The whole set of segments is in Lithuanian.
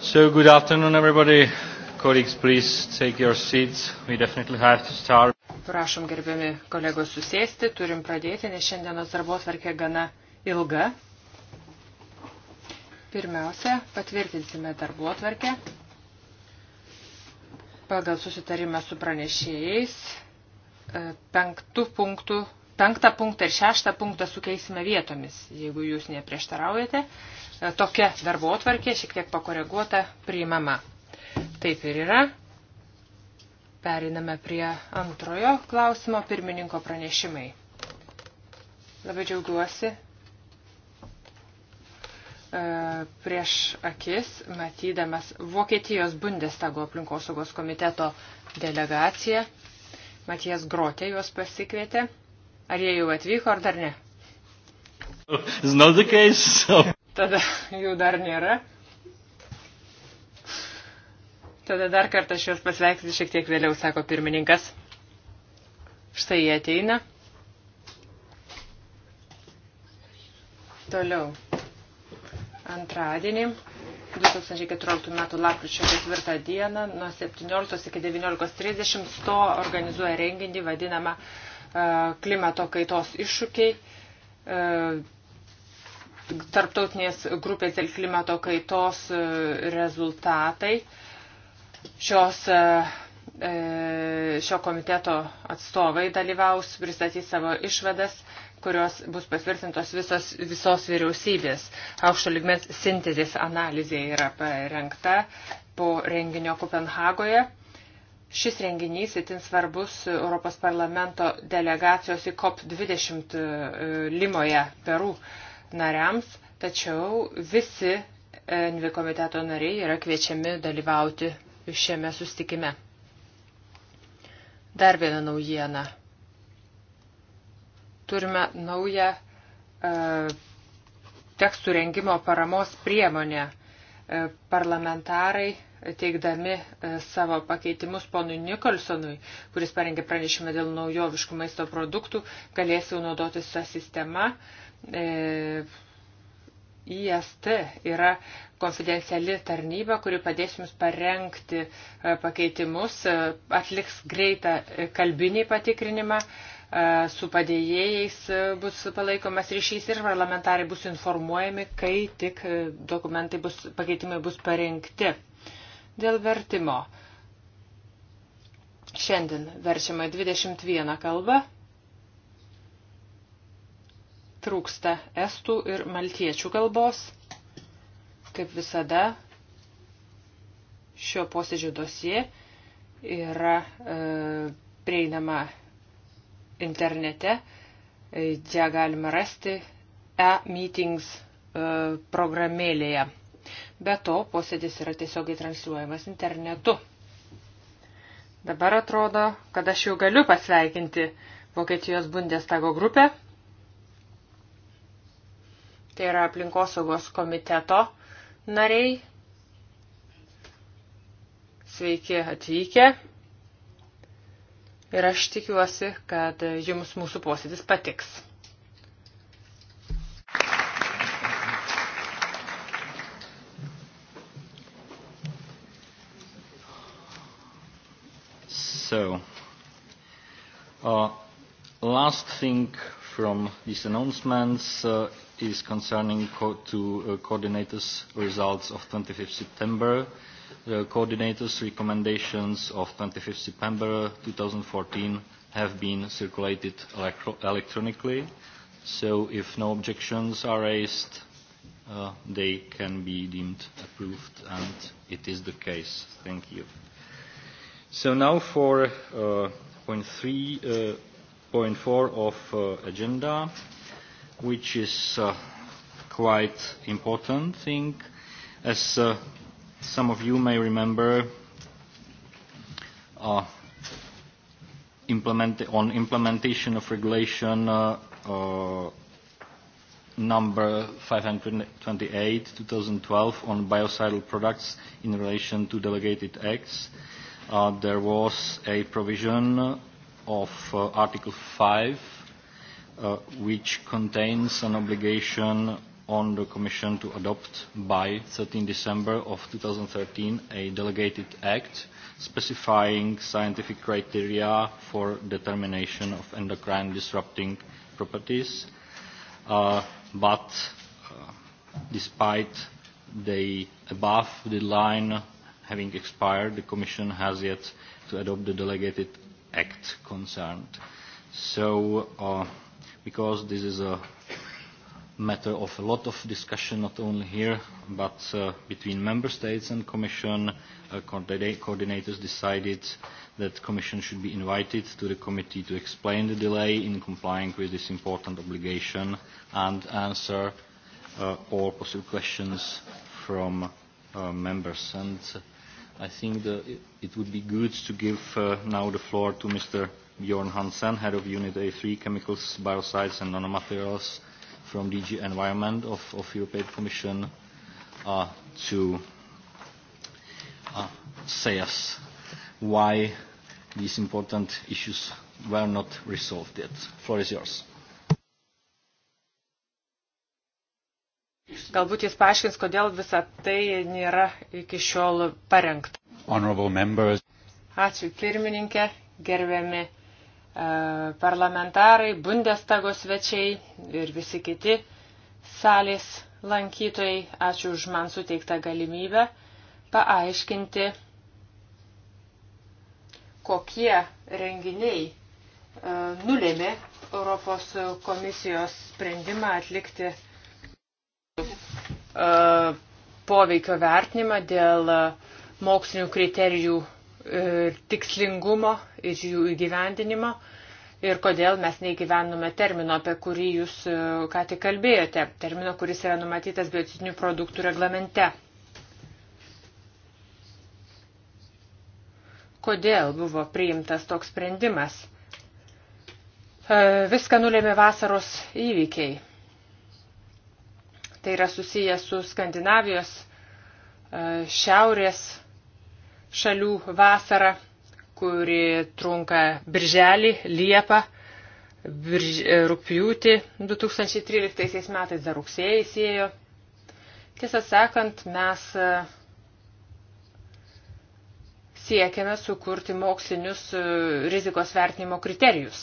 So good afternoon everybody. Colleagues, please take your seats. We definitely have to start. Prašom gerbiami kolegos susėsti, turim pradėti, nes šiandienos darbotvarkė gana ilga. Pirmiausia, patvirtinsime darbotvarkę pagal susitarimą su pranešėjais. E, Penktų punktų, penktą punktą ir šeštą punktą sukeisime vietomis, jeigu jūs neprieštaraujate tokia darbo atvarkė, šiek tiek pakoreguota, priimama. Taip ir yra. Periname prie antrojo klausimo pirmininko pranešimai. Labai džiaugiuosi. E, prieš akis matydamas Vokietijos Bundestago aplinkosaugos komiteto delegaciją, Matijas Grotė juos pasikvietė. Ar jie jau atvyko, ar dar ne? It's not the case. So tada jų dar nėra. Tada dar kartą aš juos pasveiksiu šiek tiek vėliau, sako pirmininkas. Štai jie ateina. Toliau. Antradienį, 2014 m. lapkričio 4 dieną, nuo 17 iki 19.30 sto organizuoja renginį vadinamą e, klimato kaitos iššūkiai e, tarptautinės grupės dėl klimato kaitos e, rezultatai. Šios, e, e, šio komiteto atstovai dalyvaus, pristatys savo išvadas, kurios bus patvirtintos visos, visos vyriausybės. Aukšto ligmens sintezės analizė yra parengta po renginio Kopenhagoje. Šis renginys itin svarbus Europos parlamento delegacijos į COP20 Limoje, Peru nariams, tačiau visi e, NV komiteto nariai yra kviečiami dalyvauti šiame sustikime. Dar viena naujiena. Turime naują e, tekstų rengimo paramos priemonę. E, parlamentarai teikdami e, savo pakeitimus ponui Nikolsonui, kuris parengė pranešimą dėl naujoviškų maisto produktų, galės jau naudotis tą sistemą. E, E, IST yra konfidenciali tarnyba, kuri padės jums parengti e, pakeitimus, e, atliks greitą e, kalbinį patikrinimą, su padėjėjais bus palaikomas ryšys ir parlamentarai bus informuojami, kai tik dokumentai bus, pakeitimai bus parengti. Dėl vertimo. Šiandien verčiama 21 kalba, trūksta estų ir maltiečių kalbos. Kaip visada, šio posėdžio dosie yra e, prieinama internete, e, ją galima rasti e-meetings e, programėlėje. Be to, posėdis yra tiesiogiai transliuojamas internetu. Dabar atrodo, kad aš jau galiu pasveikinti Vokietijos Bundestago grupę, tai yra aplinkosaugos komiteto nariai. Sveiki atvykę. Ir aš tikiuosi, kad jums mūsų posėdis patiks. So, uh, last thing from these announcements uh, is concerning co to uh, coordinators' results of 25th September, the coordinators' recommendations of 25th September 2014 have been circulated electro electronically. So if no objections are raised, uh, they can be deemed approved, and it is the case. Thank you. So now for uh, point three, uh, point four of uh, agenda. Uh, which is uh, quite important thing. As uh, some of you may remember, uh, implement on implementation of regulation uh, uh, number 528/2012 on biocidal products in relation to delegated acts, uh, there was a provision of uh, Article 5 uh, which contains an obligation on the Commission to adopt by 13 December of 2013 a delegated act specifying scientific criteria for determination of endocrine disrupting properties. Uh, but uh, despite the above deadline having expired, the Commission has yet to adopt the delegated act concerned. So uh, because this is a matter of a lot of discussion, not only here, but uh, between member states and commission. Uh, coordinators decided that commission should be invited to the committee to explain the delay in complying with this important obligation and answer uh, all possible questions from uh, members. And I think the, it would be good to give uh, now the floor to Mr. Bjorn Hansen, Head of Unit A3, Chemicals, Biocides and Nanomaterials from DG Environment of, of European Commission uh, to uh, say us why these important issues were not resolved yet. Floor is yours. Galbūt jis paaiškins, kodėl visa tai nėra iki šiol parengta. Ačiū pirmininkė, gerbiami E, parlamentarai, Bundestago svečiai ir visi kiti salės lankytojai, ačiū už man suteiktą galimybę paaiškinti, kokie renginiai e, nulėmė Europos komisijos sprendimą atlikti e, poveikio vertinimą dėl mokslinių kriterijų E, tikslingumo ir jų įgyvendinimo ir kodėl mes neįgyvenome termino, apie kurį jūs e, ką tik kalbėjote, termino, kuris yra numatytas biocidinių produktų reglamente. Kodėl buvo priimtas toks sprendimas? E, viską nulėmė vasaros įvykiai. Tai yra susijęs su Skandinavijos šiaurės šalių vasarą, kuri trunka birželį, liepą, birž... E, rūpjūtį 2013 metais dar rugsėjai įsėjo. Tiesą sakant, mes e, siekiame sukurti mokslinius e, rizikos vertinimo kriterijus.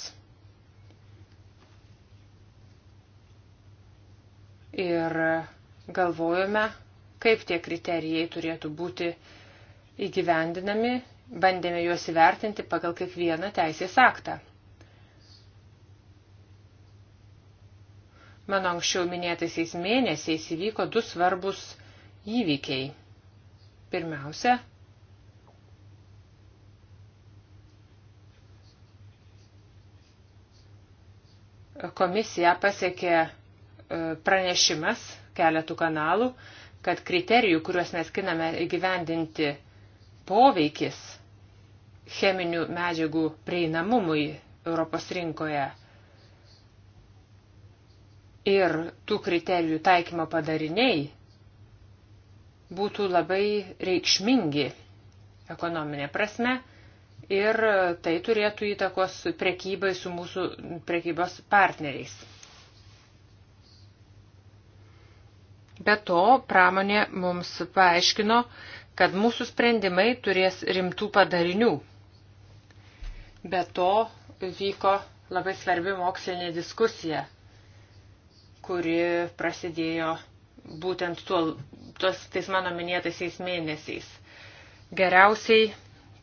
Ir galvojame, kaip tie kriterijai turėtų būti uh, įgyvendinami, bandėme juos įvertinti pagal kiekvieną teisės aktą. Mano anksčiau minėtaisiais mėnesiais įvyko du svarbus įvykiai. Pirmiausia, komisija pasiekė e, pranešimas keletų kanalų, kad kriterijų, kuriuos mes kiname įgyvendinti poveikis cheminių medžiagų prieinamumui Europos rinkoje ir tų kriterijų taikymo padariniai būtų labai reikšmingi ekonominė prasme ir tai turėtų įtakos prekybai su mūsų prekybos partneriais. Be to, pramonė mums paaiškino, kad mūsų sprendimai turės rimtų padarinių. Be to vyko labai svarbi mokslinė diskusija, kuri prasidėjo būtent tuo, tos, tais mano minėtaisiais mėnesiais. Geriausiai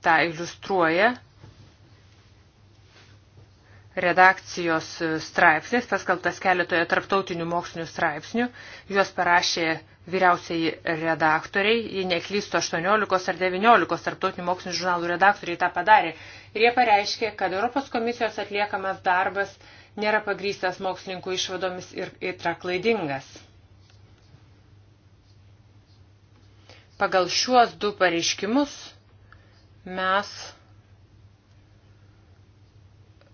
tą iliustruoja redakcijos straipsnis, paskaltas keletoje tarptautinių mokslinių straipsnių. Juos parašė vyriausiai redaktoriai, jei neklysto 18 ar 19 tarptautinių mokslinių žurnalų redaktoriai tą padarė. Ir jie pareiškė, kad Europos komisijos atliekamas darbas nėra pagrystas mokslininkų išvadomis ir yra klaidingas. Pagal šiuos du pareiškimus mes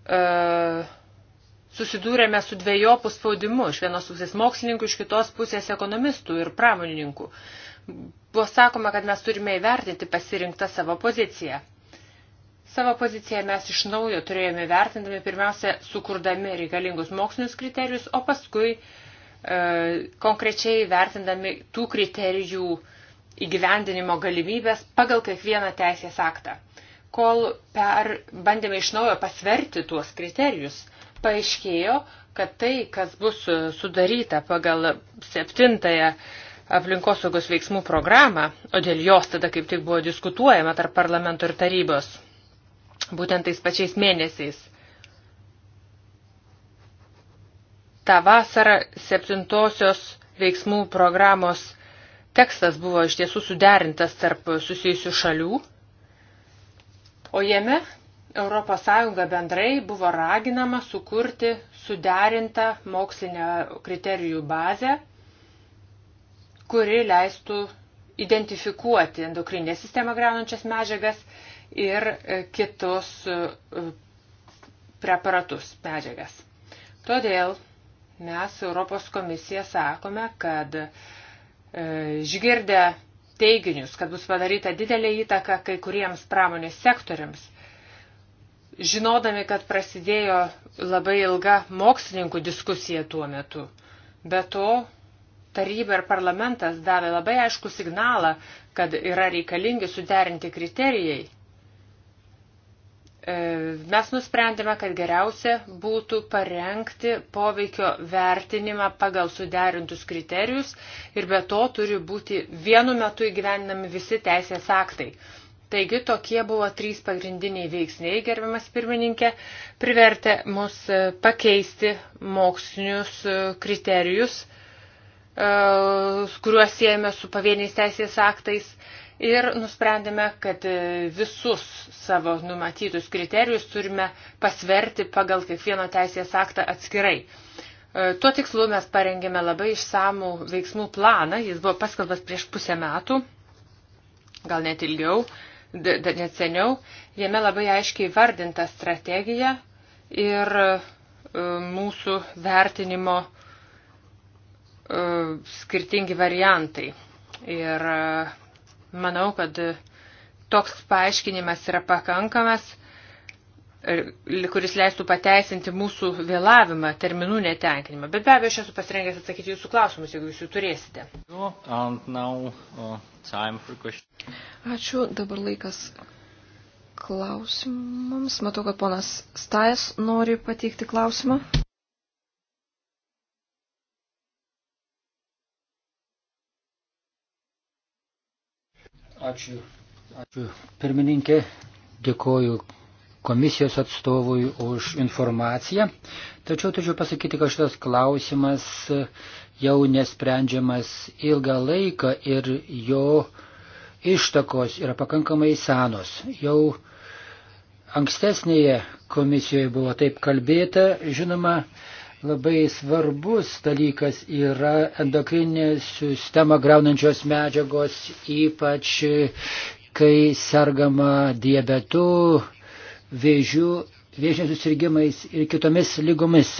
uh, e, susidūrėme su dviejopų spaudimu, iš vienos pusės mokslininkų, iš kitos pusės ekonomistų ir pramonininkų. Buvo sakoma, kad mes turime įvertinti pasirinktą savo poziciją. Savo poziciją mes iš naujo turėjome vertindami pirmiausia, sukurdami reikalingus mokslinius kriterijus, o paskui e, konkrečiai vertindami tų kriterijų įgyvendinimo galimybės pagal kiekvieną teisės aktą. Kol per bandėme iš naujo pasverti tuos kriterijus, paaiškėjo, kad tai, kas bus sudaryta pagal septintąją aplinkosaugos veiksmų programą, o dėl jos tada kaip tik buvo diskutuojama tarp parlamento ir tarybos, būtent tais pačiais mėnesiais. Ta vasara septintosios veiksmų programos tekstas buvo iš tiesų suderintas tarp susijusių šalių, o jame ES bendrai buvo raginama sukurti suderintą mokslinę kriterijų bazę, kuri leistų identifikuoti endokrinę sistemą greunančias medžiagas ir e, kitus e, preparatus medžiagas. Todėl mes Europos komisija sakome, kad e, išgirdę teiginius, kad bus padaryta didelė įtaka kai kuriems pramonės sektoriams, žinodami, kad prasidėjo labai ilga mokslininkų diskusija tuo metu. Be to, taryba ir parlamentas davė labai aišku signalą, kad yra reikalingi suderinti kriterijai. E, mes nusprendėme, kad geriausia būtų parengti poveikio vertinimą pagal suderintus kriterijus ir be to turi būti vienu metu įgyvendinami visi teisės aktai. Taigi tokie buvo trys pagrindiniai veiksniai, gerbiamas pirmininkė, privertė mus e, pakeisti mokslinius e, kriterijus, e, kuriuos siejame su pavieniais teisės aktais ir nusprendėme, kad visus savo numatytus kriterijus turime pasverti pagal kiekvieno teisės aktą atskirai. Tuo tikslu mes parengėme labai išsamų veiksmų planą, jis buvo paskalbas prieš pusę metų, gal net ilgiau neseniau, jame labai aiškiai vardinta strategija ir e, mūsų vertinimo e, skirtingi variantai. Ir e, manau, kad toks paaiškinimas yra pakankamas E, kuris leistų pateisinti mūsų vėlavimą, terminų netenkinimą. Bet be abejo, aš esu pasirengęs atsakyti jūsų klausimus, jeigu jūs jų turėsite. Nu, uh, Ačiū, dabar laikas klausimams. Matau, kad ponas Stais nori pateikti klausimą. Ačiū. Ačiū. Pirmininkė, dėkoju komisijos atstovui už informaciją. Tačiau turiu pasakyti, kad šitas klausimas jau nesprendžiamas ilgą laiką ir jo ištakos yra pakankamai senos. Jau ankstesnėje komisijoje buvo taip kalbėta, žinoma, labai svarbus dalykas yra endokrininė sistema graunančios medžiagos, ypač kai sergama diabetu, vėžiu, vėžiniais susirgymais ir kitomis lygomis.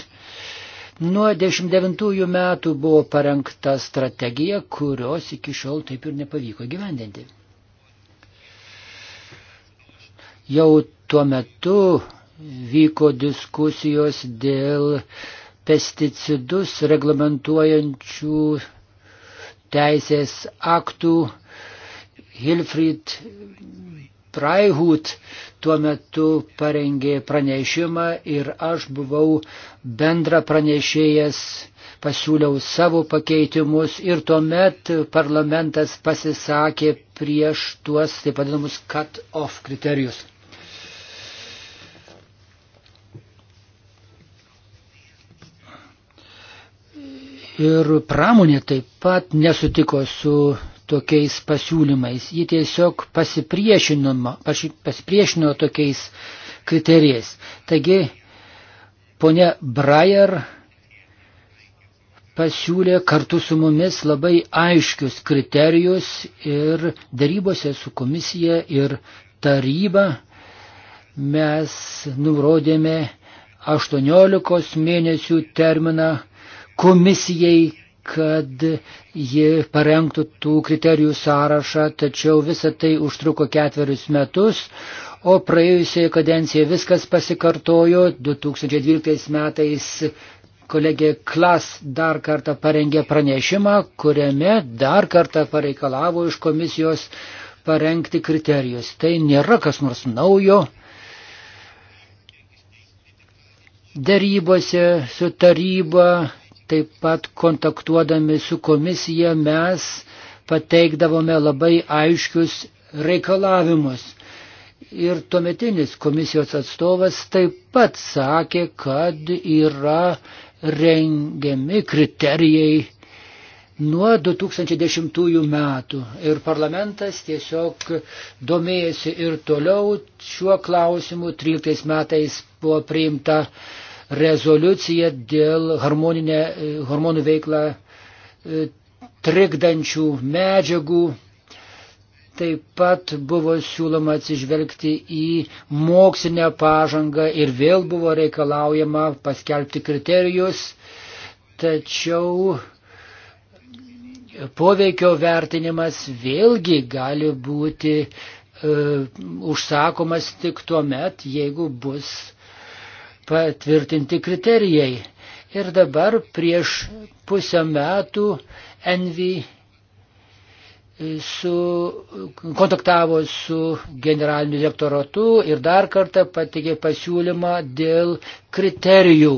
Nuo 19 metų buvo parengta strategija, kurios iki šiol taip ir nepavyko gyvendinti. Jau tuo metu vyko diskusijos dėl pesticidus reglamentuojančių teisės aktų. Hilfrid Praihut tuo metu parengė pranešimą ir aš buvau bendra pranešėjas, pasiūliau savo pakeitimus ir tuomet parlamentas pasisakė prieš tuos taip vadinamus cut-off kriterijus. Ir pramonė taip pat nesutiko su tokiais pasiūlymais. Ji tiesiog pasipriešino tokiais kriterijais. Taigi, ponia Brajer pasiūlė kartu su mumis labai aiškius kriterijus ir darybose su komisija ir taryba mes nurodėme 18 mėnesių terminą komisijai kad ji parengtų tų kriterijų sąrašą, tačiau visa tai užtruko ketverius metus, o praėjusioje kadencijoje viskas pasikartojo, 2012 metais kolegė Klas dar kartą parengė pranešimą, kuriame dar kartą pareikalavo iš komisijos parengti kriterijus. Tai nėra kas nors naujo. Darybose su taryba Taip pat kontaktuodami su komisija mes pateikdavome labai aiškius reikalavimus. Ir tuometinis komisijos atstovas taip pat sakė, kad yra rengiami kriterijai nuo 2010 metų. Ir parlamentas tiesiog domėjasi ir toliau šiuo klausimu. 13 metais buvo priimta uh, rezoliuciją dėl e, hormonų veiklą e, trikdančių medžiagų. Taip pat buvo siūloma atsižvelgti į mokslinę pažangą ir vėl buvo reikalaujama paskelbti kriterijus, tačiau poveikio vertinimas vėlgi gali būti e, užsakomas tik tuo met, jeigu bus patvirtinti kriterijai. Ir dabar prieš pusę metų Envy su, kontaktavo su generaliniu direktoratu ir dar kartą patikė pasiūlymą dėl kriterijų,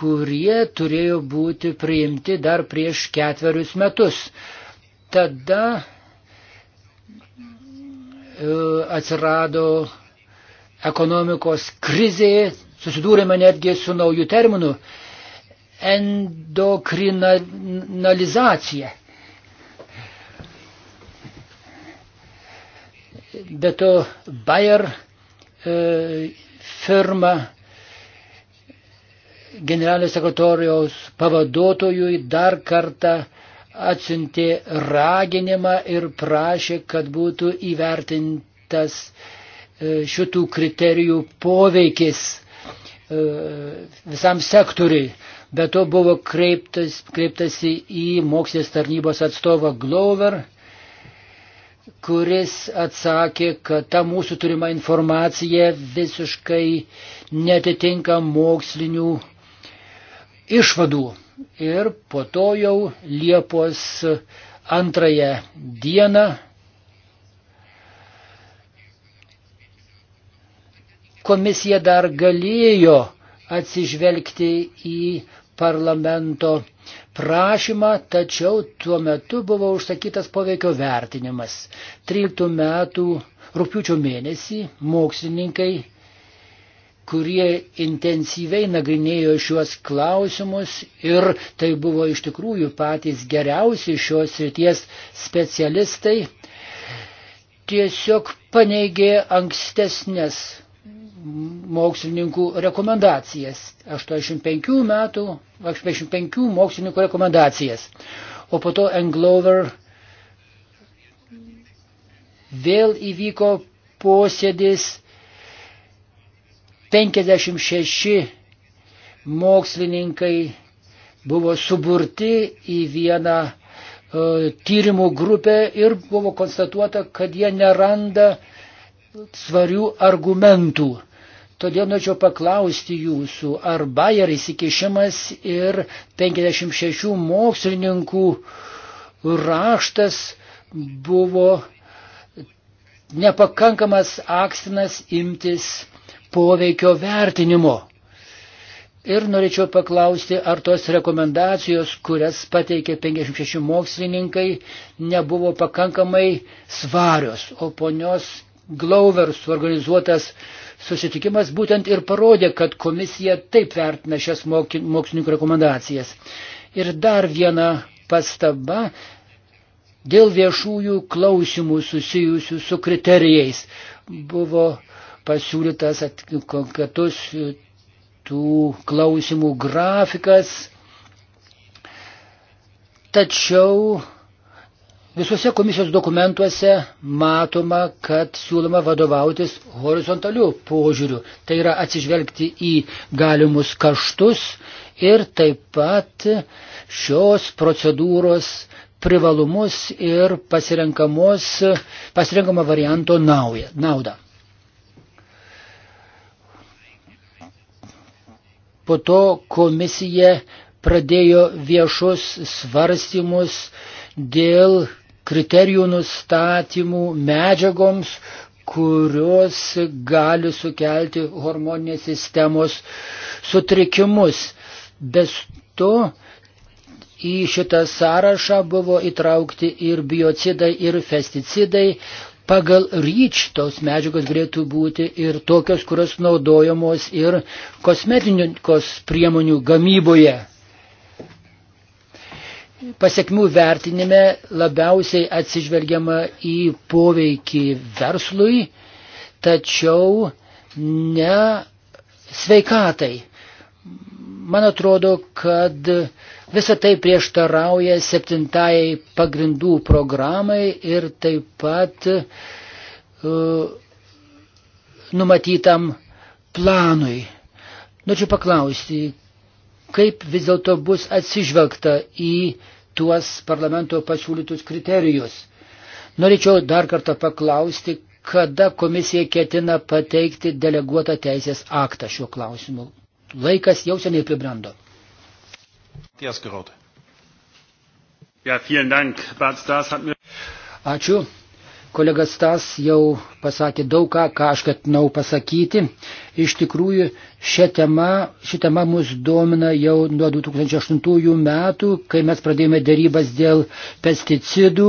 kurie turėjo būti priimti dar prieš ketverius metus. Tada e, atsirado ekonomikos krizė, susidūrėme netgi su naujų terminų - endokrinalizacija. Be to, Bayer e, firma generalinio sekretorijos pavaduotojui dar kartą atsintė raginimą ir prašė, kad būtų įvertintas e, E, šitų kriterijų poveikis e, visam sektoriui. Be to buvo kreiptas, kreiptasi į mokslinės tarnybos atstovą Glover, kuris atsakė, kad ta mūsų turima informacija visiškai netitinka mokslinių išvadų. Ir po to jau Liepos antrąją dieną komisija dar galėjo atsižvelgti į parlamento prašymą, tačiau tuo metu buvo užsakytas poveikio vertinimas. 13 metų rūpiučio mėnesį mokslininkai, kurie intensyviai nagrinėjo šiuos klausimus ir tai buvo iš tikrųjų patys geriausi šios ryties specialistai, tiesiog paneigė ankstesnės mokslininkų rekomendacijas, 85 metų, 85 mokslininkų rekomendacijas. O po to Englover vėl įvyko posėdis 56 mokslininkai buvo suburti į vieną e, tyrimų grupę ir buvo konstatuota, kad jie neranda svarių argumentų Todėl norėčiau paklausti jūsų, ar Bayer įsikišimas ir 56 mokslininkų raštas buvo nepakankamas akstinas imtis poveikio vertinimo. Ir norėčiau paklausti, ar tos rekomendacijos, kurias pateikė 56 mokslininkai, nebuvo pakankamai svarios, o ponios Glauver suorganizuotas susitikimas būtent ir parodė, kad komisija taip vertina šias mokslininkų rekomendacijas. Ir dar viena pastaba dėl viešųjų klausimų susijusių su kriterijais. Buvo pasiūlytas konkretus tų klausimų grafikas, tačiau Visuose komisijos dokumentuose matoma, kad siūloma vadovautis horizontaliu požiūriu. Tai yra atsižvelgti į galimus kaštus ir taip pat šios procedūros privalumus ir pasirenkamą varianto naudą. Po to komisija pradėjo viešus svarstymus dėl kriterijų nustatymų medžiagoms, kurios gali sukelti hormoninės sistemos sutrikimus. Bes to į šitą sąrašą buvo įtraukti ir biocidai, ir pesticidai. Pagal ryč tos medžiagos galėtų būti ir tokios, kurios naudojamos ir kosmetinkos priemonių gamyboje. Pasiekmių vertinime labiausiai atsižvelgiama į poveikį verslui, tačiau ne sveikatai. Man atrodo, kad visa tai prieštarauja septintai pagrindų programai ir taip pat uh, numatytam planui. Norėčiau paklausti, kaip vis dėlto bus atsižvelgta į tuos parlamento pasiūlytus kriterijus. Norėčiau dar kartą paklausti, kada komisija ketina pateikti deleguotą teisės aktą šiuo klausimu. Laikas jau seniai pribrendo. Ačiū. Kolega Stas jau pasakė daug ką, ką aš ketinau pasakyti. Iš tikrųjų, ši tema, ši tema mus domina jau nuo 2008 metų, kai mes pradėjome darybas dėl pesticidų,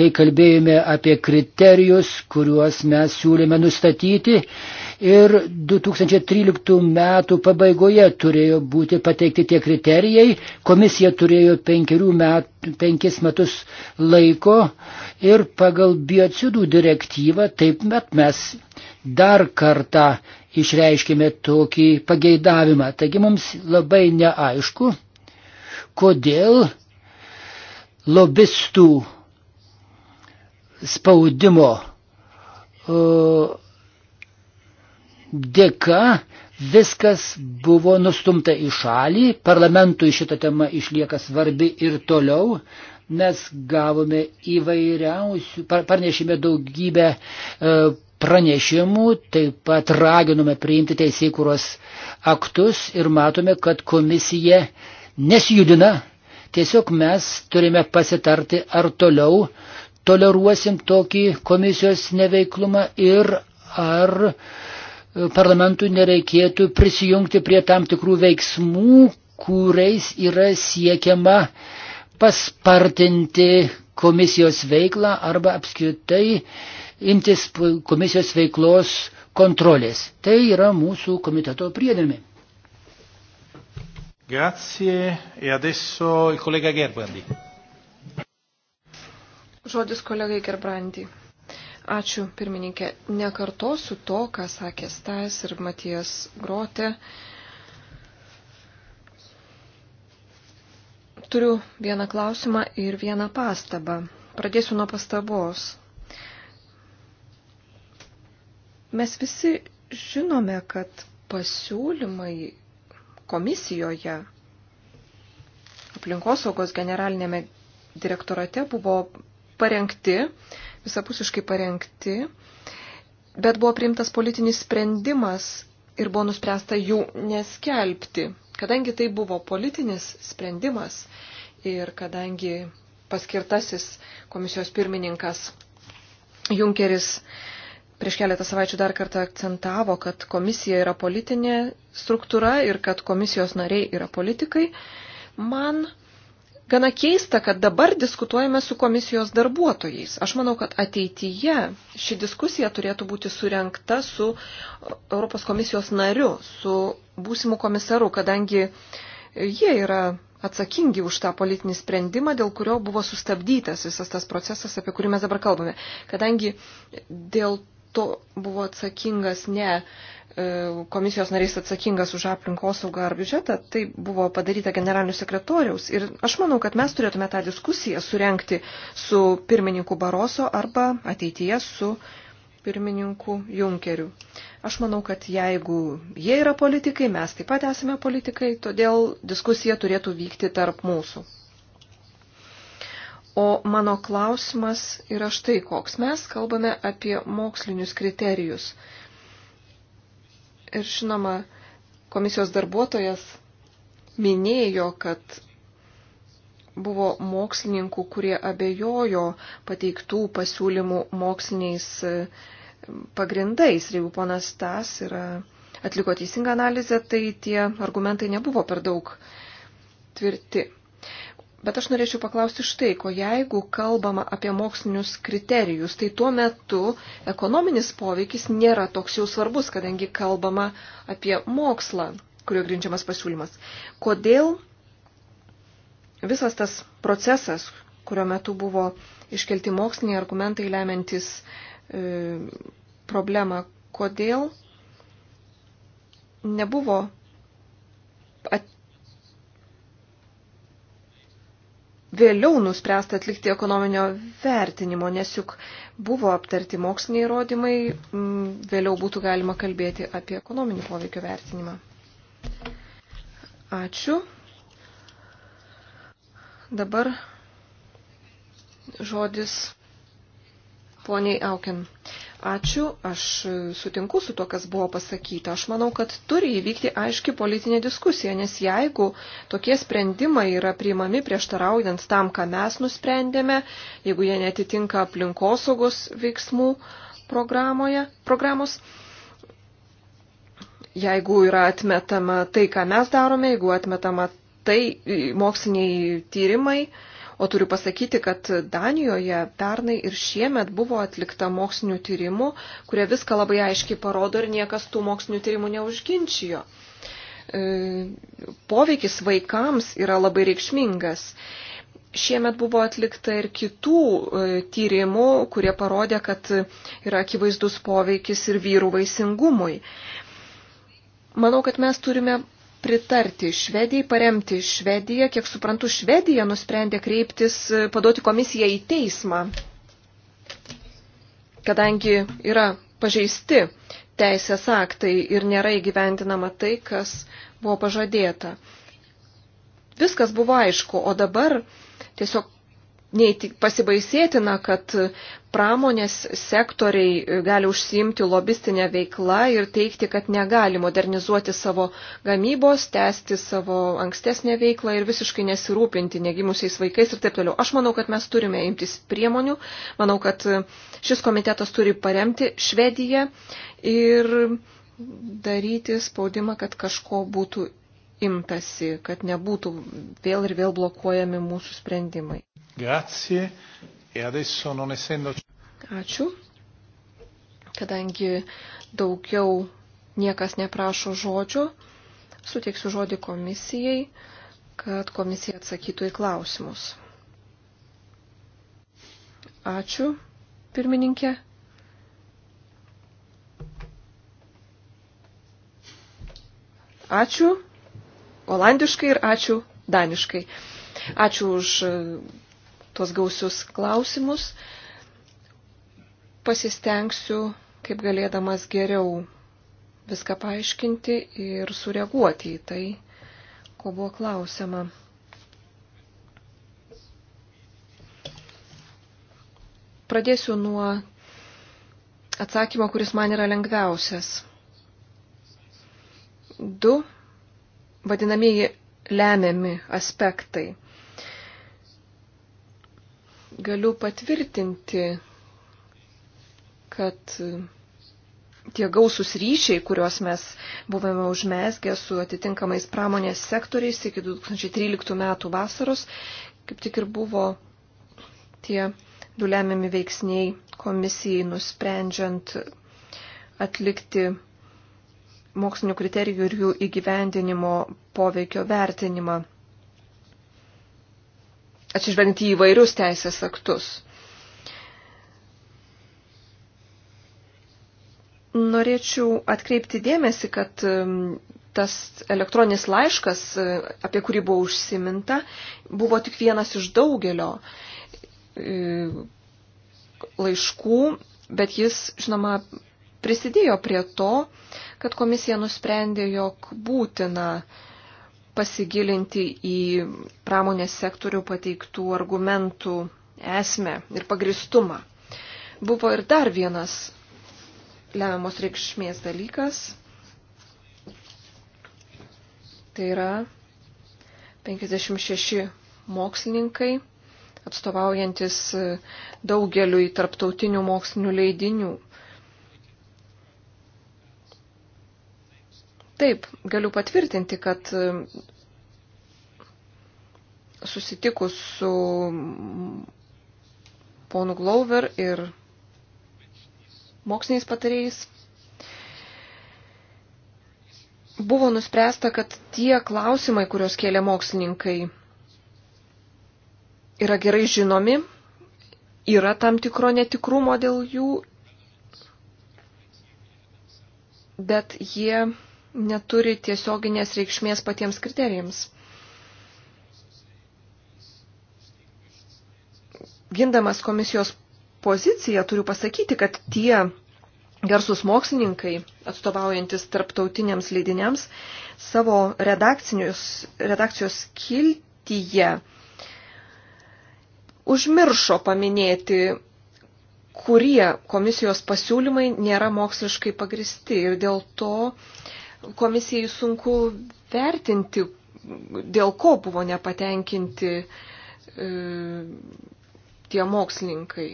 kai kalbėjome apie kriterijus, kuriuos mes siūlėme nustatyti ir 2013 metų pabaigoje turėjo būti pateikti tie kriterijai, komisija turėjo met, penkis metus laiko ir pagal biocidų direktyvą taip met mes dar kartą išreiškime tokį pageidavimą. Taigi mums labai neaišku, kodėl lobistų spaudimo uh, dėka viskas buvo nustumta į šalį, parlamentui šita tema išlieka svarbi ir toliau. Mes gavome įvairiausių, parnešėme daugybę e, pranešimų, taip pat raginome priimti teisėkūros aktus ir matome, kad komisija nesijudina. Tiesiog mes turime pasitarti, ar toliau toleruosim tokį komisijos neveiklumą ir ar uh, parlamentui nereikėtų prisijungti prie tam tikrų veiksmų, kuriais yra siekiama paspartinti komisijos veiklą arba apskritai imtis komisijos veiklos kontrolės. Tai yra mūsų komiteto priedami. Grazie. E adesso il collega Gerbrandi. Žodis kolegai Gerbrandi. Ačiū, pirmininkė. Nekartosiu to, ką sakė Stais ir Matijas Grotė. Turiu vieną klausimą ir vieną pastabą. Pradėsiu nuo pastabos. Mes visi žinome, kad pasiūlymai komisijoje aplinkosaugos generalinėme direktorate buvo parengti visapusiškai parengti, bet buvo priimtas politinis sprendimas ir buvo nuspręsta jų neskelbti. Kadangi tai buvo politinis sprendimas ir kadangi paskirtasis komisijos pirmininkas Junkeris prieš keletą savaičių dar kartą akcentavo, kad komisija yra politinė struktūra ir kad komisijos nariai yra politikai, man gana keista, kad dabar diskutuojame su komisijos darbuotojais. Aš manau, kad ateityje ši diskusija turėtų būti surenkta su e, Europos komisijos nariu, su būsimu komisaru, kadangi jie yra atsakingi už tą politinį sprendimą, dėl kurio buvo sustabdytas visas tas procesas, apie kurį mes dabar kalbame. Kadangi dėl to buvo atsakingas ne E, komisijos narys atsakingas už aplinkosaugą ar biudžetą, tai buvo padaryta generalinio sekretoriaus. Ir aš manau, kad mes turėtume tą diskusiją surenkti su pirmininku Baroso arba ateityje su pirmininku Junkeriu. Aš manau, kad jeigu jie yra politikai, mes taip pat esame politikai, todėl diskusija turėtų vykti tarp mūsų. O mano klausimas yra štai koks. Mes kalbame apie mokslinius kriterijus. Ir žinoma, komisijos darbuotojas minėjo, kad buvo mokslininkų, kurie abejojo pateiktų pasiūlymų moksliniais e, pagrindais. Ir jeigu ponas Tas yra, atliko teisingą analizę, tai tie argumentai nebuvo per daug tvirti. Bet aš norėčiau paklausti štai, ko jeigu kalbama apie mokslinius kriterijus, tai tuo metu ekonominis poveikis nėra toks jau svarbus, kadangi kalbama apie mokslą, kurio grindžiamas pasiūlymas. Kodėl visas tas procesas, kurio metu buvo iškelti moksliniai argumentai lemiantis e, problemą, kodėl nebuvo at vėliau nuspręsta atlikti ekonominio vertinimo, nes juk buvo aptarti moksliniai įrodymai, vėliau būtų galima kalbėti apie ekonominį poveikio vertinimą. Ačiū. Dabar žodis poniai Aukin. Ačiū, aš sutinku su to, kas buvo pasakyta. Aš manau, kad turi įvykti aiški politinė diskusija, nes jeigu tokie sprendimai yra priimami prieštaraujant tam, ką mes nusprendėme, jeigu jie netitinka aplinkosaugos veiksmų programos, jeigu yra atmetama tai, ką mes darome, jeigu atmetama tai moksliniai tyrimai, O turiu pasakyti, kad Danijoje pernai ir šiemet buvo atlikta mokslinių tyrimų, kurie viską labai aiškiai parodo ir niekas tų mokslinių tyrimų neužginčijo. E, poveikis vaikams yra labai reikšmingas. Šiemet buvo atlikta ir kitų e, tyrimų, kurie parodė, kad yra akivaizdus poveikis ir vyrų vaisingumui. Manau, kad mes turime pritarti Švedijai, paremti Švediją. Kiek suprantu, Švedija nusprendė kreiptis, e, paduoti komisiją į teismą, kadangi yra pažeisti teisės aktai ir nėra įgyvendinama tai, kas buvo pažadėta. Viskas buvo aišku, o dabar tiesiog pasibaisėtina, kad pramonės sektoriai gali užsiimti lobistinę veiklą ir teikti, kad negali modernizuoti savo gamybos, tęsti savo ankstesnę veiklą ir visiškai nesirūpinti negimusiais vaikais ir taip toliau. Aš manau, kad mes turime imtis priemonių. Manau, kad šis komitetas turi paremti Švediją ir daryti spaudimą, kad kažko būtų imtasi, kad nebūtų vėl ir vėl blokuojami mūsų sprendimai. Grazie. E adesso non essendo... Ačiū. Kadangi daugiau niekas neprašo žodžio, suteiksiu žodį komisijai, kad komisija atsakytų į klausimus. Ačiū, pirmininkė. Ačiū olandiškai ir ačiū daniškai. Ačiū už e, tuos gausius klausimus. Pasistengsiu, kaip galėdamas geriau viską paaiškinti ir sureaguoti į tai, ko buvo klausima. Pradėsiu nuo atsakymo, kuris man yra lengviausias. Du vadinamieji lemiami aspektai. Galiu patvirtinti, kad tie gausus ryšiai, kuriuos mes buvome užmesgę su atitinkamais pramonės sektoriais iki 2013 metų vasaros, kaip tik ir buvo tie du lemiami veiksniai komisijai nusprendžiant atlikti mokslinių kriterijų ir jų įgyvendinimo poveikio vertinimą, atsižvelgiant į įvairius teisės aktus. Norėčiau atkreipti dėmesį, kad um, tas elektroninis laiškas, uh, apie kurį buvo užsiminta, buvo tik vienas iš daugelio uh, laiškų, bet jis, žinoma, prisidėjo prie to, kad komisija nusprendė, jog būtina pasigilinti į pramonės sektorių pateiktų argumentų esmę ir pagristumą. Buvo ir dar vienas lemiamos reikšmės dalykas. Tai yra 56 mokslininkai, atstovaujantis daugeliu į tarptautinių mokslinių leidinių, Taip, galiu patvirtinti, kad e, susitikus su ponu Glover ir moksliniais patarėjais, buvo nuspręsta, kad tie klausimai, kuriuos kėlė mokslininkai, yra gerai žinomi, yra tam tikro netikrumo dėl jų, bet jie neturi tiesioginės reikšmės patiems kriterijams. Gindamas komisijos poziciją turiu pasakyti, kad tie garsus mokslininkai, atstovaujantis tarptautiniams leidiniams, savo redakcijos skiltyje užmiršo paminėti kurie komisijos pasiūlymai nėra moksliškai pagristi ir dėl to komisijai sunku vertinti, dėl ko buvo nepatenkinti e, tie mokslininkai.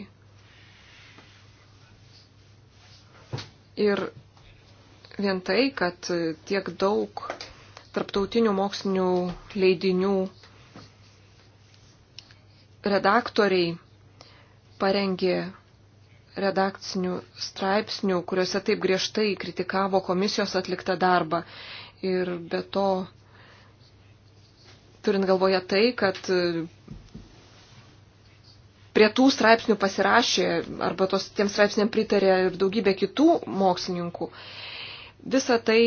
Ir vien tai, kad tiek daug tarptautinių mokslinių leidinių redaktoriai parengė redakcinių straipsnių, kuriuose taip griežtai kritikavo komisijos atliktą darbą. Ir be to, turint galvoje tai, kad prie tų straipsnių pasirašė arba tos, tiem straipsniam pritarė ir daugybė kitų mokslininkų, visa tai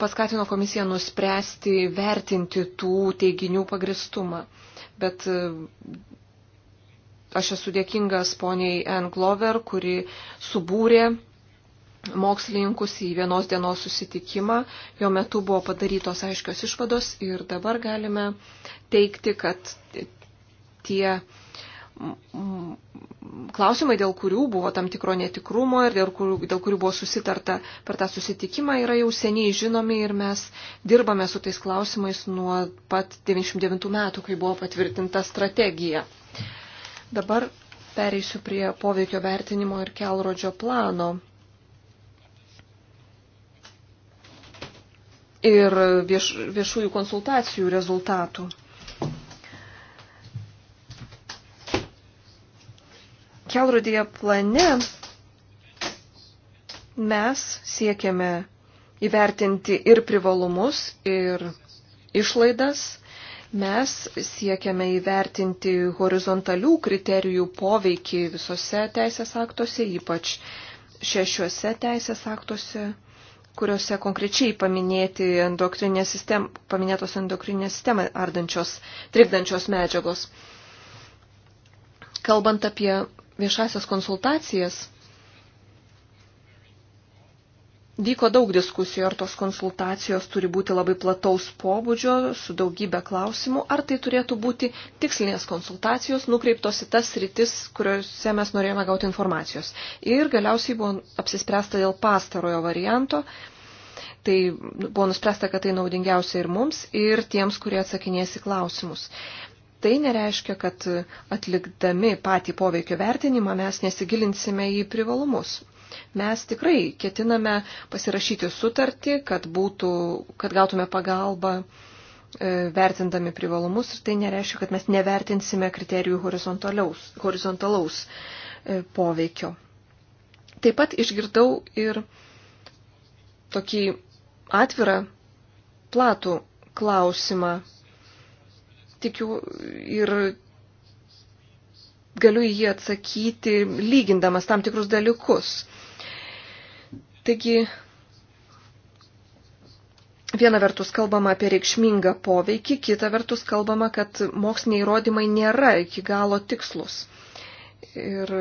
paskatino komisiją nuspręsti, vertinti tų teiginių pagristumą. Bet Aš esu dėkingas poniai Ann Glover, kuri subūrė mokslininkus į vienos dienos susitikimą. Jo metu buvo padarytos aiškios išvados ir dabar galime teikti, kad tie klausimai, dėl kurių buvo tam tikro netikrumo ir dėl kurių, dėl kurių buvo susitarta per tą susitikimą, yra jau seniai žinomi ir mes dirbame su tais klausimais nuo pat 99 metų, kai buvo patvirtinta strategija. Dabar pereisiu prie poveikio vertinimo ir kelrodžio plano. Ir vieš, viešųjų konsultacijų rezultatų. Kelrodėje plane mes siekiame įvertinti ir privalumus, ir išlaidas, Mes siekiame įvertinti horizontalių kriterijų poveikį visose teisės aktuose, ypač šešiuose teisės aktuose, kuriuose konkrečiai paminėti endokrinė sistem, paminėtos endokrinės sistemą ardančios, trikdančios medžiagos. Kalbant apie viešasias konsultacijas, Vyko daug diskusijų, ar tos konsultacijos turi būti labai plataus pobūdžio, su daugybė klausimų, ar tai turėtų būti tikslinės konsultacijos, nukreiptos į tas rytis, kuriuose mes norėjome gauti informacijos. Ir galiausiai buvo apsispręsta dėl pastarojo varianto. Tai buvo nuspręsta, kad tai naudingiausia ir mums, ir tiems, kurie atsakinės į klausimus. Tai nereiškia, kad atlikdami patį poveikio vertinimą mes nesigilinsime į privalumus. Mes tikrai ketiname pasirašyti sutartį, kad, būtų, kad gautume pagalbą e, vertindami privalumus ir tai nereiškia, kad mes nevertinsime kriterijų horizontalaus e, poveikio. Taip pat išgirdau ir tokį atvirą, platų klausimą. Tikiu ir galiu į jį atsakyti lygindamas tam tikrus dalykus. Taigi, viena vertus kalbama apie reikšmingą poveikį, kita vertus kalbama, kad moksliniai įrodymai nėra iki galo tikslus. Ir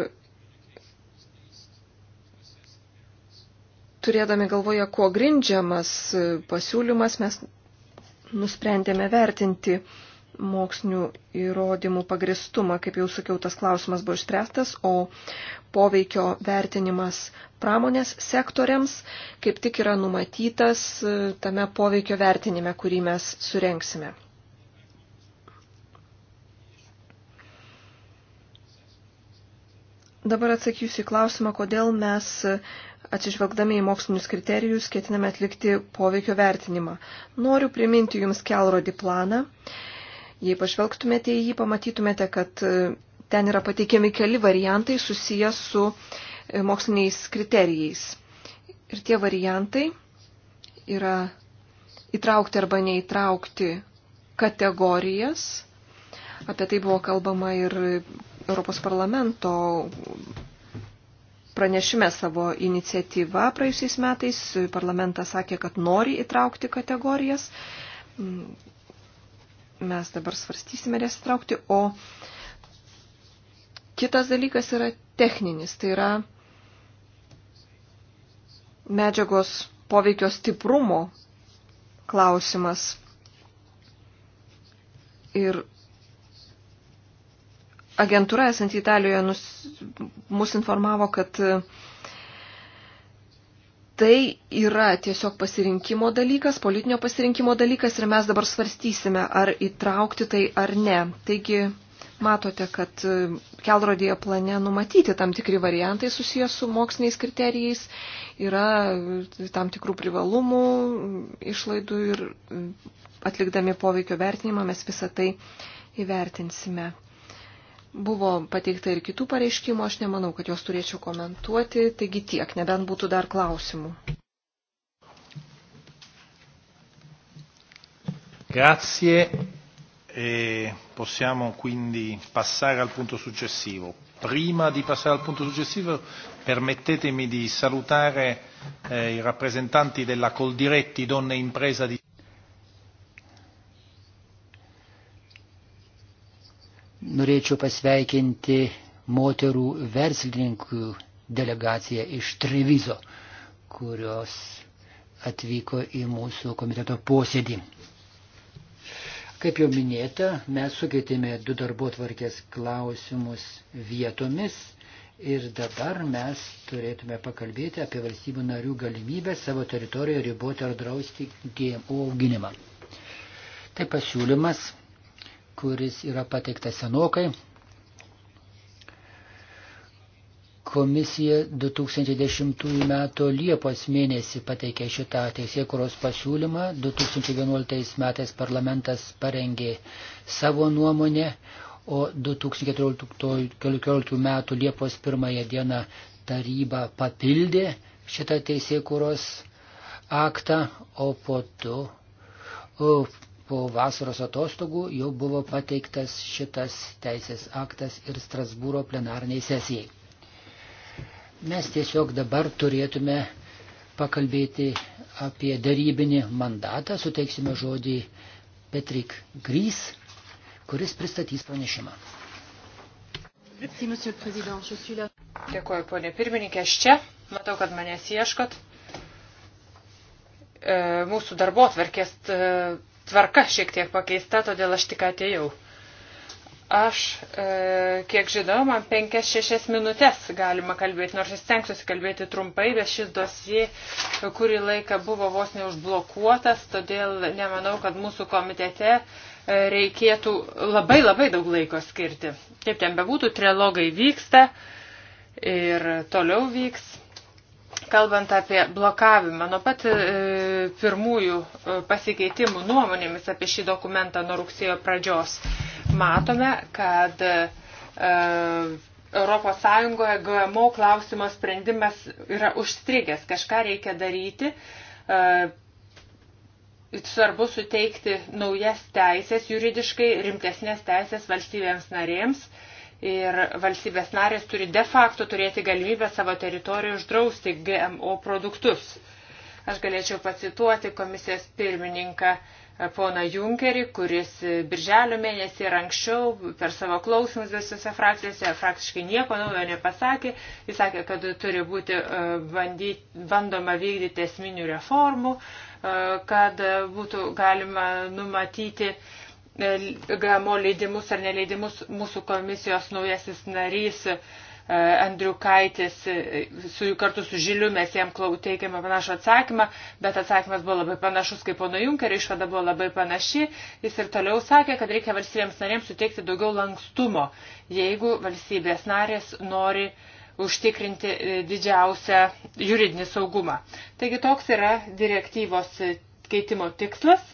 turėdami galvoje, kuo grindžiamas pasiūlymas, mes nusprendėme vertinti uh, mokslinių įrodymų pagristumą. Kaip jau sakiau, tas klausimas buvo išspręstas, o poveikio vertinimas pramonės sektoriams kaip tik yra numatytas e, tame poveikio vertinime, kurį mes surenksime. Dabar atsakysiu į klausimą, kodėl mes e, atsižvelgdami į mokslinius kriterijus ketiname atlikti poveikio vertinimą. Noriu priminti Jums kelrodį planą. Jei pažvelgtumėte į jį, pamatytumėte, kad e, ten yra pateikiami keli variantai susiję su e, moksliniais kriterijais. Ir tie variantai yra įtraukti arba neįtraukti kategorijas. Apie tai buvo kalbama ir Europos parlamento pranešime savo iniciatyvą praėjusiais metais. Parlamentas sakė, kad nori įtraukti kategorijas mes dabar svarstysime ir jas traukti, o kitas dalykas yra techninis, tai yra medžiagos poveikio stiprumo klausimas. Ir agentūra esanti Italijoje nus, mus informavo, kad tai yra tiesiog pasirinkimo dalykas, politinio pasirinkimo dalykas ir mes dabar svarstysime, ar įtraukti tai ar ne. Taigi matote, kad e, kelrodėje plane numatyti tam tikri variantai susijęs su moksliniais kriterijais, yra e, tam tikrų privalumų, išlaidų ir atlikdami poveikio vertinimą mes visą tai įvertinsime. Buvo pateikta ir kitų pareiškimų, aš nemanau, kad juos turėčiau komentuoti, taigi tiek, nebent būtų dar klausimų. Grazie. E possiamo quindi passare al punto successivo. Prima di passare al punto successivo permettetemi di salutare eh, i rappresentanti della Coldiretti Donne Impresa di norėčiau pasveikinti moterų verslininkų delegaciją iš Trevizo, kurios atvyko į mūsų komiteto posėdį. Kaip jau minėta, mes sukeitėme du darbo tvarkės klausimus vietomis ir dabar mes turėtume pakalbėti apie valstybių narių galimybę savo teritorijoje riboti ar drausti GMO auginimą. Tai pasiūlymas kuris yra pateiktas senokai. Komisija 2010 m. Liepos mėnesį pateikė šitą teisėkuros pasiūlymą, 2011 m. parlamentas parengė savo nuomonę, o 2014 m. Liepos 1 d. taryba papildė šitą teisėkuros aktą, o po to po vasaros atostogų jau buvo pateiktas šitas teisės aktas ir Strasbūro plenarniai sesijai. Mes tiesiog dabar turėtume pakalbėti apie darybinį mandatą. Suteiksime žodį Petrik Grys, kuris pristatys pranešimą. Dėkuoju, ponė pirmininkė, aš čia. Matau, kad manęs ieškot. E, mūsų darbo tvarkės e, tvarka šiek tiek pakeista, todėl aš tik atėjau. Aš, e, kiek žinau, man 5-6 minutės galima kalbėti, nors aš stengsiuosi kalbėti trumpai, bet šis dosie kurį laiką buvo vos neužblokuotas, todėl nemanau, kad mūsų komitete e, reikėtų labai labai daug laiko skirti. Kaip ten bebūtų, trilogai vyksta ir toliau vyks kalbant apie blokavimą, nuo pat e, pirmųjų e, pasikeitimų nuomonėmis apie šį dokumentą nuo rugsėjo pradžios matome, kad e, Europos Sąjungoje GMO klausimo sprendimas yra užstrigęs, kažką reikia daryti. E, Svarbu suteikti naujas teisės, juridiškai rimtesnės teisės valstybėms narėms. E, ir valstybės narės turi de facto turėti galimybę savo teritorijoje uždrausti GMO produktus. Aš galėčiau pacituoti komisijos pirmininką e, poną Junkerį, kuris e, birželio mėnesį ir anksčiau per savo klausimus visose frakcijose praktiškai nieko naujo nepasakė. Jis sakė, kad turi būti e, bandyt, bandoma vykdyti esminių reformų, kad būtų galima numatyti uh, GMO leidimus ar neleidimus mūsų komisijos naujasis narys e, Andriu Kaitis, e, su, kartu su Žiliu mes jam teikėme panašų atsakymą, bet atsakymas buvo labai panašus kaip pono Junkerio, išvada buvo labai panaši. Jis ir toliau sakė, kad reikia valstybėms narėms suteikti daugiau lankstumo, jeigu valstybės narės nori užtikrinti e, didžiausią juridinį saugumą. Taigi toks yra direktyvos keitimo tikslas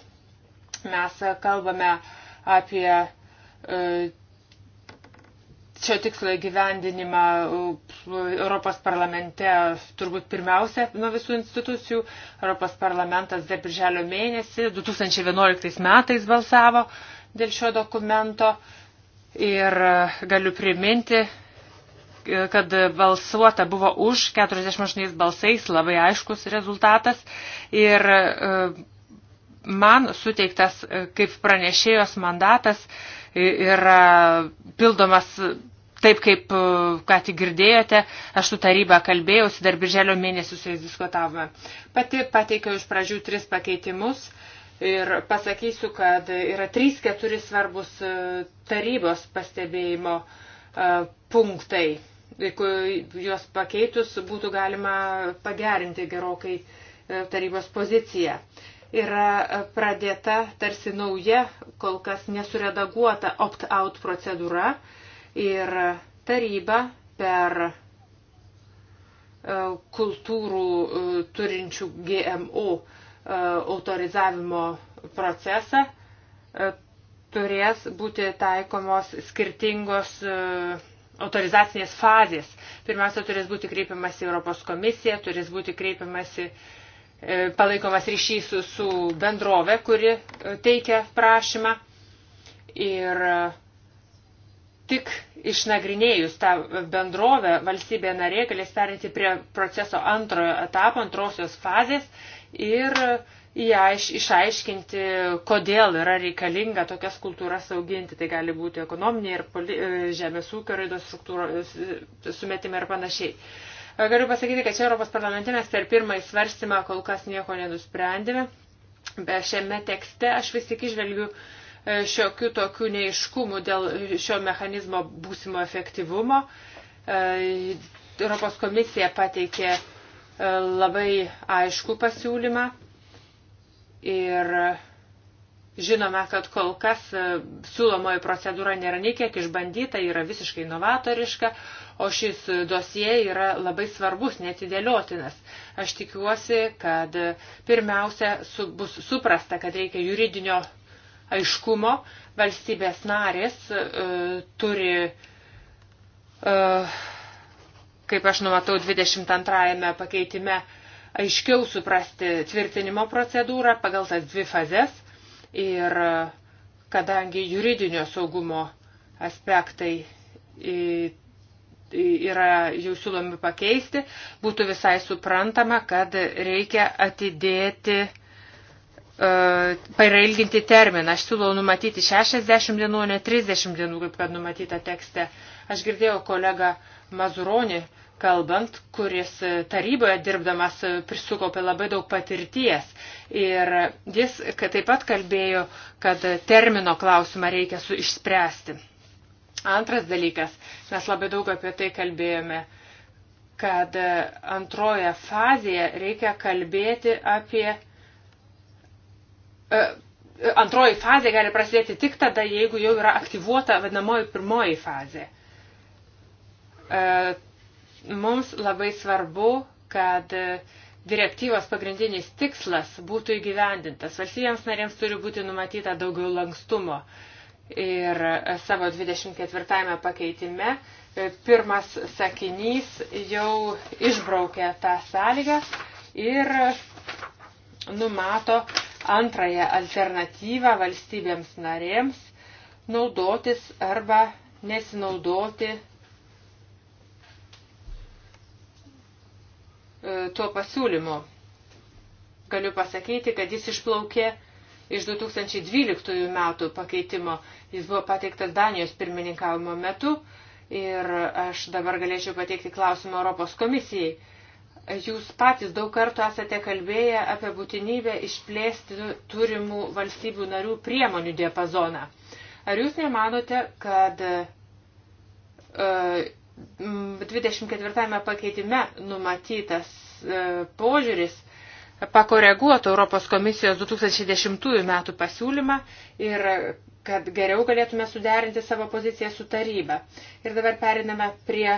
Mes kalbame apie e, šio tikslo įgyvendinimą e, Europos parlamente turbūt pirmiausia nuo visų institucijų. Europos parlamentas dar birželio mėnesį 2011 metais balsavo dėl šio dokumento ir e, galiu priminti, kad balsuota buvo už 48 balsais, labai aiškus rezultatas ir man suteiktas e, kaip pranešėjos mandatas yra pildomas taip, kaip e, ką tik girdėjote. Aš su taryba kalbėjausi, dar birželio mėnesį su jais diskutavome. Pati pateikiau iš pradžių tris pakeitimus. Ir pasakysiu, kad yra trys, keturi svarbus e, tarybos pastebėjimo punktai. Juos pakeitus būtų galima pagerinti gerokai tarybos poziciją yra pradėta tarsi nauja, kol kas nesuredaguota opt-out procedūra ir taryba per e, kultūrų e, turinčių GMO e, autorizavimo procesą turės būti taikomos skirtingos autorizacinės fazės. Pirmiausia, turės būti kreipiamasi Europos komisija, turės būti kreipiamasi uh, E, palaikomas ryšys su, su bendrove, kuri e, teikia prašymą. Ir e, tik išnagrinėjus tą bendrovę valstybė narė galės perinti prie proceso antrojo etapo, antrosios fazės ir ją išaiškinti, kodėl yra reikalinga tokias kultūras auginti. Tai gali būti ekonominė ir žemės ūkio raidos struktūros sumetimai ir panašiai. Galiu pasakyti, kad čia Europos parlamente mes per pirmąjį svarstymą kol kas nieko nenusprendėme, bet šiame tekste aš vis tik išvelgiu e, šiokių tokių neiškumų dėl šio mechanizmo būsimo efektyvumo. E, Europos komisija pateikė e, labai aišku pasiūlymą ir Žinome, kad kol kas e, siūlomoji procedūra nėra nei kiek išbandyta, yra visiškai novatoriška, o šis dosie yra labai svarbus, netidėliotinas. Aš tikiuosi, kad e, pirmiausia su, bus suprasta, kad reikia juridinio aiškumo. Valstybės narės e, turi, e, kaip aš numatau, 22 pakeitime aiškiau suprasti tvirtinimo procedūrą pagal tas dvi fazes ir e, kadangi juridinio saugumo aspektai yra jau siūlomi pakeisti, būtų visai suprantama, kad reikia atidėti, e, pailginti terminą. Aš siūlau numatyti 60 dienų, ne 30 dienų, kaip kad numatyta tekste. Aš girdėjau kolegą Mazuronį, kalbant, kuris taryboje dirbdamas prisukopė labai daug patirties. Ir jis taip pat kalbėjo, kad termino klausimą reikia su išspręsti. Antras dalykas, mes labai daug apie tai kalbėjome, kad antroje fazėje reikia kalbėti apie. E, e, antroji fazė gali prasidėti tik tada, jeigu jau yra aktyvuota vadinamoji pirmoji fazė e, Mums labai svarbu, kad direktyvos pagrindinis tikslas būtų įgyvendintas. Valstybėms narėms turi būti numatyta daugiau lankstumo. Ir savo 24 pakeitime e, pirmas sakinys jau išbraukė tą sąlygą ir numato antrąją alternatyvą valstybėms narėms naudotis arba nesinaudoti E, tuo pasiūlymu. Galiu pasakyti, kad jis išplaukė iš 2012 metų pakeitimo. Jis buvo pateiktas Danijos pirmininkavimo metu ir aš dabar galėčiau pateikti klausimą Europos komisijai. Jūs patys daug kartų esate kalbėję apie būtinybę išplėsti turimų valstybių narių priemonių diapazoną. Ar jūs nemanote, kad uh, e, 24 mm, pakeitime numatytas e, požiūris pakoreguotų Europos komisijos 2010 metų pasiūlymą ir kad geriau galėtume suderinti savo poziciją su taryba. Ir dabar periname prie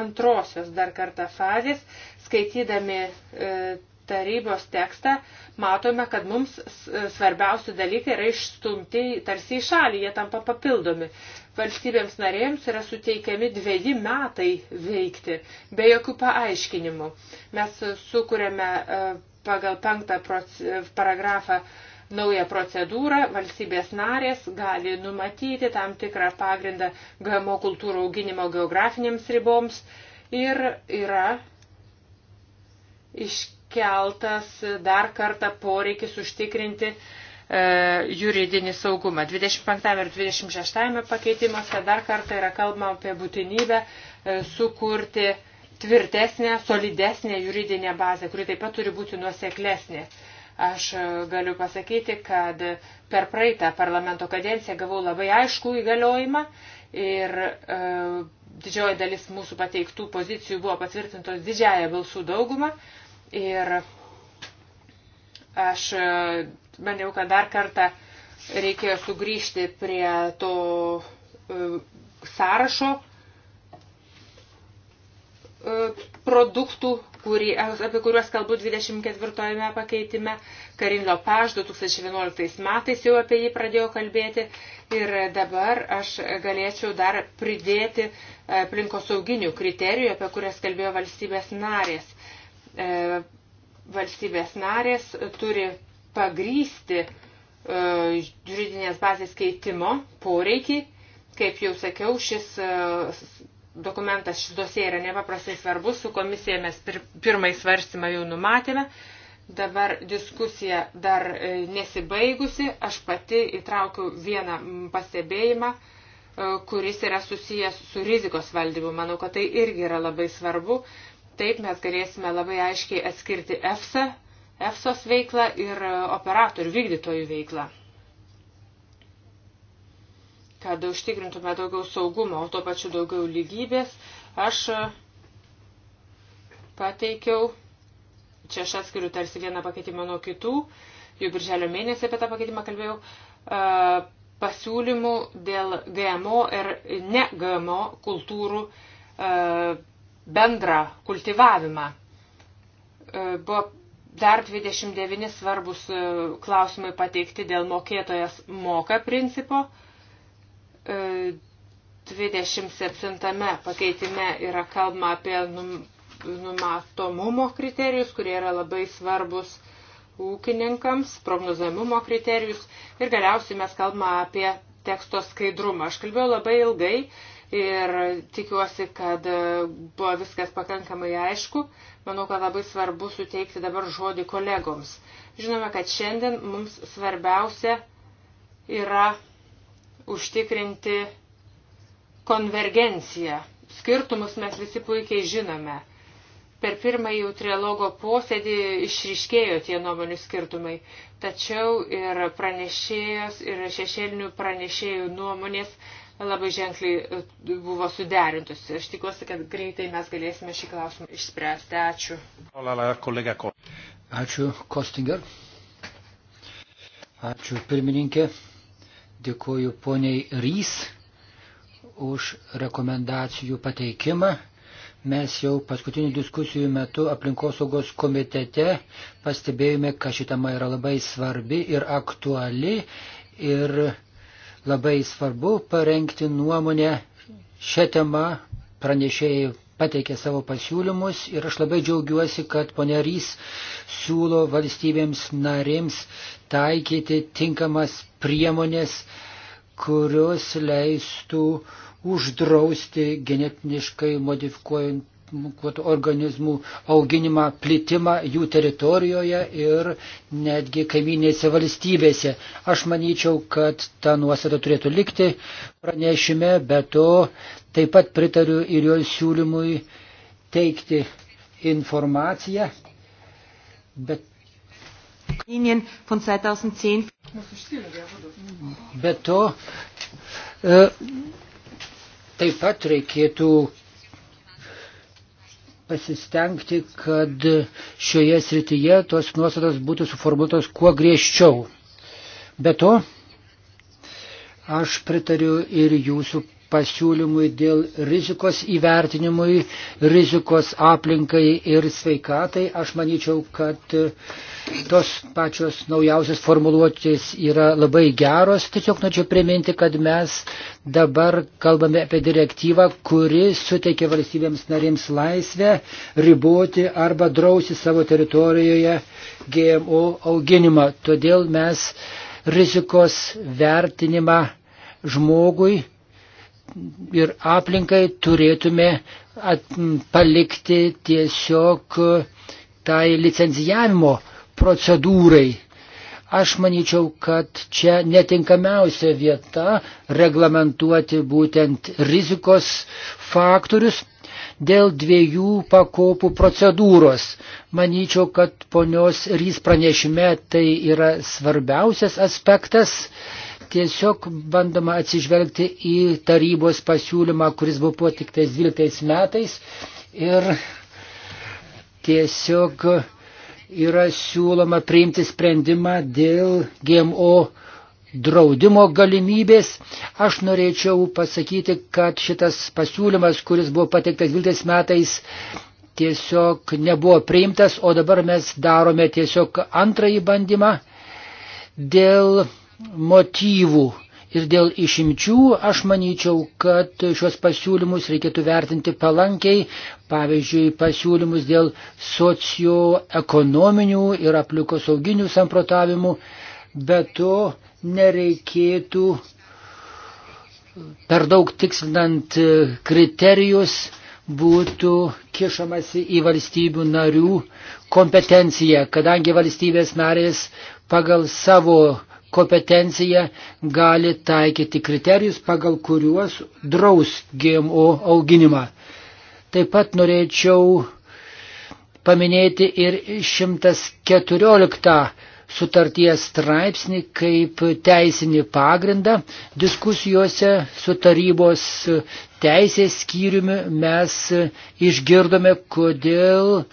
antrosios dar kartą fazės, skaitydami e, tarybos tekstą, matome, kad mums svarbiausi dalykai yra išstumti tarsi į šalį, jie tampa papildomi. Valstybėms narėjams yra suteikiami dviejį metai veikti, be jokių paaiškinimų. Mes sukūrėme e, pagal penktą paragrafą naują procedūrą, valstybės narės gali numatyti tam tikrą pagrindą GMO kultūrų auginimo geografinėms riboms ir yra iš keltas dar kartą poreikis užtikrinti e, juridinį saugumą. 25 ir 26 pakeitimuose dar kartą yra kalbama apie būtinybę e, sukurti tvirtesnę, solidesnę juridinę bazę, kuri taip pat turi būti nuoseklesnė. Aš e, galiu pasakyti, kad per praeitą parlamento kadenciją gavau labai aišku įgaliojimą ir e, didžioji dalis mūsų pateiktų pozicijų buvo patvirtintos didžiaja balsų dauguma. E, Ir aš e, maniau, kad dar kartą reikėjo sugrįžti prie to e, sąrašo e, produktų, kurį, apie kuriuos kalbu 24 pakeitime. Karin Lopaž 2011 metais jau apie jį pradėjo kalbėti ir dabar aš galėčiau dar pridėti aplinkosauginių kriterijų, apie kurias kalbėjo valstybės narės. E, valstybės narės turi pagrysti e, juridinės bazės keitimo poreikį. Kaip jau sakiau, šis e, dokumentas, šis dosė yra nepaprastai svarbus, su komisija mes pir, pirmąjį svarstymą jau numatėme. Dabar diskusija dar nesibaigusi, aš pati įtraukiu vieną pastebėjimą, kuris yra susijęs su rizikos valdymu. Manau, kad tai irgi yra labai svarbu, Taip mes galėsime labai aiškiai atskirti EFSA, EFSOS veiklą ir e, operatorių vykdytojų veiklą kad užtikrintume daugiau saugumo, o tuo pačiu daugiau lygybės, aš e, pateikiau, čia aš atskiriu tarsi vieną pakeitimą nuo kitų, jau birželio mėnesį apie tą pakeitimą kalbėjau, e, pasiūlymų dėl GMO ir ne GMO kultūrų bendrą kultivavimą. E, buvo dar 29 svarbus e, klausimai pateikti dėl mokėtojas moka principo. 27 e, pakeitime yra kalbama apie numatomumo kriterijus, kurie yra labai svarbus ūkininkams, prognozamumo kriterijus ir galiausiai mes kalbame apie teksto skaidrumą. Aš kalbėjau labai ilgai, ir tikiuosi, kad buvo viskas pakankamai aišku. Manau, kad labai svarbu suteikti dabar žodį kolegoms. Žinome, kad šiandien mums svarbiausia yra užtikrinti konvergenciją. Skirtumus mes visi puikiai žinome. Per pirmąjį jau trilogo posėdį išryškėjo tie nuomonių skirtumai, tačiau ir pranešėjos, ir šešėlinių pranešėjų nuomonės labai ženkliai e, buvo suderintus. Aš tikiuosi, kad greitai mes galėsime šį klausimą išspręsti. Ačiū. Ačiū, Kostinger. Ačiū, pirmininkė. Dėkuoju poniai Rys už rekomendacijų pateikimą. Mes jau paskutinių diskusijų metu aplinkosaugos komitete pastebėjome, kad šitama yra labai svarbi ir aktuali ir Labai svarbu parengti nuomonę šią temą, pranešėjai pateikė savo pasiūlymus ir aš labai džiaugiuosi, kad ponerys siūlo valstybėms narėms taikyti tinkamas priemonės, kurios leistų uždrausti genetiniškai modifikuojant mukuotų organizmų auginimą, plitimą jų teritorijoje ir netgi kaiminėse valstybėse. Aš manyčiau, kad ta nuostata turėtų likti pranešime, bet to taip pat pritariu ir jo siūlymui teikti informaciją. Bet Linien von 2010. Be to, e, taip pat reikėtų pasistengti, kad šioje srityje tos nuostatos būtų suformuotos kuo griežčiau. Be to, aš pritariu ir jūsų pasiūlymui dėl rizikos įvertinimui, rizikos aplinkai ir sveikatai. Aš manyčiau, kad e, tos pačios naujausios formuluotės yra labai geros. Tiesiog norėčiau priminti, kad mes dabar kalbame apie direktyvą, kuri suteikia valstybėms narėms laisvę riboti arba drausi savo teritorijoje GMO auginimą. Todėl mes rizikos vertinimą žmogui ir aplinkai turėtume palikti tiesiog e, tai licenzijavimo procedūrai. Aš manyčiau, kad čia netinkamiausia vieta reglamentuoti būtent rizikos faktorius dėl dviejų pakopų procedūros. Manyčiau, kad ponios Rys pranešime tai yra svarbiausias aspektas tiesiog bandoma atsižvelgti į tarybos pasiūlymą, kuris buvo patiktas 12 metais ir tiesiog yra siūloma priimti sprendimą dėl GMO draudimo galimybės. Aš norėčiau pasakyti, kad šitas pasiūlymas, kuris buvo pateiktas 12 metais, tiesiog nebuvo priimtas, o dabar mes darome tiesiog antrąjį bandymą dėl motyvų ir dėl išimčių aš manyčiau, kad šios pasiūlymus reikėtų vertinti palankiai, pavyzdžiui, pasiūlymus dėl socioekonominių ir aplikosauginių samprotavimų, bet to nereikėtų per daug tikslinant kriterijus būtų kišamasi į valstybių narių kompetenciją, kadangi valstybės narės pagal savo kompetencija gali taikyti kriterijus, pagal kuriuos draus GMO auginimą. Taip pat norėčiau paminėti ir 114 sutarties straipsnį kaip teisinį pagrindą. Diskusijose su tarybos teisės skyriumi mes išgirdome, kodėl uh,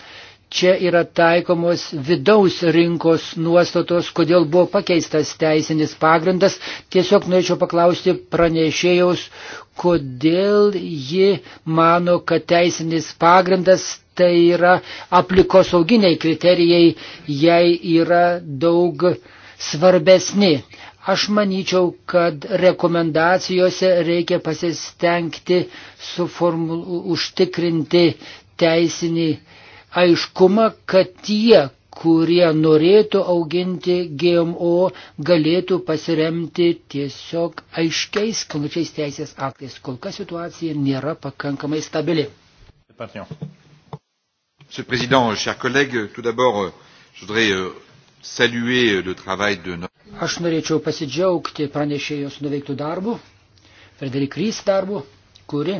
čia yra taikomos vidaus rinkos nuostatos, kodėl buvo pakeistas teisinis pagrindas. Tiesiog norėčiau paklausti pranešėjaus, kodėl ji mano, kad teisinis pagrindas tai yra aplikosauginiai kriterijai, jai yra daug svarbesni. Aš manyčiau, kad rekomendacijose reikia pasistengti suformul... užtikrinti teisinį uh, aiškumą, kad tie, kurie norėtų auginti GMO, galėtų pasiremti tiesiog aiškiais konkrečiais teisės aktais. Kol kas situacija nėra pakankamai stabili. Monsieur le Président, chers collègues, tout d'abord, je voudrais euh, saluer euh, le travail de notre. Aš norėčiau pasidžiaugti pranešėjos nuveiktų darbų, Frederik Rys darbų, kuri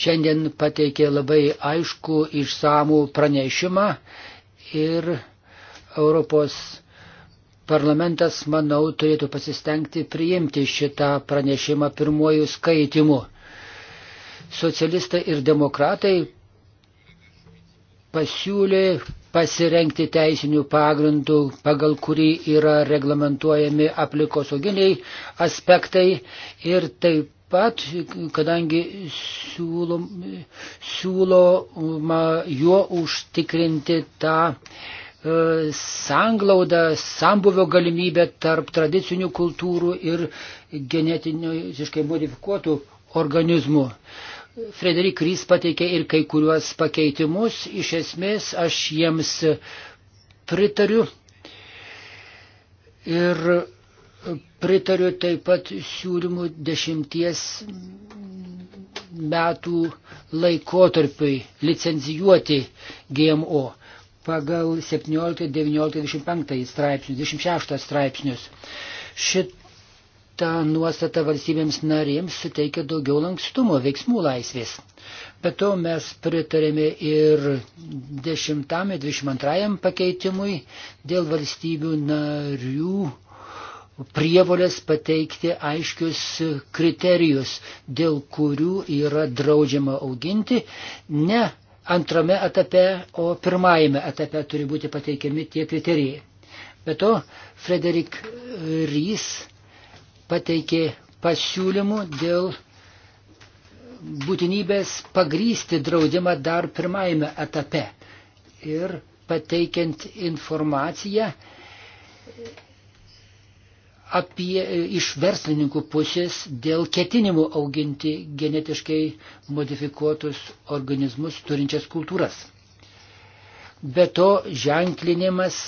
šiandien pateikė labai aišku išsamų pranešimą ir Europos parlamentas, manau, turėtų pasistengti priimti šitą pranešimą pirmojų skaitimų. Socialistai ir demokratai pasiūlė pasirengti teisinių pagrindų, pagal kurį yra reglamentuojami aplikosauginiai aspektai ir taip pat, kadangi siūlo, siūloma juo užtikrinti tą e, sanglaudą, sambuvio galimybę tarp tradicinių kultūrų ir genetiniškai modifikuotų organizmų. Frederik Rys pateikė ir kai kuriuos pakeitimus, iš esmės aš jiems pritariu. Ir Pritariu taip pat siūlymų dešimties metų laikotarpiai licenzijuoti GMO pagal 17, 19, 25 straipsnius, 26 straipsnius. Šitą nuostatą valstybėms narėms suteikia daugiau lankstumo, veiksmų laisvės. Be to mes pritarėme ir 10, 22 pakeitimui dėl valstybių narių prievolės pateikti aiškius kriterijus, dėl kurių yra draudžiama auginti, ne antrame etape, o pirmajame etape turi būti pateikiami tie kriterijai. Be to, Frederik Rys pateikė pasiūlymų dėl būtinybės pagrysti draudimą dar pirmajame etape ir pateikiant informaciją apie e, iš verslininkų pusės dėl ketinimų auginti genetiškai modifikuotus organizmus turinčias kultūras. Be to ženklinimas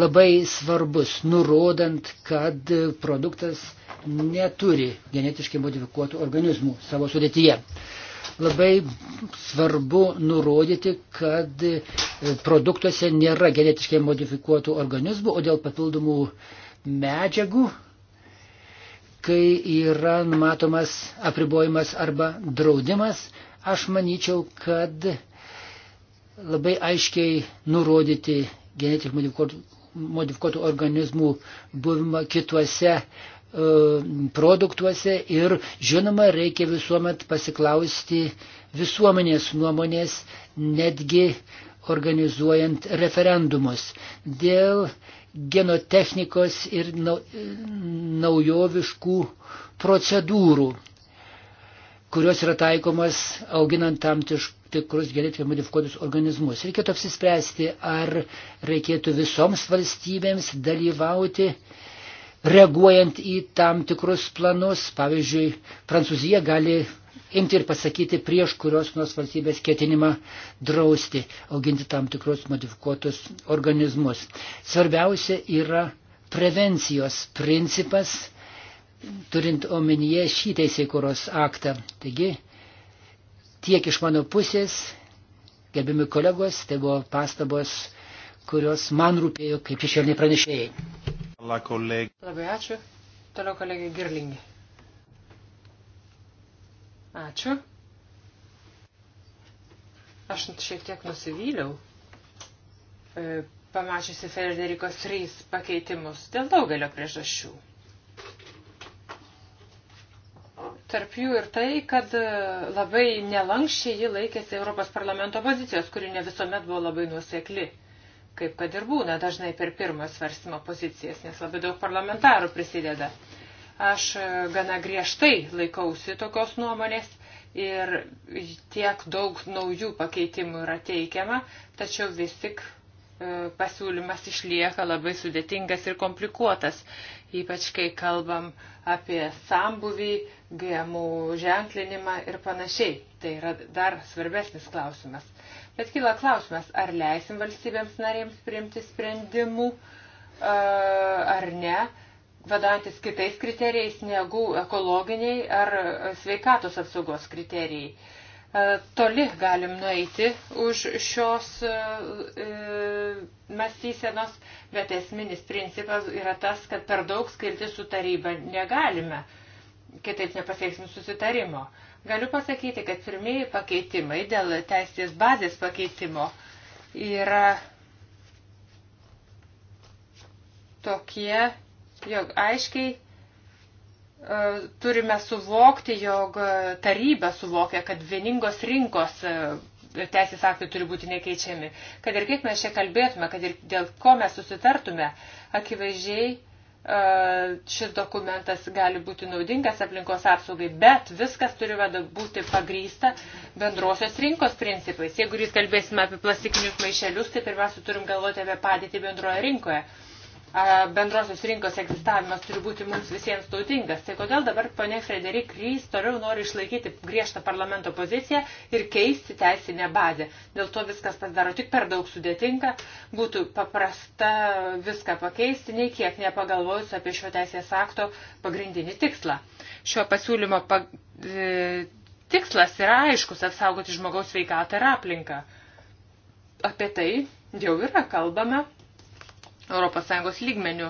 labai svarbus, nurodant, kad produktas neturi genetiškai modifikuotų organizmų savo sudėtyje. Labai svarbu nurodyti, kad e, produktuose nėra genetiškai modifikuotų organizmų, o dėl papildomų uh, medžiagų, kai yra numatomas apribojimas arba draudimas, aš manyčiau, kad labai aiškiai nurodyti genetiškai modifikuotų organizmų buvimą kituose e, produktuose ir žinoma reikia visuomet pasiklausti visuomenės nuomonės, netgi organizuojant referendumus. Dėl genotechnikos ir naujoviškų procedūrų, kurios yra taikomas auginant tam tikrus genetiškai modifikuotus organizmus. Reikėtų apsispręsti, ar reikėtų visoms valstybėms dalyvauti, reaguojant į tam tikrus planus. Pavyzdžiui, Prancūzija gali imti ir pasakyti prieš kurios nors valstybės ketinimą drausti auginti tam tikrus modifikuotus organizmus. Svarbiausia yra prevencijos principas, turint omenyje šį teisėkuros aktą. Taigi, tiek iš mano pusės, gerbimi kolegos, tai buvo pastabos, kurios man rūpėjo kaip šešėliniai pranešėjai. Labai ačiū. Toliau kolegė Girlingė. Ačiū. Aš šiek tiek nusivyliau, e, pamačiusi Federikos 3 pakeitimus dėl daugelio priežasčių. tarp jų ir tai, kad e, labai nelankščiai ji laikėsi Europos parlamento pozicijos, kuri ne visuomet buvo labai nuosekli. Kaip kad ir būna dažnai per pirmą svarstymo pozicijas, nes labai daug parlamentarų prisideda. Aš e, gana griežtai laikausi tokios nuomonės ir tiek daug naujų pakeitimų yra teikiama, tačiau vis tik e, pasiūlymas išlieka labai sudėtingas ir komplikuotas, ypač kai kalbam apie sambuvį, GMO ženklinimą ir panašiai. Tai yra dar svarbesnis klausimas. Bet kyla klausimas, ar leisim valstybėms narėms priimti sprendimų e, ar ne, vadovantis kitais kriterijais negu ekologiniai ar sveikatos apsaugos kriterijai. E, toli galim nueiti už šios e, e, mąstysenos, bet esminis principas yra tas, kad per daug skirti su taryba negalime, kitaip nepasieksim susitarimo. Galiu pasakyti, kad pirmieji pakeitimai dėl teisės bazės pakeitimo yra tokie jog aiškiai e, turime suvokti, jog taryba suvokia, kad vieningos rinkos e, teisės aktai turi būti nekeičiami. Kad ir kiek mes čia kalbėtume, kad ir dėl ko mes susitartume, akivaizdžiai e, šis dokumentas gali būti naudingas aplinkos apsaugai, bet viskas turi būti pagrysta bendrosios rinkos principais. Jeigu jūs kalbėsime apie plastikinius maišelius, tai pirmiausia turim galvoti apie padėtį bendroje rinkoje bendrosios rinkos egzistavimas turi būti mums visiems tautingas. Tai kodėl dabar ponė Frederik Rys toliau nori išlaikyti griežtą parlamento poziciją ir keisti teisinę bazę. Dėl to viskas pasidaro tik per daug sudėtinga, būtų paprasta viską pakeisti, nei kiek nepagalvojus apie šio teisės akto pagrindinį tikslą. Šio pasiūlymo pa, e, tikslas yra aiškus - apsaugoti žmogaus sveikatą ir aplinką. Apie tai jau yra kalbama ES lygmenių.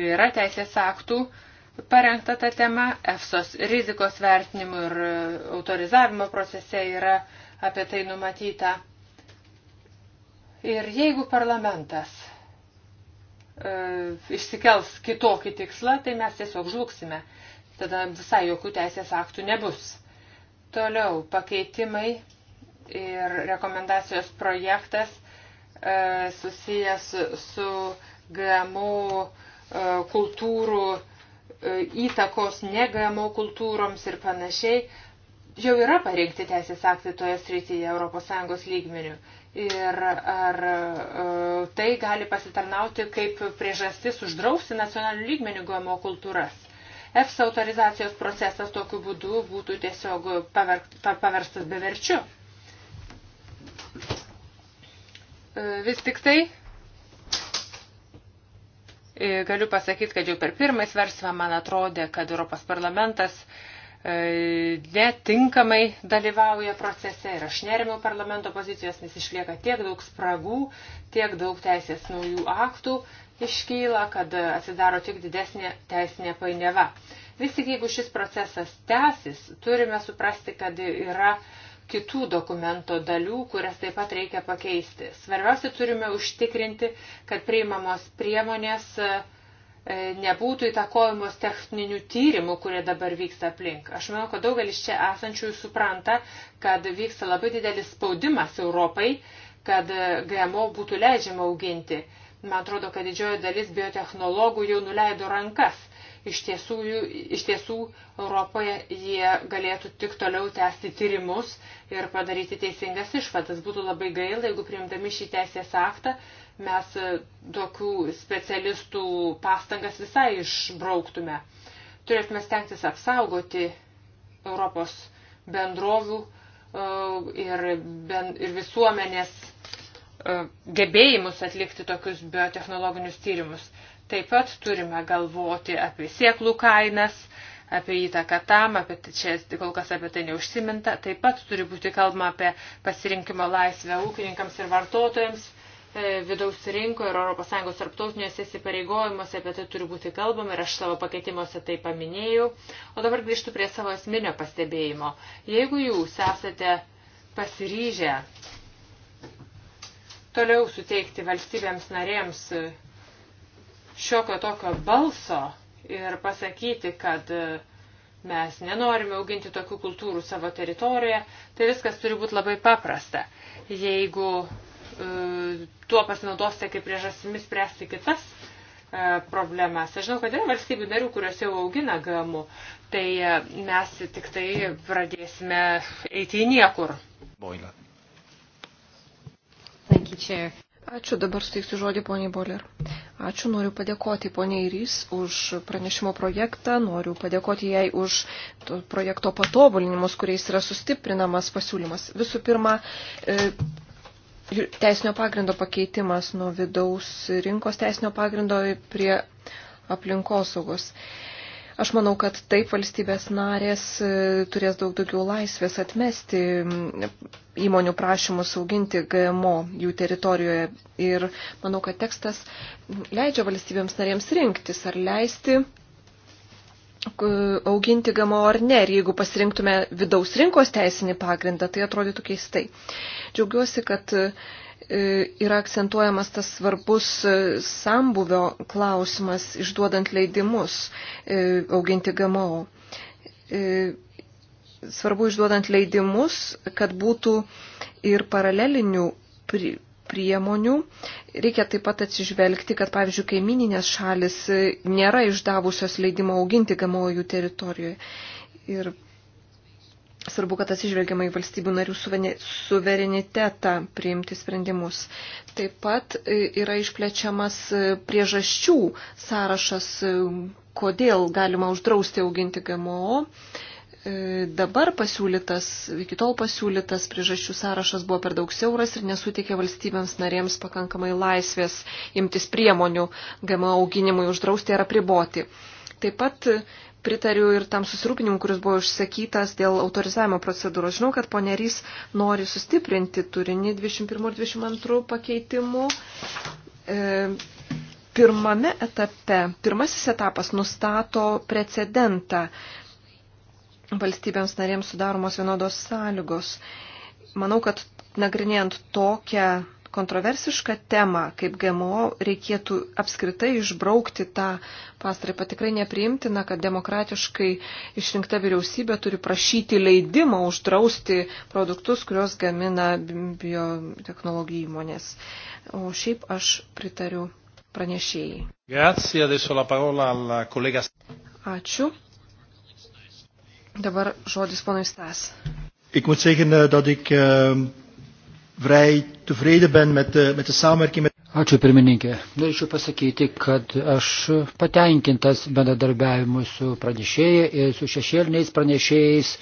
Yra teisės aktų parengta ta tema, EFSOS rizikos vertinimų ir autorizavimo procese yra apie tai numatyta. Ir jeigu parlamentas e, išsikels kitokį tikslą, tai mes tiesiog žlugsime. Tada visai jokių teisės aktų nebus. Toliau pakeitimai ir rekomendacijos projektas E, susijęs su GMO e, kultūrų e, įtakos ne GMO kultūroms ir panašiai, jau yra parengti teisės aktai toje srityje ES lygmenių. Ir ar tai gali pasitarnauti kaip priežastis uždrausti nacionalinių lygmenių GMO kultūras? EFSA autorizacijos procesas tokiu būdu būtų tiesiog paverstas beverčiu. vis tik tai e, galiu pasakyti, kad jau per pirmąjį svarstymą man atrodė, kad Europos parlamentas e, netinkamai dalyvauja procese ir aš nerimiu parlamento pozicijos, nes išlieka tiek daug spragų, tiek daug teisės naujų aktų iškyla, kad atsidaro tik didesnė teisinė painiava. Vis tik, jeigu šis procesas tęsis, turime suprasti, kad yra uh, kitų dokumento dalių, kurias taip pat reikia pakeisti. Svarbiausia, turime užtikrinti, kad priimamos priemonės e, nebūtų įtakojamos techninių tyrimų, kurie dabar vyksta aplink. Aš manau, kad daugelis čia esančiųjų supranta, kad vyksta labai didelis spaudimas Europai, kad e, GMO būtų leidžiama auginti. Man atrodo, kad didžioji dalis biotehnologų jau nuleido rankas Iš tiesų, iš tiesų Europoje jie galėtų tik toliau tęsti tyrimus ir padaryti teisingas išvadas. Būtų labai gaila, jeigu priimdami šį teisės aktą mes e, tokių specialistų pastangas visai išbrauktume. Turėtume stengtis apsaugoti Europos bendrovių e, ir, ben, ir visuomenės e, gebėjimus atlikti tokius biotechnologinius tyrimus. Taip pat turime galvoti apie sieklų kainas, apie įtaką tam, apie čia kol kas apie tai neužsiminta. Taip pat turi būti kalbama apie pasirinkimo laisvę ūkininkams ir vartotojams e, vidaus rinko ir ES tarptautiniuose įsipareigojimuose apie tai turi būti kalbama ir aš savo pakeitimuose tai paminėjau. O dabar grįžtu prie savo esminio pastebėjimo. Jeigu jūs esate pasiryžę toliau suteikti valstybėms narėms šiokio tokio balso ir pasakyti, kad e, mes nenorime auginti tokių kultūrų savo teritorijoje, tai viskas turi būti labai paprasta. Jeigu e, tuo pasinaudosite kaip priežasimis spręsti kitas e, problemas. Aš žinau, kad yra valstybių narių, kurios jau augina gamų, tai mes tik tai pradėsime eiti į niekur. Boiler. Thank you, Chair. Ačiū, dabar suteiksiu žodį poniai Boler. Ačiū, noriu padėkoti poniai Rys už pranešimo projektą, noriu padėkoti jai už projekto patobulinimus, kuriais yra sustiprinamas pasiūlymas. Visų pirma, e, teisinio pagrindo pakeitimas nuo vidaus rinkos teisinio pagrindo prie aplinkosaugos. saugos. Aš manau, kad taip valstybės narės e, turės daug daugiau laisvės atmesti įmonių prašymus auginti GMO jų teritorijoje. Ir manau, kad tekstas leidžia valstybėms narėms rinktis ar leisti auginti GMO ar ne. Ir jeigu pasirinktume vidaus rinkos teisinį pagrindą, tai atrodytų keistai. Džiaugiuosi, kad E, yra akcentuojamas tas svarbus e, sambuvio klausimas, išduodant leidimus e, auginti GMO. Svarbu išduodant leidimus, kad būtų ir paralelinių priemonių. Reikia taip pat atsižvelgti, kad, pavyzdžiui, kaimininės šalis nėra išdavusios leidimo auginti GMO jų teritorijoje. Ir Svarbu, kad atsižvelgiama į valstybių narių suverenitetą priimti sprendimus. Taip pat e, yra išplečiamas e, priežasčių sąrašas, e, kodėl galima uždrausti auginti GMO. Dabar pasiūlytas, iki tol pasiūlytas priežasčių sąrašas buvo per daug siauras ir nesuteikė valstybėms narėms pakankamai laisvės imtis priemonių GMO auginimui uždrausti ar apriboti. Taip pat pritariu ir tam susirūpinimu, kuris buvo išsakytas dėl autorizavimo procedūros. Žinau, kad ponerys nori sustiprinti turinį 21 ir 22 pakeitimų. E, pirmame etape, pirmasis etapas nustato precedentą valstybėms narėms sudaromos vienodos sąlygos. Manau, kad nagrinėjant tokią kontroversišką temą, kaip GMO, reikėtų apskritai išbraukti tą pastraipą. Tikrai nepriimtina, kad demokratiškai išrinkta vyriausybė turi prašyti leidimo uždrausti produktus, kuriuos gamina biotechnologijų įmonės. O šiaip aš pritariu pranešėjai. Ačiū. Dabar žodis ponui Stas. Ik moet zeggen eh, dat ik uh, vrij tevreden ben met de, met de samenwerking met. Ačiū pirmininkė. Norėčiau pasakyti, kad aš patenkintas bendradarbiavimu su pranešėjai ir su šešėliniais pranešėjais.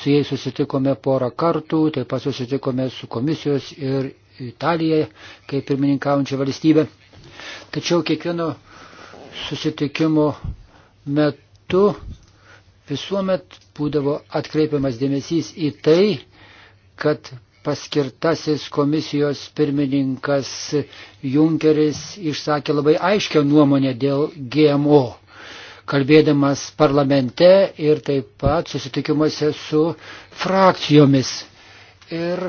Su jais susitikome porą kartų, taip pat susitikome su komisijos ir Italija kaip pirmininkaujančia valstybė. Tačiau kiekvieno susitikimo metu visuomet būdavo atkreipiamas dėmesys į tai, kad paskirtasis komisijos pirmininkas Junkeris išsakė labai aiškę nuomonę dėl GMO, kalbėdamas parlamente ir taip pat susitikimuose su frakcijomis. Ir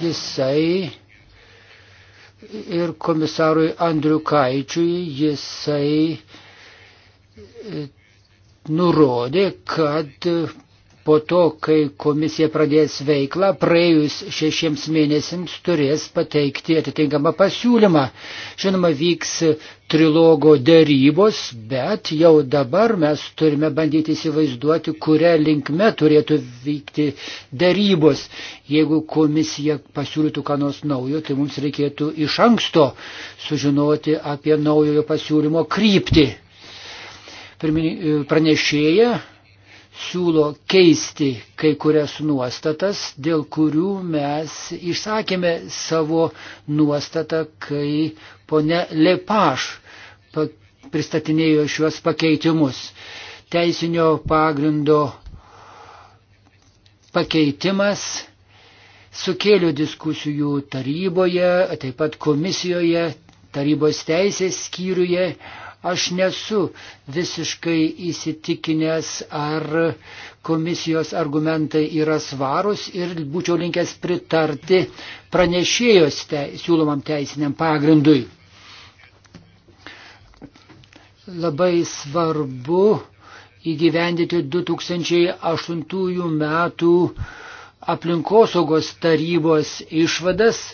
jisai ir komisarui Andriu Kaičiui jisai e, nurodė, kad po to, kai komisija pradės veiklą, praėjus šešiems mėnesiams turės pateikti atitinkamą pasiūlymą. Žinoma, vyks trilogo dėrybos, bet jau dabar mes turime bandyti įsivaizduoti, kuria linkme turėtų vykti dėrybos. Jeigu komisija pasiūlytų ką nors naujo, tai mums reikėtų iš anksto sužinoti apie naujojo pasiūlymo kryptį. Pirmini, pranešėja siūlo keisti kai kurias nuostatas, dėl kurių mes išsakėme savo nuostatą, kai ponė Lepaš pristatinėjo šiuos pakeitimus. Teisinio pagrindo pakeitimas sukėlė diskusijų taryboje, taip pat komisijoje, tarybos teisės skyriuje, Aš nesu visiškai įsitikinęs, ar komisijos argumentai yra svarus ir būčiau linkęs pritarti pranešėjos te, siūlomam teisiniam pagrindui. Labai svarbu įgyvendyti 2008 metų aplinkosaugos tarybos išvadas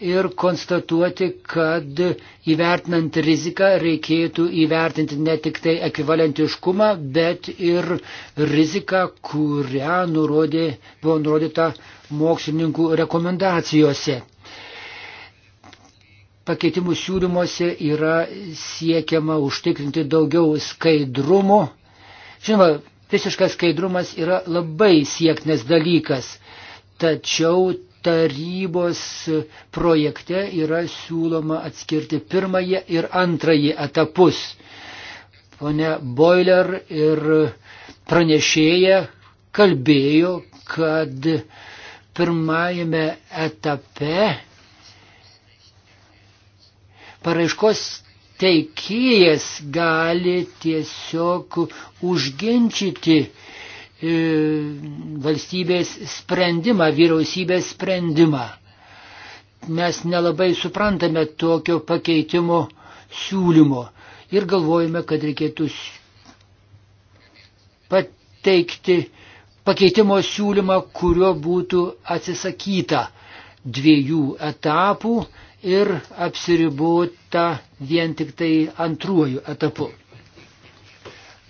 ir konstatuoti, kad įvertinant riziką reikėtų įvertinti ne tik tai ekvivalentiškumą, bet ir riziką, kurią nurodė, buvo nurodyta mokslininkų rekomendacijose. Pakeitimų siūlymuose yra siekiama užtikrinti daugiau skaidrumo. Žinoma, visiškas skaidrumas yra labai sieknes dalykas, tačiau tarybos projekte yra siūloma atskirti pirmąjį ir antrąjį etapus. Pone Boiler ir pranešėja kalbėjo, kad pirmajame etape paraiškos teikėjas gali tiesiog užginčyti E, valstybės sprendimą, vyriausybės sprendimą. Mes nelabai suprantame tokio pakeitimo siūlymo ir galvojame, kad reikėtų pateikti pakeitimo siūlymą, kuriuo būtų atsisakyta dviejų etapų ir apsiribota vien tik tai antruoju etapu.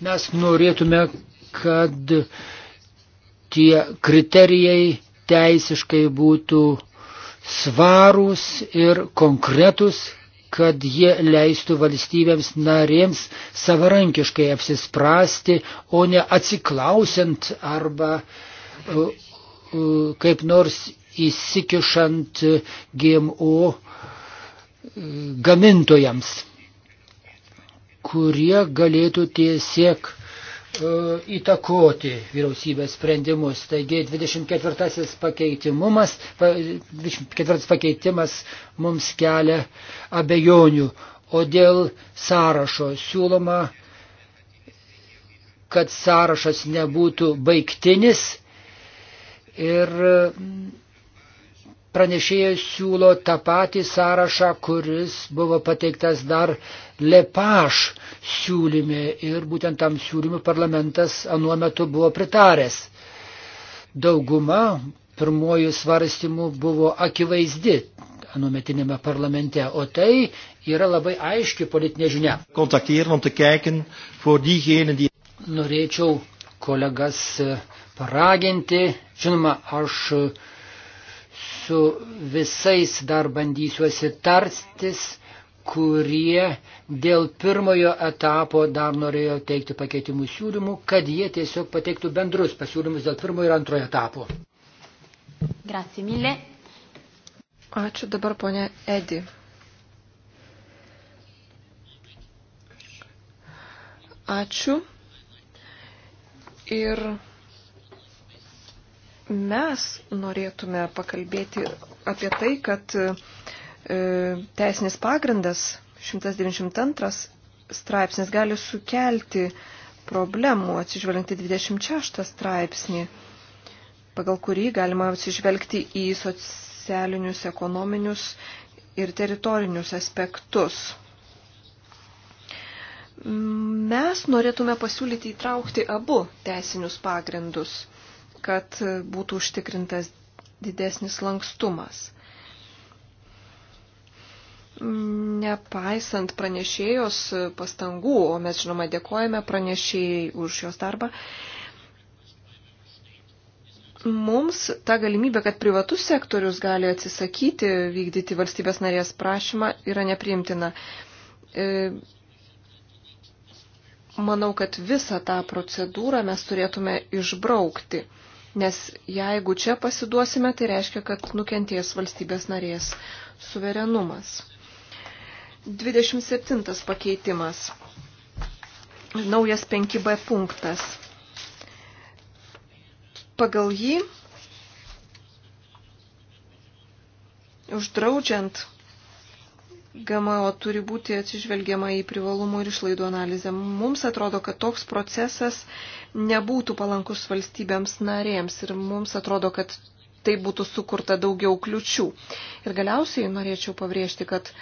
Mes norėtume, kad tie kriterijai teisiškai būtų svarūs ir konkretus, kad jie leistų valstybėms narėms savarankiškai apsispręsti, o ne atsiklausiant arba e, e, kaip nors įsikišant GMO e, gamintojams, kurie galėtų tiesiog E, įtakoti vyriausybės sprendimus. Taigi 24 pakeitimas, 24 pakeitimas mums kelia abejonių. O dėl sąrašo siūloma, kad sąrašas nebūtų baigtinis ir pranešėjas siūlo tą patį sąrašą, kuris buvo pateiktas dar Lepaš siūlyme ir būtent tam siūlymui parlamentas anuo metu buvo pritaręs. Dauguma pirmojų svarstymų buvo akivaizdi anuometinėme parlamente, o tai yra labai aiški politinė žinia. Norėčiau kolegas e, paraginti, žinoma, aš e, su visais dar bandysiuosi tarstis, kurie dėl pirmojo etapo dar norėjo teikti pakeitimų siūlymų, kad jie tiesiog pateiktų bendrus pasiūlymus dėl pirmojo ir antrojo etapo. Grazie mille. Ačiū dabar ponė Edi. Ačiū. Ir Mes norėtume pakalbėti apie tai, kad e, teisinis pagrindas 192 straipsnis gali sukelti problemų atsižvelgti 26 straipsnį, pagal kurį galima atsižvelgti į socialinius, ekonominius ir teritorinius aspektus. Mes norėtume pasiūlyti įtraukti abu teisinius pagrindus kad būtų užtikrintas didesnis lankstumas. Nepaisant pranešėjos pastangų, o mes žinoma dėkojame pranešėjai už jos darbą, mums ta galimybė, kad privatus sektorius gali atsisakyti vykdyti valstybės narės prašymą, yra nepriimtina. E, manau, kad visą tą procedūrą mes turėtume išbraukti. Nes jeigu čia pasiduosime, tai reiškia, kad nukenties valstybės narės suverenumas. 27 pakeitimas. Naujas 5b punktas. Pagal jį, uždraudžiant GMO turi būti atsižvelgiama į privalumų ir išlaidų analizę. Mums atrodo, kad toks procesas nebūtų palankus valstybėms narėms ir mums atrodo, kad tai būtų sukurta daugiau kliučių. Ir galiausiai norėčiau pabrėžti, kad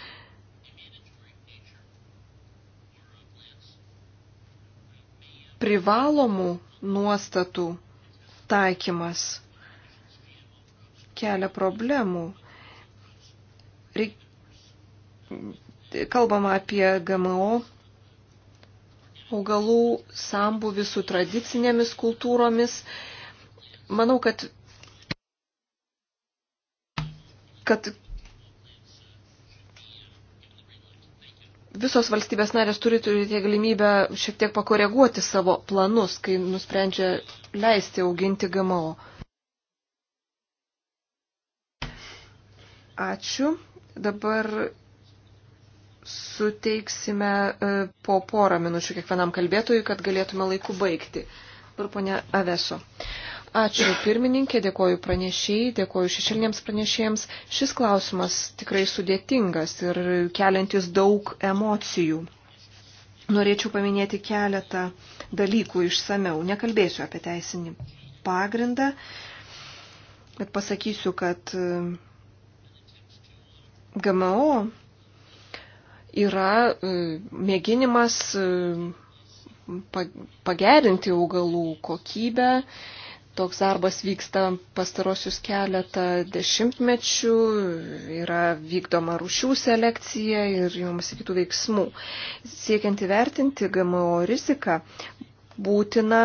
privalomų nuostatų taikymas kelia problemų. Reikia kalbama apie GMO augalų sambuvi su tradicinėmis kultūromis. Manau, kad, kad visos valstybės narės turi turėti galimybę šiek tiek pakoreguoti savo planus, kai nusprendžia leisti auginti GMO. Ačiū. Dabar suteiksime e, po porą minučių kiekvienam kalbėtojui, kad galėtume laiku baigti. Ir ponia Aveso. Ačiū pirmininkė, dėkoju pranešėjai, dėkoju šešėlinėms pranešėjams. Šis klausimas tikrai sudėtingas ir keliantis daug emocijų. Norėčiau paminėti keletą dalykų išsameu. Nekalbėsiu apie teisinį pagrindą, bet pasakysiu, kad e, GMO yra e, mėginimas e, pagerinti augalų kokybę. Toks darbas vyksta pastarosius keletą dešimtmečių, yra vykdoma rušių selekcija ir joms kitų veiksmų. Siekiant įvertinti GMO riziką, būtina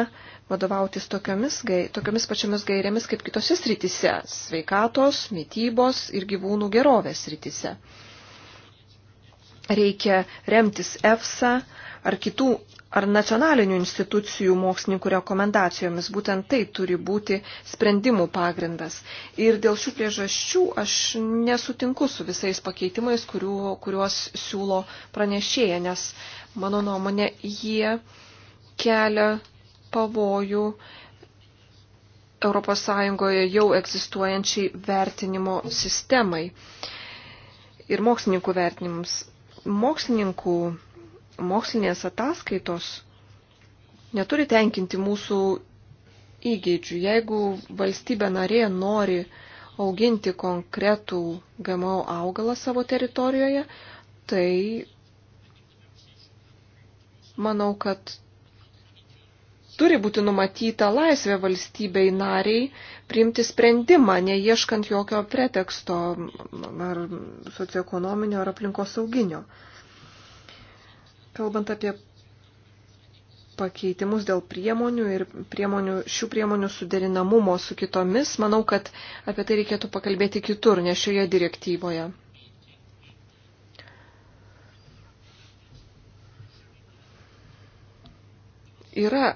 vadovautis tokiamis, tokiamis pačiamis gairėmis kaip kitose sritise - sveikatos, mytybos ir gyvūnų gerovės sritise reikia remtis EFSA ar kitų ar nacionalinių institucijų mokslininkų rekomendacijomis. Būtent tai turi būti sprendimų pagrindas. Ir dėl šių priežasčių aš nesutinku su visais pakeitimais, kuriuo, kuriuos siūlo pranešėja, nes mano nuomonė jie kelia pavojų ES jau egzistuojančiai vertinimo sistemai ir mokslininkų vertinimams mokslininkų, mokslinės ataskaitos neturi tenkinti mūsų įgėdžių. Jeigu valstybė narė nori auginti konkretų GMO augalą savo teritorijoje, tai manau, kad turi būti numatyta laisvė valstybei nariai priimti sprendimą, neieškant jokio preteksto ar socioekonominio ar aplinkosauginio. Kalbant apie pakeitimus dėl priemonių ir priemonių, šių priemonių suderinamumo su kitomis, manau, kad apie tai reikėtų pakalbėti kitur, ne šioje direktyvoje. Yra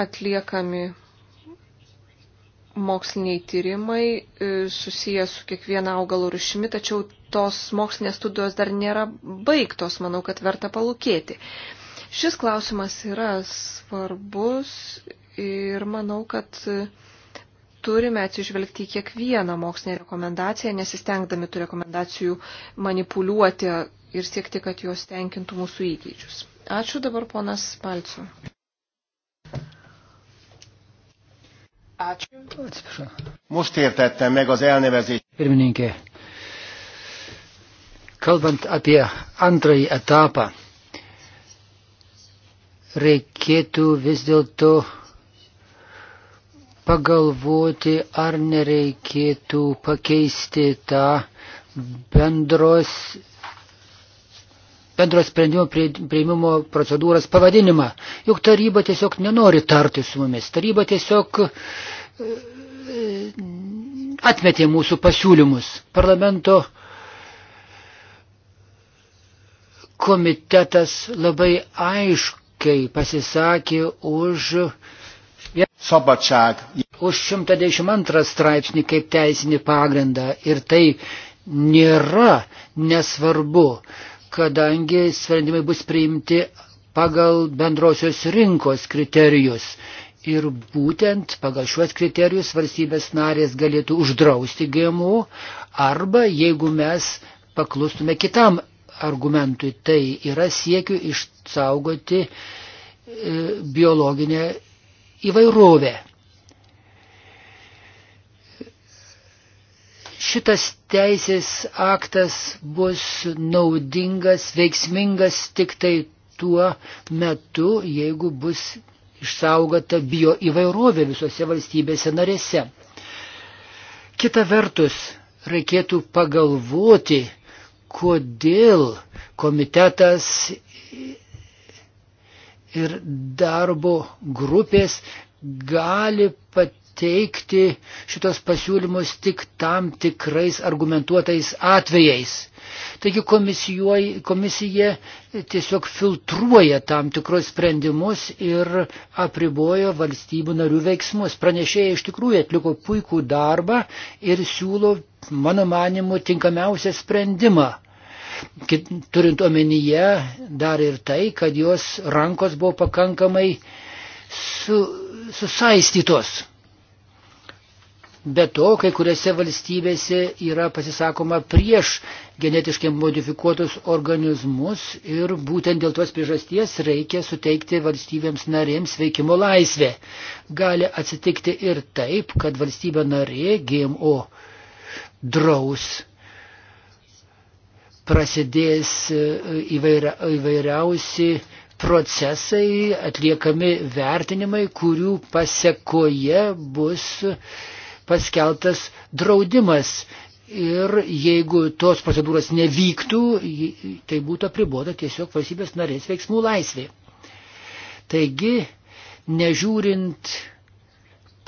atliekami moksliniai tyrimai e, susiję su kiekviena augalo rušimi, tačiau tos mokslinės studijos dar nėra baigtos, manau, kad verta palūkėti. Šis klausimas yra svarbus ir manau, kad e, turime atsižvelgti į kiekvieną mokslinę rekomendaciją, nesistengdami tų rekomendacijų manipuliuoti ir siekti, kad jos tenkintų mūsų įgūdžius. Ačiū dabar ponas Palcu. Ačiū. Atsiprašau. Most értettem meg az elnevezést. Pirmininkė, kalbant apie antrąjį etapą, reikėtų vis dėlto pagalvoti, ar nereikėtų pakeisti tą bendros bendro sprendimo prieimimo procedūros pavadinimą. Juk taryba tiesiog nenori tarti su mumis. Taryba tiesiog e, atmetė mūsų pasiūlymus. Parlamento komitetas labai aiškiai pasisakė už Szabadság. Už 112 straipsnį kaip teisinį pagrindą ir tai nėra nesvarbu, kadangi sprendimai bus priimti pagal bendrosios rinkos kriterijus. Ir būtent pagal šiuos kriterijus valstybės narės galėtų uždrausti GMO arba jeigu mes paklustume kitam argumentui, tai yra siekiu išsaugoti e, biologinę įvairovę. Šitas teisės aktas bus naudingas, veiksmingas tik tai tuo metu, jeigu bus išsaugota bio įvairovė visose valstybėse narėse. Kita vertus, reikėtų pagalvoti, kodėl komitetas ir darbo grupės gali pat teikti šitos pasiūlymus tik tam tikrais argumentuotais atvejais. Taigi komisija tiesiog filtruoja tam tikrus sprendimus ir apribojo valstybių narių veiksmus. Pranešėjai iš tikrųjų atliko puikų darbą ir siūlo, mano manimu, tinkamiausią sprendimą. Turint omenyje dar ir tai, kad jos rankos buvo pakankamai su, susaistytos. Be to, kai kuriuose valstybėse yra pasisakoma prieš genetiškai modifikuotus organizmus ir būtent dėl tos priežasties reikia suteikti valstybėms narėms veikimo laisvę. Gali atsitikti ir taip, kad valstybė narė GMO draus prasidės e, įvairia, įvairiausi procesai, atliekami vertinimai, kurių pasiekoje bus paskeltas draudimas. Ir jeigu tos procedūros nevyktų, tai būtų apribuota tiesiog valstybės narės veiksmų laisvė. Taigi, nežiūrint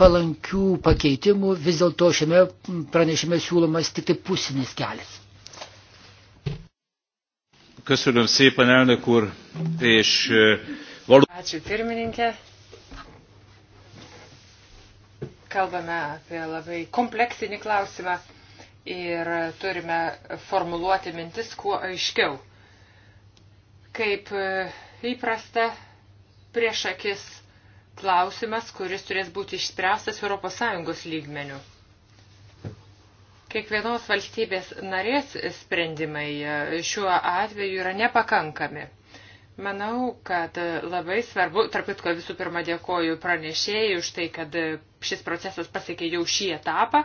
palankių pakeitimų, vis dėlto šiame pranešime siūlomas tik tai pusinis kelias. Köszönöm szépen, elnök úr, és e, valóban. Ačiū pirmininkė. Kalbame apie labai kompleksinį klausimą ir turime formuluoti mintis kuo aiškiau. Kaip e, įprasta prieš akis klausimas, kuris turės būti išspręstas ES lygmenių. Kiekvienos valstybės narės sprendimai e, šiuo atveju yra nepakankami. Manau, kad labai svarbu, tarp kitko visų pirma dėkoju pranešėjai už tai, kad šis procesas pasiekė jau šį etapą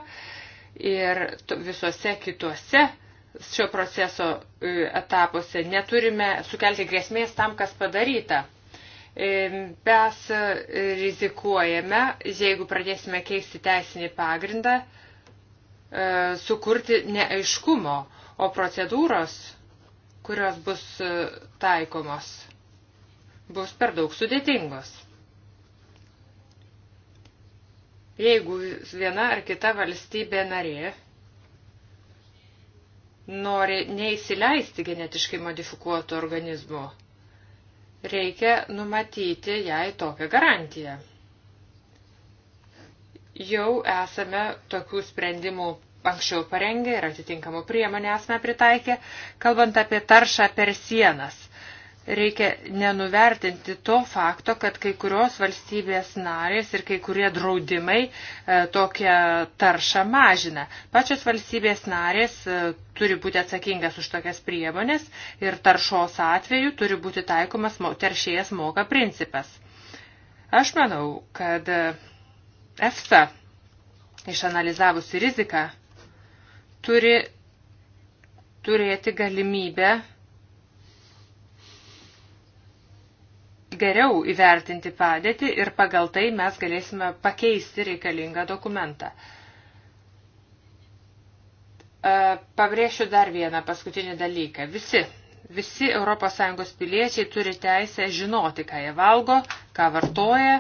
ir visuose kituose šio proceso e, etapuose neturime sukelti grėsmės tam, kas padaryta. E, mes e, rizikuojame, jeigu pradėsime keisti teisinį pagrindą, sukurti neaiškumo, o procedūros kurios bus e, taikomos, bus per daug sudėtingos. Jeigu viena ar kita valstybė narė nori neįsileisti genetiškai modifikuotų organizmų, reikia numatyti jai tokią garantiją. Jau esame tokių sprendimų anksčiau parengė ir atitinkamų priemonę esame pritaikę, kalbant apie taršą per sienas. Reikia nenuvertinti to fakto, kad kai kurios valstybės narės ir kai kurie draudimai e, tokią taršą mažina. Pačios valstybės narės e, turi būti atsakingas už tokias priemonės ir taršos atveju turi būti taikomas teršėjas moka principas. Aš manau, kad e, EFSA išanalizavusi riziką, turi turėti galimybę geriau įvertinti padėtį ir pagal tai mes galėsime pakeisti reikalingą dokumentą. E, pabrėšiu dar vieną paskutinį dalyką. Visi, visi ES piliečiai turi teisę žinoti, ką jie valgo, ką vartoja.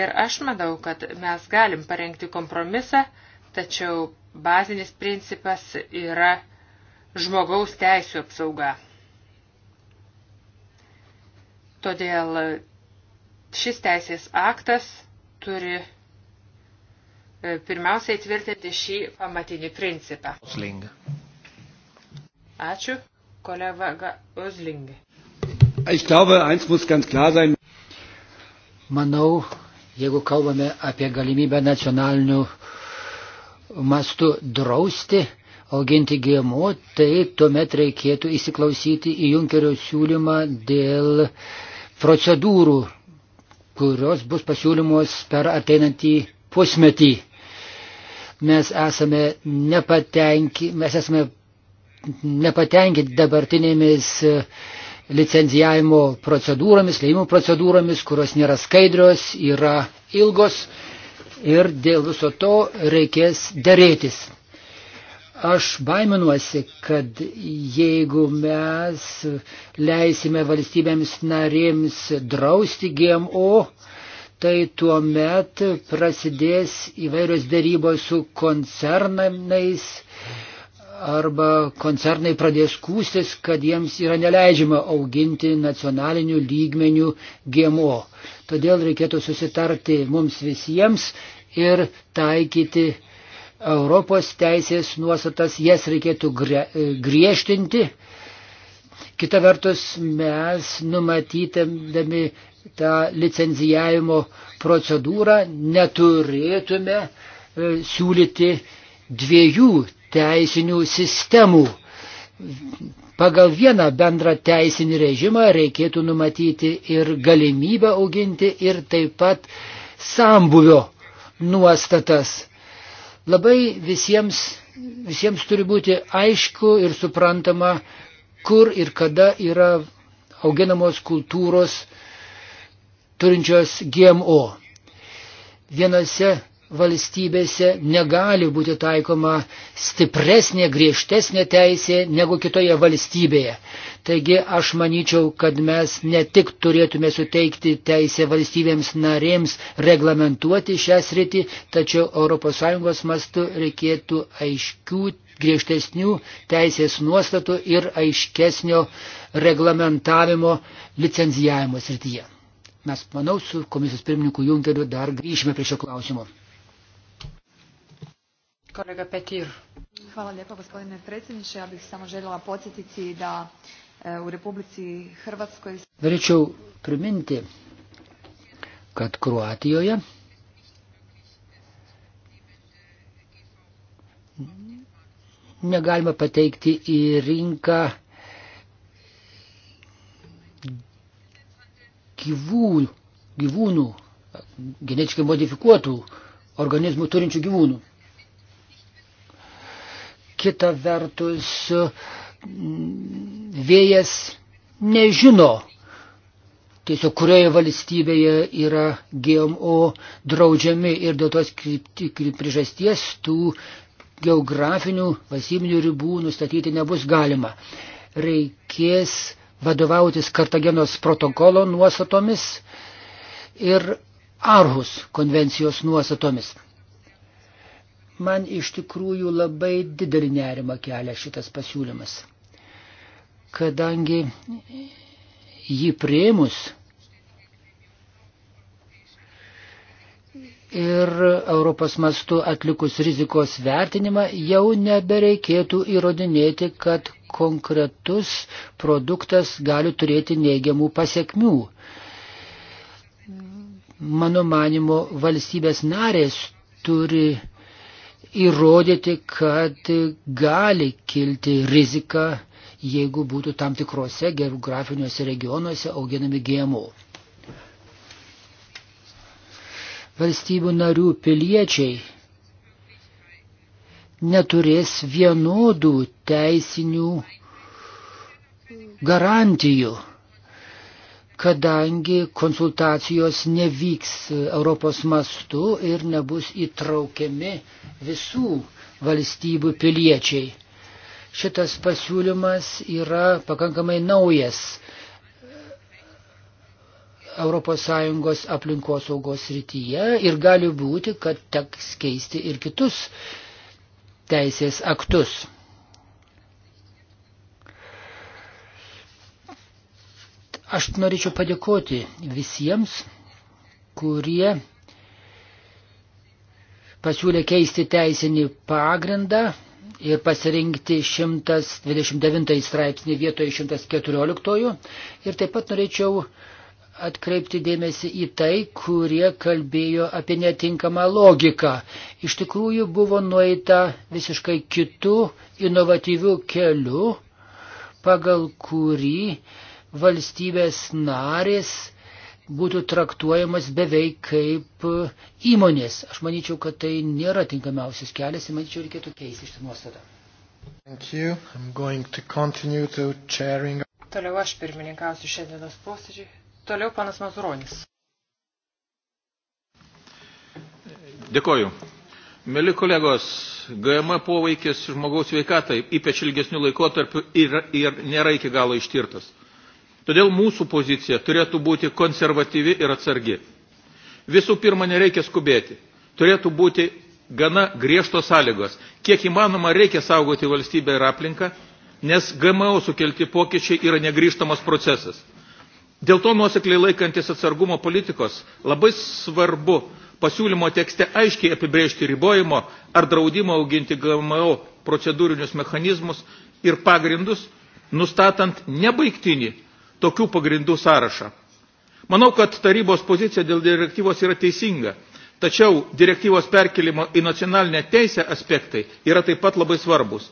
Ir aš manau, kad mes galim parengti kompromisą, tačiau bazinis principas yra žmogaus teisų apsauga. Todėl šis teisės aktas turi e, pirmiausiai tvirtinti šį pamatinį principą. Osling. Ačiū, kolega Osling. Ich glaube, eins muss ganz klar sein. Manau, jeigu kalbame apie galimybę nacionalinių uh, mastu drausti auginti GMO, tai tuomet reikėtų įsiklausyti į Junkerio siūlymą dėl procedūrų, kurios bus pasiūlymos per ateinantį pusmetį. Mes esame nepatenki, mes esame nepatenkinti dabartinėmis e, licenzijavimo procedūromis, leidimo procedūromis, kurios nėra skaidrios, yra ilgos ir dėl viso to reikės dėrėtis. Aš baiminuosi, kad jeigu mes leisime valstybėms narėms drausti GMO, tai tuo met prasidės įvairios dėrybos su koncernais arba koncernai pradės kūstis, kad jiems yra neleidžiama auginti nacionalinių lygmenių GMO. Todėl reikėtų susitarti mums visiems ir taikyti Europos teisės nuostatas, jas reikėtų e, griežtinti. Kita vertus, mes numatytami tą licenzijavimo procedūrą neturėtume e, siūlyti dviejų teisinių sistemų. Pagal vieną bendrą teisinį režimą reikėtų numatyti ir galimybę auginti ir taip pat sambuvio nuostatas. Labai visiems, visiems turi būti aišku ir suprantama, kur ir kada yra auginamos kultūros turinčios GMO. Vienose valstybėse negali būti taikoma stipresnė, griežtesnė teisė negu kitoje valstybėje. Taigi aš manyčiau, kad mes ne tik turėtume suteikti teisę valstybėms narėms reglamentuoti šią sritį, tačiau ES mastu reikėtų aiškių, griežtesnių teisės nuostatų ir aiškesnio reglamentavimo licenzijavimo srityje. Mes, manau, su komisijos pirmininku Junkeriu dar grįšime prie šio klausimo. Kolega Petir. Hvala lijepo gospodine predsjedniče. Ja bih samo željela podsjetiti da e, u Republici Hrvatskoj... Norėčiau priminti, kad Kroatijoje negalima pateikti į rinką gyvūnų, gyvūnų genetiškai modifikuotų organizmų turinčių gyvūnų kita vertus vėjas nežino, tiesiog kurioje valstybėje yra GMO draudžiami ir dėl tos priežasties tų geografinių valstybinių ribų nustatyti nebus galima. Reikės vadovautis Kartagenos protokolo nuostatomis ir Arhus konvencijos nuostatomis. Man iš tikrųjų labai didelį nerimą kelia šitas pasiūlymas, kadangi jį prieimus ir Europos mastu atlikus rizikos vertinimą jau nebereikėtų įrodinėti, kad konkretus produktas gali turėti neigiamų pasiekmių. Mano manimo, valstybės narės turi įrodyti, kad gali kilti rizika, jeigu būtų tam tikrose geografiniuose regionuose auginami GMO. Valstybių narių piliečiai neturės vienodų teisinių garantijų kadangi konsultacijos nevyks Europos mastu ir nebus įtraukiami visų valstybių piliečiai. Šitas pasiūlymas yra pakankamai naujas ES aplinkosaugos rytyje ir gali būti, kad teks keisti ir kitus teisės aktus. Aš norėčiau padėkoti visiems, kurie pasiūlė keisti teisinį pagrindą ir pasirinkti 129 straipsnį vietoje 114. Ir taip pat norėčiau atkreipti dėmesį į tai, kurie kalbėjo apie netinkamą logiką. Iš tikrųjų buvo nueita visiškai kitų inovatyvių kelių, pagal kurį valstybės narės būtų traktuojamas beveik kaip įmonės. Aš manyčiau, kad tai nėra tinkamiausias kelias ir manyčiau, reikėtų keisti šitą nuostatą. To chairing... Toliau aš pirmininkausiu šiandienos posėdžiui. Toliau panas Mazuronis. Dėkoju. Mėly kolegos, GM poveikis žmogaus veikatai, ypač ilgesnių laikotarpių, ir, ir nėra iki galo ištirtas. Todėl mūsų pozicija turėtų būti konservatyvi ir atsargi. Visų pirma, nereikia skubėti. Turėtų būti gana griežtos sąlygos. Kiek įmanoma, reikia saugoti valstybę ir aplinką, nes GMO sukelti pokyčiai yra negrįžtamas procesas. Dėl to nuosekliai laikantis atsargumo politikos labai svarbu pasiūlymo tekste aiškiai apibrėžti ribojimo ar draudimo auginti GMO procedūrinius mechanizmus ir pagrindus, nustatant nebaigtinį tokių pagrindų sąrašą. Manau, kad tarybos pozicija dėl direktyvos yra teisinga, tačiau direktyvos perkelimo į nacionalinę teisę aspektai yra taip pat labai svarbus.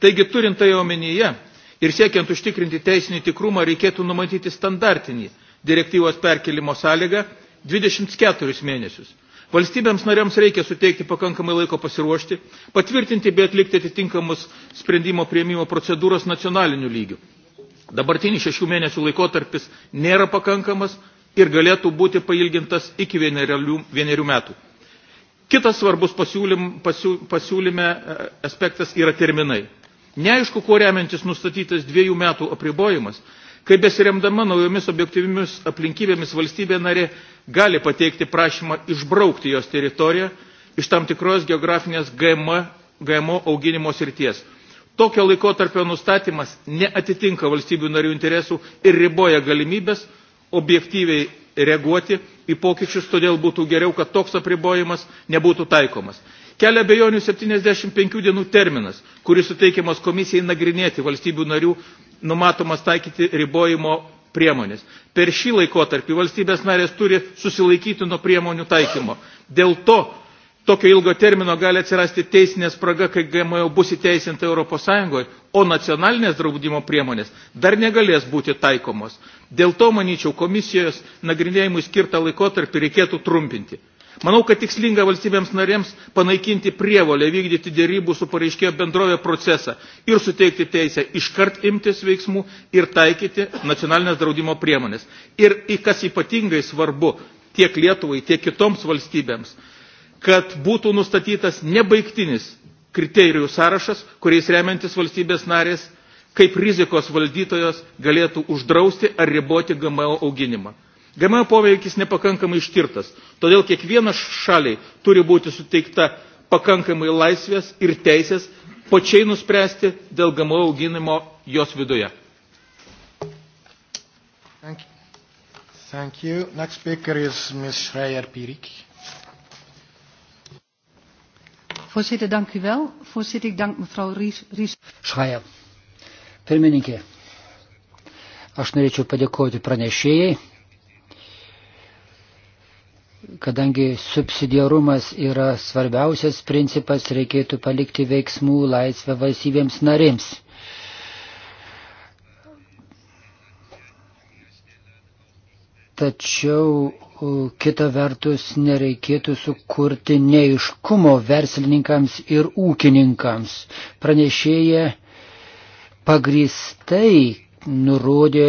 Taigi, turint tai omenyje ir siekiant užtikrinti teisinį tikrumą, reikėtų numatyti standartinį direktyvos perkelimo sąlygą 24 mėnesius. Valstybėms norėms reikia suteikti pakankamai laiko pasiruošti, patvirtinti bei atlikti atitinkamus sprendimo prieimimo procedūros nacionaliniu lygiu. Dabartinis šešių mėnesių laikotarpis nėra pakankamas ir galėtų būti pailgintas iki vienerių, vienerių metų. Kitas svarbus pasiūlym, pasiū, pasiūlyme e, aspektas yra terminai. Neaišku, kuo remiantis nustatytas dviejų metų apribojimas, kai besiremdama naujomis objektyvimis aplinkybėmis valstybė narė gali pateikti prašymą išbraukti jos teritoriją iš tam tikros geografinės GM, GMO auginimo srities – Tokio laikotarpio nustatymas neatitinka valstybių narių interesų ir riboja galimybės objektyviai reaguoti į pokyčius, todėl būtų geriau, kad toks apribojimas nebūtų taikomas. Kelia bejonių 75 dienų terminas, kuris suteikiamas komisijai nagrinėti valstybių narių numatomas taikyti ribojimo priemonės. Per šį laikotarpį valstybės narės turi susilaikyti nuo priemonių taikymo. Dėl to tokio ilgo termino gali atsirasti teisinė spraga, kai GMO jau bus įteisinta ES, o nacionalinės draudimo priemonės dar negalės būti taikomos. Dėl to, manyčiau, komisijos nagrinėjimui skirtą laikotarpį reikėtų trumpinti. Manau, kad tikslinga valstybėms narėms panaikinti prievolę vykdyti dėrybų su pareiškėjo bendrovė procesą ir suteikti teisę iškart imtis veiksmų ir taikyti nacionalinės draudimo priemonės. Ir kas ypatingai svarbu tiek Lietuvai, tiek kitoms valstybėms, kad būtų nustatytas nebaigtinis kriterijų sąrašas, kuriais remiantis valstybės narės, kaip rizikos valdytojos galėtų uždrausti ar riboti GMO auginimą. GMO poveikis nepakankamai ištirtas, todėl kiekvienas šaliai turi būti suteikta pakankamai laisvės ir teisės pačiai nuspręsti dėl GMO auginimo jos viduje. Thank you. Thank you. Next speaker is Ms. Schreier-Pirik. Voorzitter, dank u wel. Voorzitter, ik dank mevrouw Ries. Šaja. Pirmininkė, aš norėčiau padėkoti pranešėjai, kadangi subsidiarumas yra svarbiausias principas, reikėtų palikti veiksmų laisvę valstybėms narims. Tačiau kita vertus nereikėtų sukurti neiškumo verslininkams ir ūkininkams. Pranešėja pagristai nurodė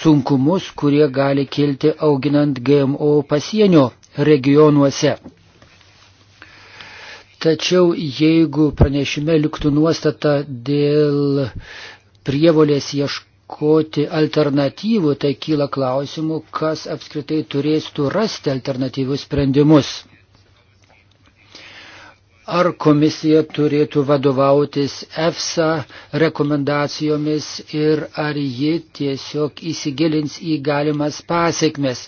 sunkumus, kurie gali kilti auginant GMO pasienio regionuose. Tačiau jeigu pranešime liktų nuostata dėl prievolės ieškoti, ieškoti alternatyvų, tai kyla klausimų, kas apskritai turėstų rasti alternatyvius sprendimus. Ar komisija turėtų vadovautis EFSA rekomendacijomis ir ar ji tiesiog įsigilins į galimas pasiekmes.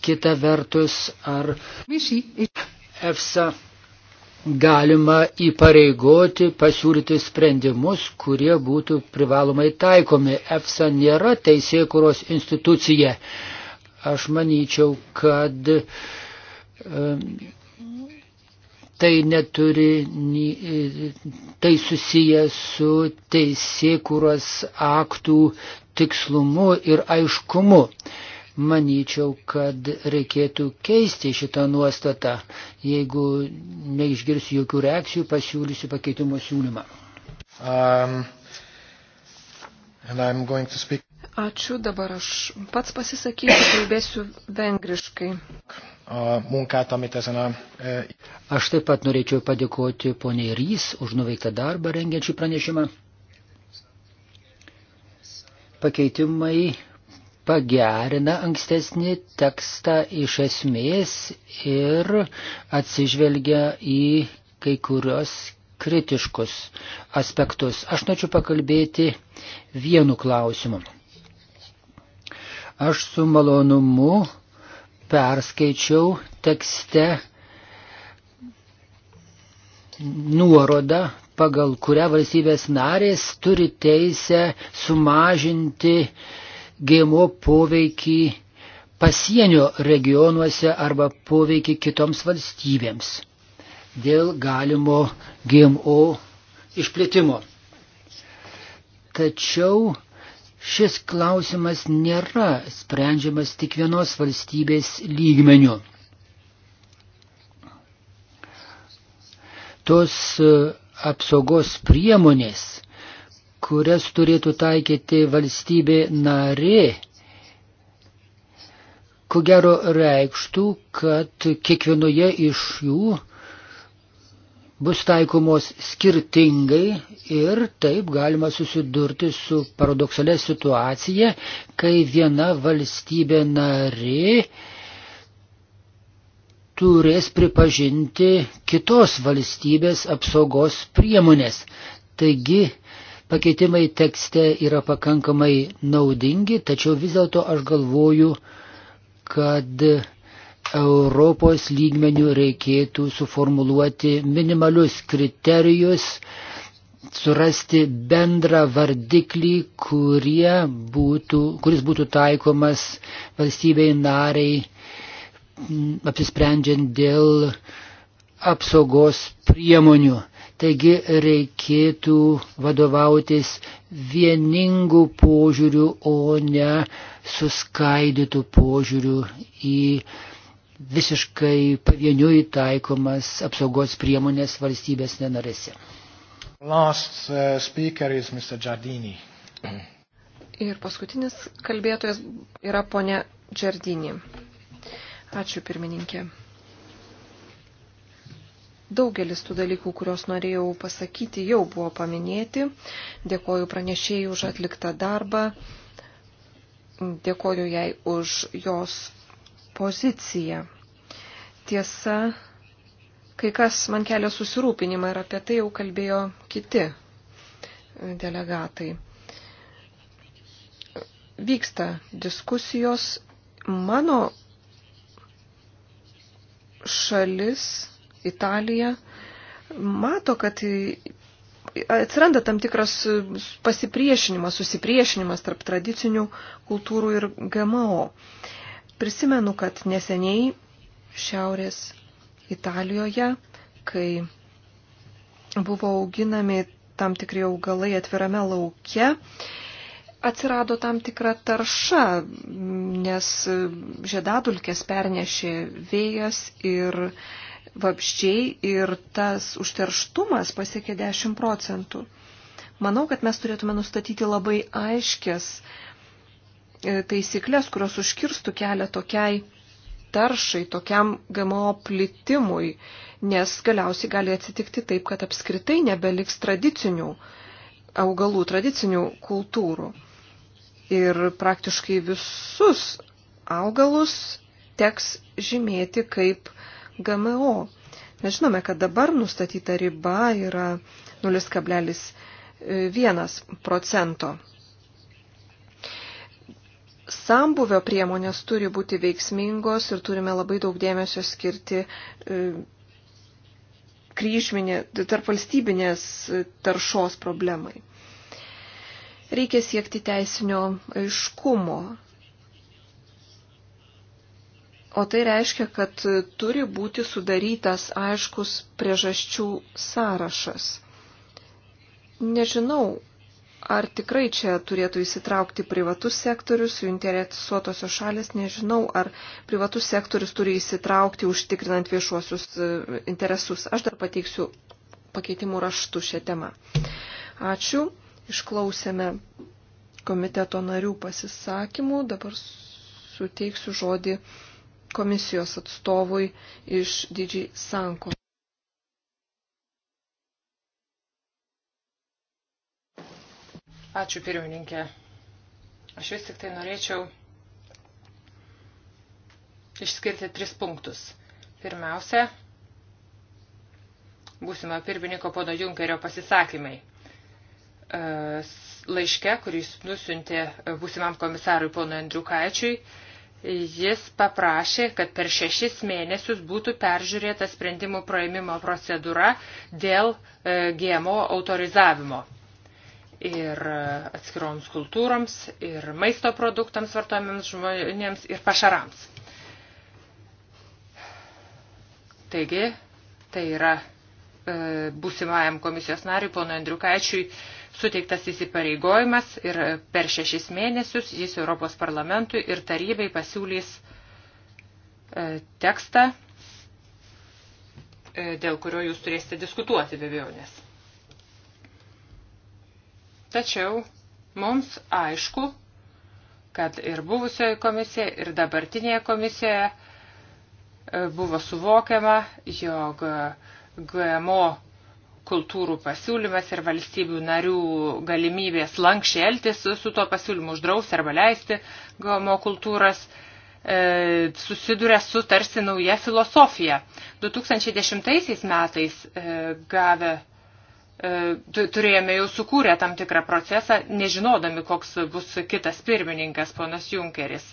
Kita vertus, ar EFSA galima įpareigoti pasiūlyti sprendimus, kurie būtų privalomai taikomi. EFSA nėra teisėkuros institucija. Aš manyčiau, kad um, tai neturi, tai susiję su teisėkuros aktų tikslumu ir aiškumu. Uh, manyčiau, kad reikėtų keisti šitą nuostatą. Jeigu neišgirsiu jokių reakcijų, pasiūlysiu pakeitimo siūlymą. Um, speak... Ačiū, dabar aš pats pasisakysiu, kalbėsiu vengriškai. E, aš taip pat norėčiau padėkoti poniai Rys už nuveiktą darbą rengiančių pranešimą. Pakeitimai pagerina ankstesnį tekstą iš esmės ir atsižvelgia į kai kurios kritiškus aspektus. Aš norėčiau pakalbėti vienu klausimu. Aš su malonumu perskaičiau tekste nuorodą, pagal kurią valstybės narės turi teisę sumažinti uh, GMO poveikį pasienio regionuose arba poveikį kitoms valstybėms dėl galimo GMO išplėtimo. Tačiau šis klausimas nėra sprendžiamas tik vienos valstybės lygmeniu. Tos e, apsaugos priemonės kurias turėtų taikyti valstybė narė, ko gero reikštų, kad kiekvienoje iš jų bus taikomos skirtingai ir taip galima susidurti su paradoksalė situacija, kai viena valstybė narė turės pripažinti kitos valstybės apsaugos priemonės. Taigi Pakeitimai tekste yra pakankamai naudingi, tačiau vis dėlto aš galvoju, kad Europos lygmenių reikėtų suformuluoti minimalius kriterijus, surasti bendrą vardiklį, būtų, kuris būtų taikomas valstybei nariai apsisprendžiant dėl apsaugos priemonių. Taigi reikėtų vadovautis vieningų požiūrių, o ne suskaidytų požiūrių į visiškai pavieniui taikomas apsaugos priemonės valstybės nenarėse. Last uh, speaker is Mr. Giardini. Ir paskutinis kalbėtojas yra ponė Giardini. Ačiū pirmininkė. Daugelis tų dalykų, kuriuos norėjau pasakyti, jau buvo paminėti. Dėkoju pranešėjai už atliktą darbą. Dėkoju jai už jos poziciją. Tiesa, kai kas man kelia susirūpinimą ir apie tai jau kalbėjo kiti delegatai. Vyksta diskusijos. Mano šalis Italija mato, kad atsiranda tam tikras pasipriešinimas, susipriešinimas tarp tradicinių kultūrų ir GMO. Prisimenu, kad neseniai Šiaurės Italijoje, kai buvo auginami tam tikri augalai atvirame lauke, atsirado tam tikra tarša, nes žiedadulkės pernešė vėjas ir vapščiai ir tas užterštumas pasiekė 10 procentų. Manau, kad mes turėtume nustatyti labai aiškias e, taisyklės, kurios užkirstų kelią tokiai taršai, tokiam GMO plitimui, nes galiausiai gali atsitikti taip, kad apskritai nebeliks tradicinių augalų, tradicinių kultūrų. Ir praktiškai visus augalus teks žymėti kaip uh, GMO. Mes žinome, kad dabar nustatyta riba yra 0,1 procento. Sambuvio priemonės turi būti veiksmingos ir turime labai daug dėmesio skirti e, kryžminė, tarp valstybinės taršos problemai. Reikia siekti teisinio aiškumo, O tai reiškia, kad turi būti sudarytas aiškus priežasčių sąrašas. Nežinau, ar tikrai čia turėtų įsitraukti privatus sektorius, suinteresuotosios šalis, nežinau, ar privatus sektorius turi įsitraukti užtikrinant viešuosius e, interesus. Aš dar pateiksiu pakeitimų raštų šią temą. Ačiū, išklausėme komiteto narių pasisakymų, dabar suteiksiu žodį komisijos atstovui iš Didžiai Sanko. Ačiū pirmininkė. Aš vis tik tai norėčiau išskirti tris punktus. Pirmiausia, būsimo pirmininko pono Junkerio pasisakymai. E, laiške, kurį nusintė e, būsimam komisarui pono Andriukaičiui, jis paprašė, kad per šešis mėnesius būtų peržiūrėta sprendimų praėmimo procedūra dėl e, GMO autorizavimo. Ir e, atskiroms kultūroms, ir maisto produktams vartojamiams žmonėms, ir pašarams. Taigi, tai yra e, būsimajam komisijos nariui, pono Andriukaičiui, e, suteiktas įsipareigojimas ir per šešis mėnesius jis Europos parlamentui ir tarybai pasiūlys e, tekstą, e, dėl kurio jūs turėsite diskutuoti be abejonės. Tačiau mums aišku, kad ir buvusioje komisijoje, ir dabartinėje komisijoje e, buvo suvokiama, jog GMO kultūrų pasiūlymas ir valstybių narių galimybės lankščiai elgtis su tuo pasiūlymu uždrausti arba leisti GMO kultūras e, susiduria su tarsi nauja filosofija. 2010 metais e, gavę e, turėjome jau sukūrę tam tikrą procesą, nežinodami, koks bus kitas pirmininkas, ponas Junkeris.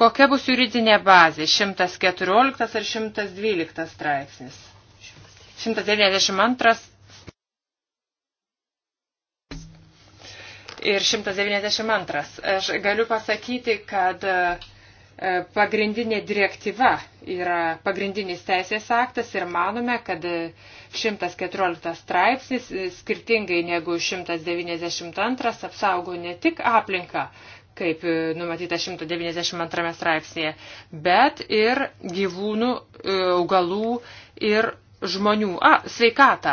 Kokia bus juridinė bazė? 114 ar 112 straipsnis? 192 ir 192. Aš galiu pasakyti, kad e, pagrindinė direktyva yra pagrindinis teisės aktas ir manome, kad 114 e, straipsnis e, skirtingai negu 192 apsaugo ne tik aplinką, kaip numatyta 192 straipsnėje, bet ir gyvūnų, augalų ir žmonių. A, sveikatą.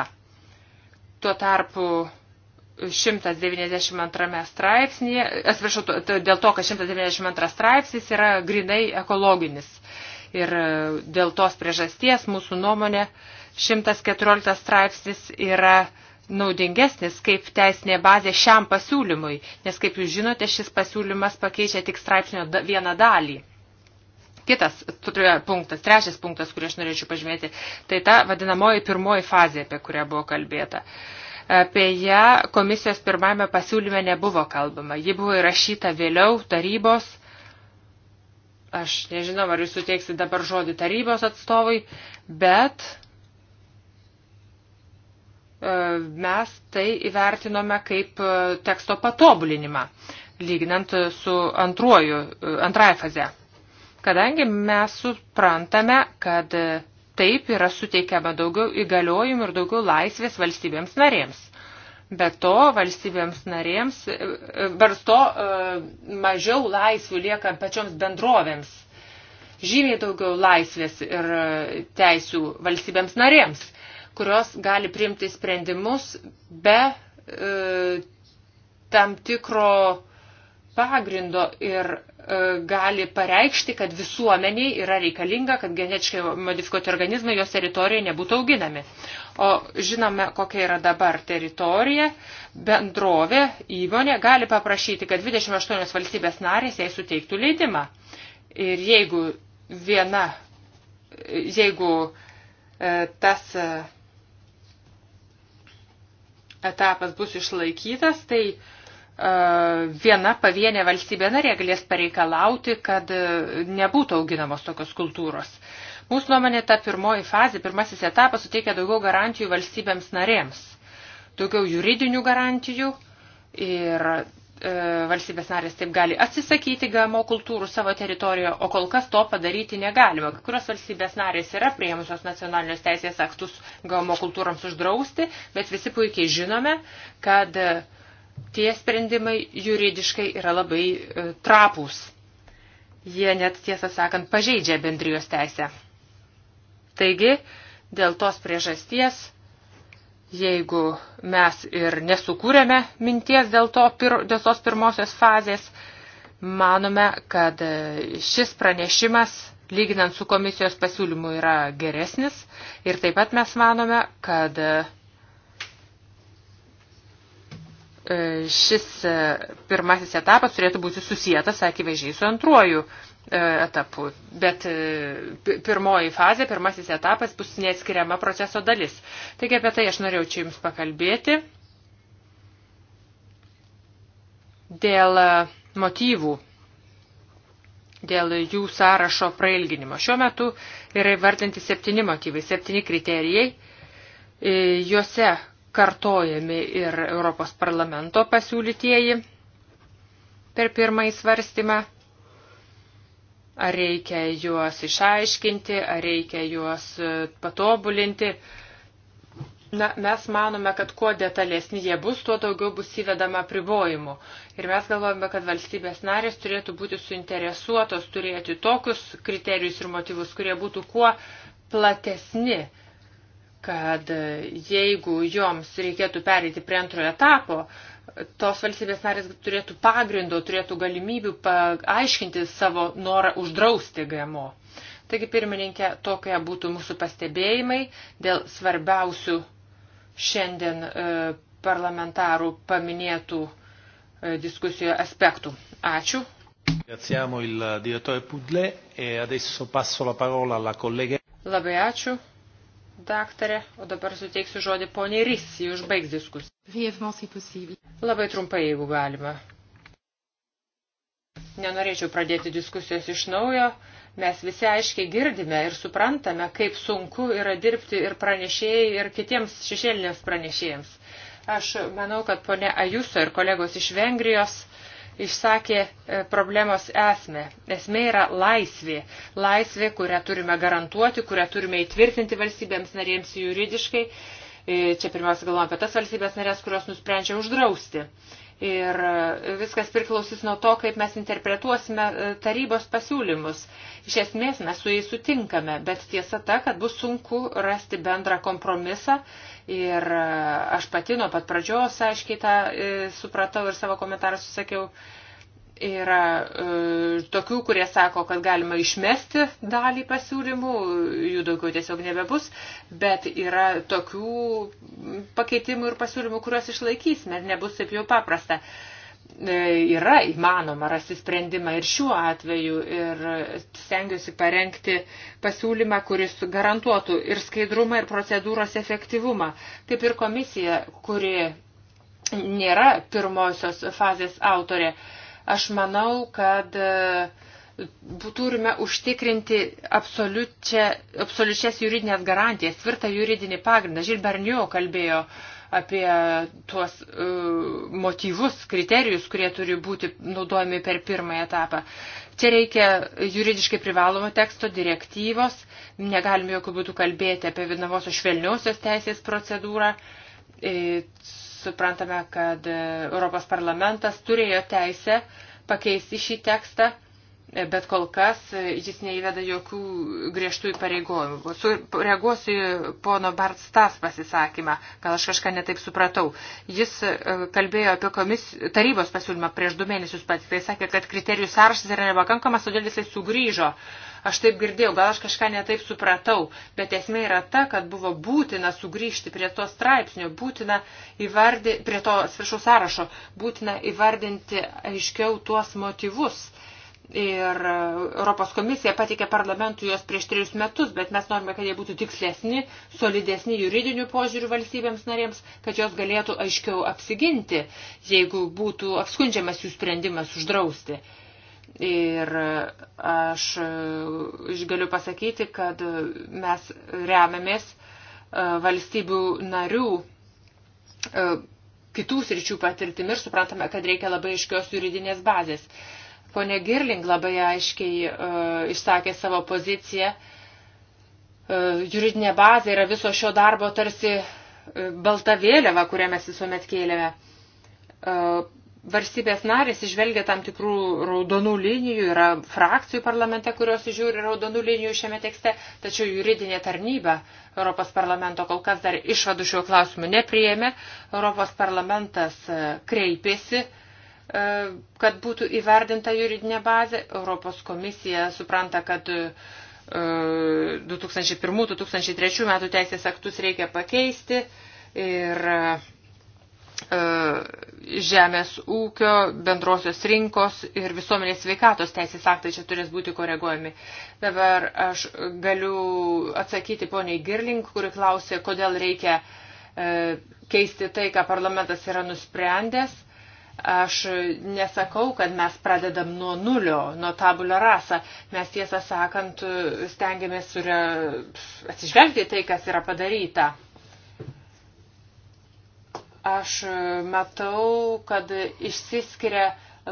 Tuo tarpu 192 straipsnėje, atsiprašau, dėl to, kad 192 straipsnis yra grinai ekologinis. Ir e, dėl tos priežasties mūsų nuomonė 114 straipsnis yra naudingesnis kaip teisinė bazė šiam pasiūlymui, nes kaip jūs žinote, šis pasiūlymas pakeičia tik straipsnio vieną dalį. Kitas punktas, trečias punktas, kurį aš norėčiau pažymėti, tai ta vadinamoji pirmoji fazė, apie kurią buvo kalbėta. Apie ją komisijos pirmame pasiūlyme nebuvo kalbama. Ji buvo įrašyta vėliau tarybos aš nežinau, ar jūs suteiksi dabar žodį tarybos atstovai, bet e, mes tai įvertinome kaip e, teksto patobulinimą, lyginant su antruoju, e, antrąją fazę kadangi mes suprantame, kad taip yra suteikiama daugiau įgaliojimų ir daugiau laisvės valstybėms narėms. Be to, valstybėms narėms, e, e, vers to e, mažiau laisvių lieka pačioms bendrovėms. Žymiai daugiau laisvės ir teisių valstybėms narėms, kurios gali priimti sprendimus be e, tam tikro pagrindo ir E, gali pareikšti, kad visuomeniai yra reikalinga, kad genetiškai modifikuoti organizmai jos teritorijoje nebūtų auginami. O žinome, kokia yra dabar teritorija, bendrovė, įmonė gali paprašyti, kad 28 valstybės narės jai suteiktų leidimą. Ir jeigu viena, jeigu e, tas e, etapas bus išlaikytas, tai uh, E, viena pavienė valstybė narė galės pareikalauti, kad e, nebūtų auginamos tokios kultūros. Mūsų nuomonė ta pirmoji fazė, pirmasis etapas suteikia daugiau garantijų valstybėms narėms, daugiau juridinių garantijų ir e, valstybės narės taip gali atsisakyti GMO kultūrų savo teritorijoje, o kol kas to padaryti negalima. Kai kurios valstybės narės yra prieimusios nacionalinės teisės aktus GMO kultūrams uždrausti, bet visi puikiai žinome, kad e, tie sprendimai juridiškai yra labai e, trapūs. Jie net, tiesą sakant, pažeidžia bendrijos teisę. Taigi, dėl tos priežasties, jeigu mes ir nesukūrėme minties dėl, to, dėl tos pirmosios fazės, manome, kad e, šis pranešimas lyginant su komisijos pasiūlymu yra geresnis ir taip pat mes manome, kad e, E, šis e, pirmasis etapas turėtų būti susijęs, akivaizdžiai, su antruoju e, etapu. Bet pirmoji fazė, pirmasis etapas bus neatskiriama proceso dalis. Taigi apie tai aš norėjau čia Jums pakalbėti dėl motyvų, dėl jų sąrašo prailginimo. Šiuo metu yra įvardinti septyni motyvai, septyni kriterijai. Juose kartojami ir Europos parlamento pasiūlytieji per pirmąjį svarstymą. Ar reikia juos išaiškinti, ar reikia juos e, patobulinti. Na, mes manome, kad kuo detalesni jie bus, tuo daugiau bus įvedama pribojimų. Ir mes galvojame, kad valstybės narės turėtų būti suinteresuotos turėti tokius kriterijus ir motyvus, kurie būtų kuo platesni kad jeigu joms reikėtų pereiti prie antrojo etapo, tos valstybės narės turėtų pagrindo, turėtų galimybių paaiškinti savo norą uždrausti GMO. Taigi, pirmininkė, tokie būtų mūsų pastebėjimai dėl svarbiausių šiandien e, parlamentarų paminėtų e, diskusijoje aspektų. Ačiū. Ringraziamo il direttore Pudlé e adesso passo la parola alla collega. Labai ačiū daktarė, o dabar suteiksiu žodį poniai Risi, užbaigs diskusiją. Labai trumpai, jeigu galima. Nenorėčiau pradėti diskusijos iš naujo. Mes visi aiškiai girdime ir suprantame, kaip sunku yra dirbti ir pranešėjai, ir kitiems šešėlinėms pranešėjams. Aš manau, kad ponė Ajuso ir kolegos iš Vengrijos išsakė e, problemos esmę. Esmė yra laisvė. Laisvė, kurią turime garantuoti, kurią turime įtvirtinti valstybėms narėms juridiškai. E, čia pirmiausia galvojame apie tas valstybės narės, kurios nusprendžia uždrausti. Ir e, viskas priklausys nuo to, kaip mes interpretuosime e, tarybos pasiūlymus. Iš esmės mes su jais sutinkame, bet tiesa ta, kad bus sunku rasti bendrą kompromisą. Ir e, aš pati nuo pat pradžios aiškiai tą supratau ir savo komentarą susakiau. Yra e, tokių, kurie sako, kad galima išmesti dalį pasiūlymų, jų daugiau tiesiog nebebus, bet yra tokių pakeitimų ir pasiūlymų, kuriuos išlaikysime ir nebus taip jau paprasta. E, yra įmanoma rasti sprendimą ir šiuo atveju ir stengiuosi parengti pasiūlymą, kuris garantuotų ir skaidrumą, ir procedūros efektyvumą, kaip ir komisija, kuri nėra pirmosios fazės autorė. E, Aš manau, kad e, turime užtikrinti absoliučias juridinės garantijas, tvirtą juridinį pagrindą. Žilbernio kalbėjo apie tuos uh, motyvus, kriterijus, kurie turi būti naudojami per pirmąją etapą. Čia reikia juridiškai privalomo teksto direktyvos, negalime jokių būdų kalbėti apie vienavosios švelniausios teisės procedūrą. Uh, suprantame, kad e, Europos parlamentas turėjo teisę pakeisti šį tekstą, e, bet kol kas e, jis neįveda jokių griežtų įpareigojimų. Reaguosiu į pono Bartstas pasisakymą, gal aš kažką netaip supratau. Jis kalbėjo apie komis, tarybos pasiūlymą prieš du mėnesius pats, tai sakė, kad kriterijų sąrašas yra nepakankamas, todėl jisai sugrįžo. Uh, Aš taip girdėjau, gal aš kažką netaip supratau, bet esmė yra ta, kad buvo būtina sugrįžti prie to straipsnio, būtina įvardinti, prie to, atsiprašau, sąrašo, būtina įvardinti aiškiau tuos motyvus. Ir e, Europos komisija patikė parlamentui juos prieš trejus metus, bet mes norime, kad jie būtų tikslesni, solidesni juridinių požiūrių valstybėms narėms, kad jos galėtų aiškiau apsiginti, jeigu būtų apskundžiamas jų sprendimas uždrausti. Uh, Ir aš galiu pasakyti, kad mes remiamės e, valstybių narių e, kitų sričių patirtim ir suprantame, kad reikia labai aiškios juridinės bazės. Pone Girling labai aiškiai uh, išsakė savo poziciją. Uh, juridinė bazė yra viso šio darbo tarsi uh, balta vėliava, kurią mes visuomet kėlėme. Uh, valstybės narės išvelgia tam tikrų raudonų linijų, yra frakcijų parlamente, kurios žiūri raudonų linijų šiame tekste, tačiau juridinė tarnyba Europos parlamento kol kas dar išvadų šiuo klausimu nepriėmė. Europos parlamentas e, kreipėsi e, kad būtų įverdinta juridinė bazė. Europos komisija supranta, kad 2001-2003 e, metų teisės aktus reikia pakeisti ir E, žemės ūkio, bendrosios rinkos ir visuomenės sveikatos teisės aktai čia turės būti koreguojami. Dabar aš galiu atsakyti poniai Girling, kuri klausė, kodėl reikia e, keisti tai, ką parlamentas yra nusprendęs. Aš nesakau, kad mes pradedam nuo nulio, nuo tabulio rasą. Mes tiesą sakant stengiamės atsižvelgti tai, kas yra padaryta Aš matau, kad išsiskiria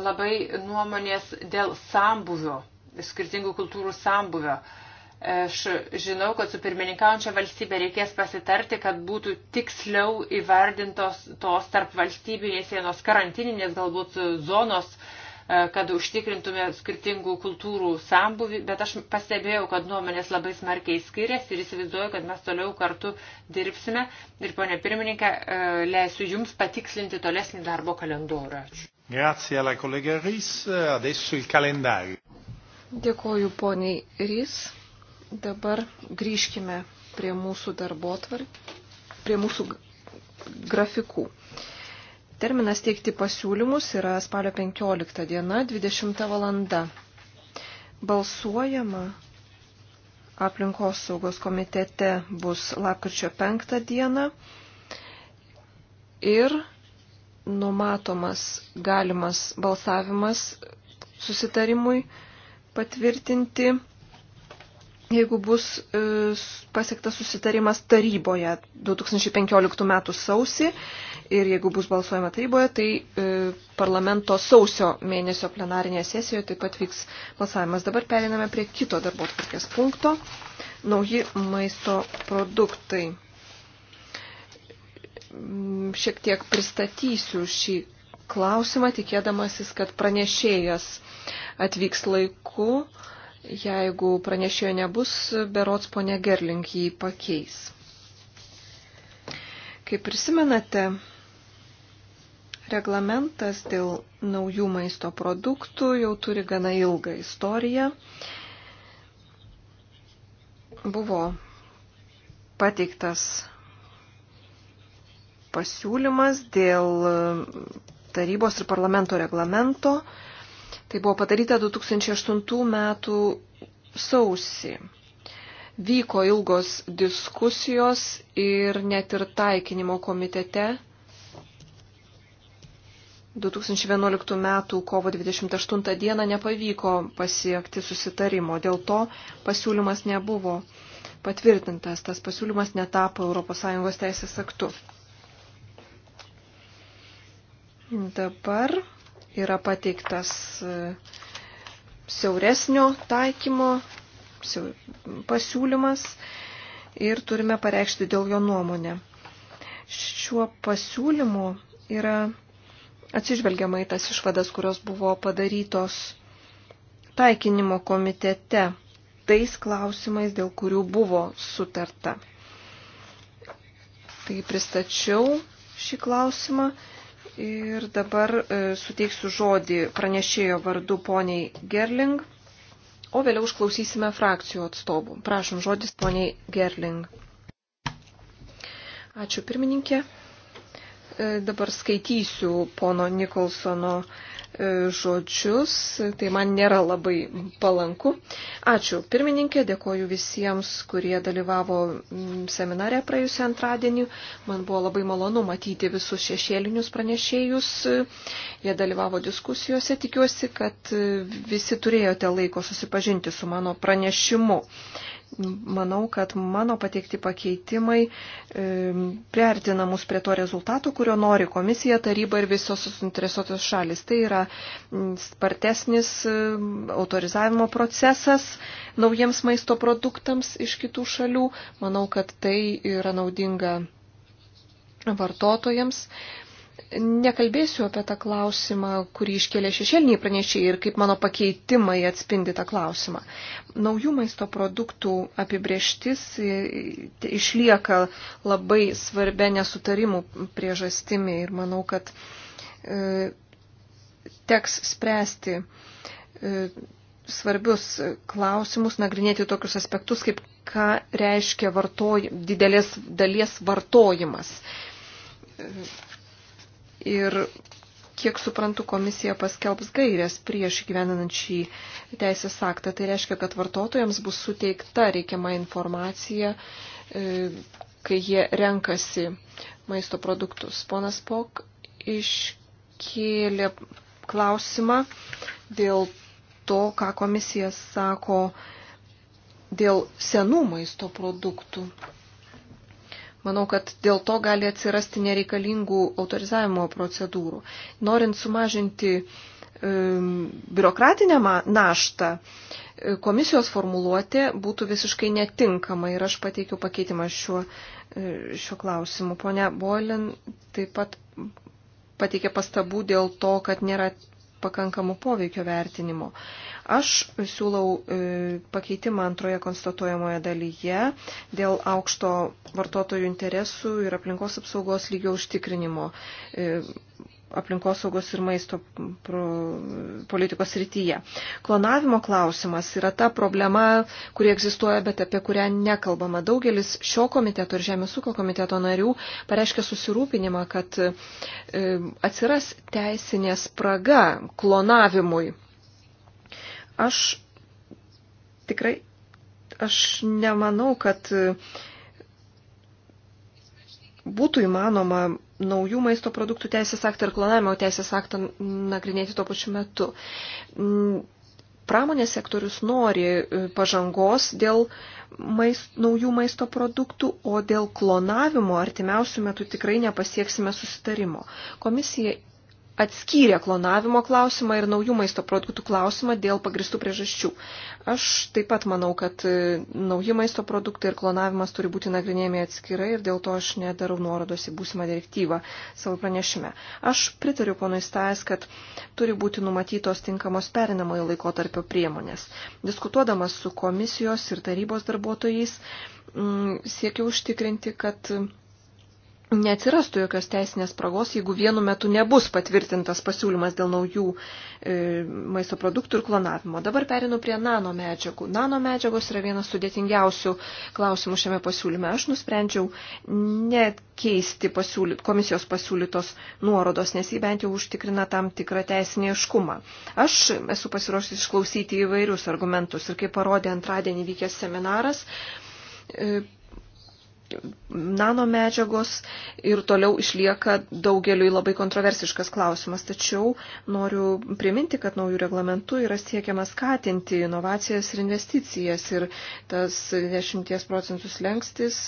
labai nuomonės dėl sambuvio, skirtingų kultūrų sambuvio. Aš žinau, kad su pirmininkaujančia valstybė reikės pasitarti, kad būtų tiksliau įvardintos tos tarp valstybinės sienos karantininės galbūt zonos uh, E, kad užtikrintume skirtingų kultūrų sambuvį, bet aš pastebėjau, kad nuomonės labai smarkiai skiriasi ir įsivaizduoju, kad mes toliau kartu dirbsime. Ir, ponė pirmininkė, e, leisiu Jums patikslinti tolesnį darbo kalendorą. Ačiū. Grazie alla collega Ris, adesso il calendario. Dėkoju poniai Ris. Dabar grįžkime prie mūsų darbo tvarkų, prie mūsų grafikų. Terminas teikti pasiūlymus yra spalio 15 diena, 20 valanda. Balsuojama aplinkos saugos komitete bus lapkričio 5 diena ir numatomas galimas balsavimas susitarimui patvirtinti jeigu bus e, pasiektas susitarimas taryboje 2015 m. sausį ir jeigu bus balsuojama taryboje, tai e, parlamento sausio mėnesio plenarinėje sesijoje taip pat vyks balsavimas. Dabar periname prie kito darbo tvarkės punkto – nauji maisto produktai. Mm, šiek tiek pristatysiu šį klausimą, tikėdamasis, kad pranešėjas atvyks laiku. Jeigu pranešėjo nebus, berots ponė Gerling jį pakeis. Kaip prisimenate, reglamentas dėl naujų maisto produktų jau turi gana ilgą istoriją. Buvo pateiktas pasiūlymas dėl tarybos ir parlamento reglamento, Tai buvo padaryta 2008 metų sausį. Vyko ilgos diskusijos ir net ir taikinimo komitete 2011 metų kovo 28 dieną nepavyko pasiekti susitarimo. Dėl to pasiūlymas nebuvo patvirtintas, tas pasiūlymas netapo ES teisės aktu. Dabar yra pateiktas e, siauresnio taikymo pasiūlymas ir turime pareikšti dėl jo nuomonę. Šiuo pasiūlymu yra atsižvelgiama į tas išvadas, kurios buvo padarytos taikinimo komitete tais klausimais, dėl kurių buvo sutarta. Tai pristačiau šį klausimą Ir dabar e, suteiksiu žodį pranešėjo vardu poniai Gerling, o vėliau užklausysime frakcijų atstovų. Prašom žodis poniai Gerling. Ačiū pirmininkė. E, dabar skaitysiu pono Nikolsono E, žodžius, tai man nėra labai palanku. Ačiū pirmininkė, dėkoju visiems, kurie dalyvavo mm, seminare praėjusią antradienį. Man buvo labai malonu matyti visus šešėlinius pranešėjus. Jie dalyvavo diskusijose. Tikiuosi, kad e, visi turėjote laiko susipažinti su mano pranešimu manau, kad mano pateikti pakeitimai e, priartina mus prie to rezultato, kurio nori komisija, taryba ir visos suinteresuotos šalis. Tai yra spartesnis e, autorizavimo procesas naujiems maisto produktams iš kitų šalių. Manau, kad tai yra naudinga vartotojams. Nekalbėsiu apie tą klausimą, kurį iškėlė šešėliniai pranešiai ir kaip mano pakeitimai atspindi tą klausimą. Naujų maisto produktų apibrieštis e, e, išlieka labai svarbia nesutarimų priežastimi ir manau, kad e, teks spręsti e, svarbius klausimus, nagrinėti tokius aspektus, kaip ką reiškia vartoj, didelės dalies vartojimas. E, ir kiek suprantu, komisija paskelbs gairias prieš gyvenant šį teisės aktą. Tai reiškia, kad vartotojams bus suteikta reikiama informacija, e, kai jie renkasi maisto produktus. Ponas Pok iškėlė klausimą dėl to, ką komisija sako dėl senų maisto produktų. Manau, kad dėl to gali atsirasti nereikalingų autorizavimo procedūrų. Norint sumažinti biurokratinę naštą, e, komisijos formuluotė būtų visiškai netinkama ir aš pateikiau pakeitimą šiuo, e, šiuo klausimu. Pone Boilin taip pat pateikė pastabų dėl to, kad nėra pakankamų poveikio vertinimo. Aš siūlau e, pakeitimą antroje konstatuojamoje dalyje dėl aukšto vartotojų interesų ir aplinkos apsaugos lygio užtikrinimo e, aplinkosaugos ir maisto politikos rytyje. Klonavimo klausimas yra ta problema, kuri egzistuoja, bet apie kurią nekalbama. Daugelis šio komiteto ir Žemės ūkio komiteto narių pareiškia susirūpinimą, kad e, atsiras teisinė spraga klonavimui Aš tikrai, aš nemanau, kad e, būtų įmanoma naujų maisto produktų teisės aktą ir planavimo teisės aktą nagrinėti tuo pačiu metu. Mm, pramonės sektorius nori e, pažangos dėl maist, naujų maisto produktų, o dėl klonavimo artimiausių metų tikrai nepasieksime susitarimo. Komisija atskyrė klonavimo klausimą ir naujų maisto produktų klausimą dėl pagristų priežasčių. Aš taip pat manau, kad e, nauji maisto produktai ir klonavimas turi būti nagrinėjami atskirai ir dėl to aš nedarau nuorodos į būsimą direktyvą savo pranešime. Aš pritariu ponui Stais, kad turi būti numatytos tinkamos perinamojo laikotarpio priemonės. Diskutuodamas su komisijos ir tarybos darbuotojais siekiau užtikrinti, kad neatsirastų jokios teisinės spragos, jeigu vienu metu nebus patvirtintas pasiūlymas dėl naujų e, maisto produktų ir klonavimo. Dabar perinu prie nano medžiagų. Nano medžiagos yra vienas sudėtingiausių klausimų šiame pasiūlyme. Aš nusprendžiau nekeisti pasiūly, komisijos pasiūlytos nuorodos, nes jį bent jau užtikrina tam tikrą teisinį iškumą. Aš esu pasiruošęs išklausyti įvairius argumentus ir kaip parodė antradienį vykęs seminaras, e, nanomedžiagos ir toliau išlieka daugeliui labai kontroversiškas klausimas. Tačiau noriu priminti, kad naujų reglamentų yra siekiama skatinti inovacijas ir investicijas ir tas 10 procentų slengstis,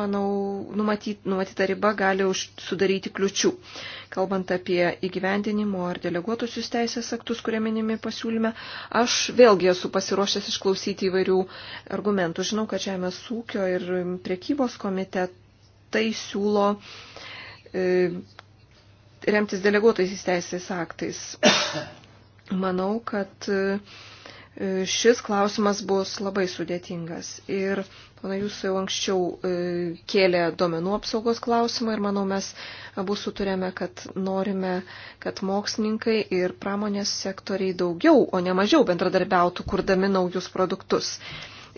manau, numatyt, numatyta riba gali sudaryti kliučių. Kalbant apie įgyvendinimo ar deleguotusius teisės aktus, kurie minimi pasiūlyme, aš vėlgi esu pasiruošęs išklausyti įvairių argumentų. Žinau, kad Žemės ūkio ir priekybos komitetai siūlo e, remtis deleguotais teisės aktais. Manau, kad e, šis klausimas bus labai sudėtingas. Ir Pana, jūs jau anksčiau e, kėlė domenų apsaugos klausimą ir manau mes abu suturėme, kad norime, kad mokslininkai ir pramonės sektoriai daugiau, o ne mažiau bendradarbiautų, kurdami naujus produktus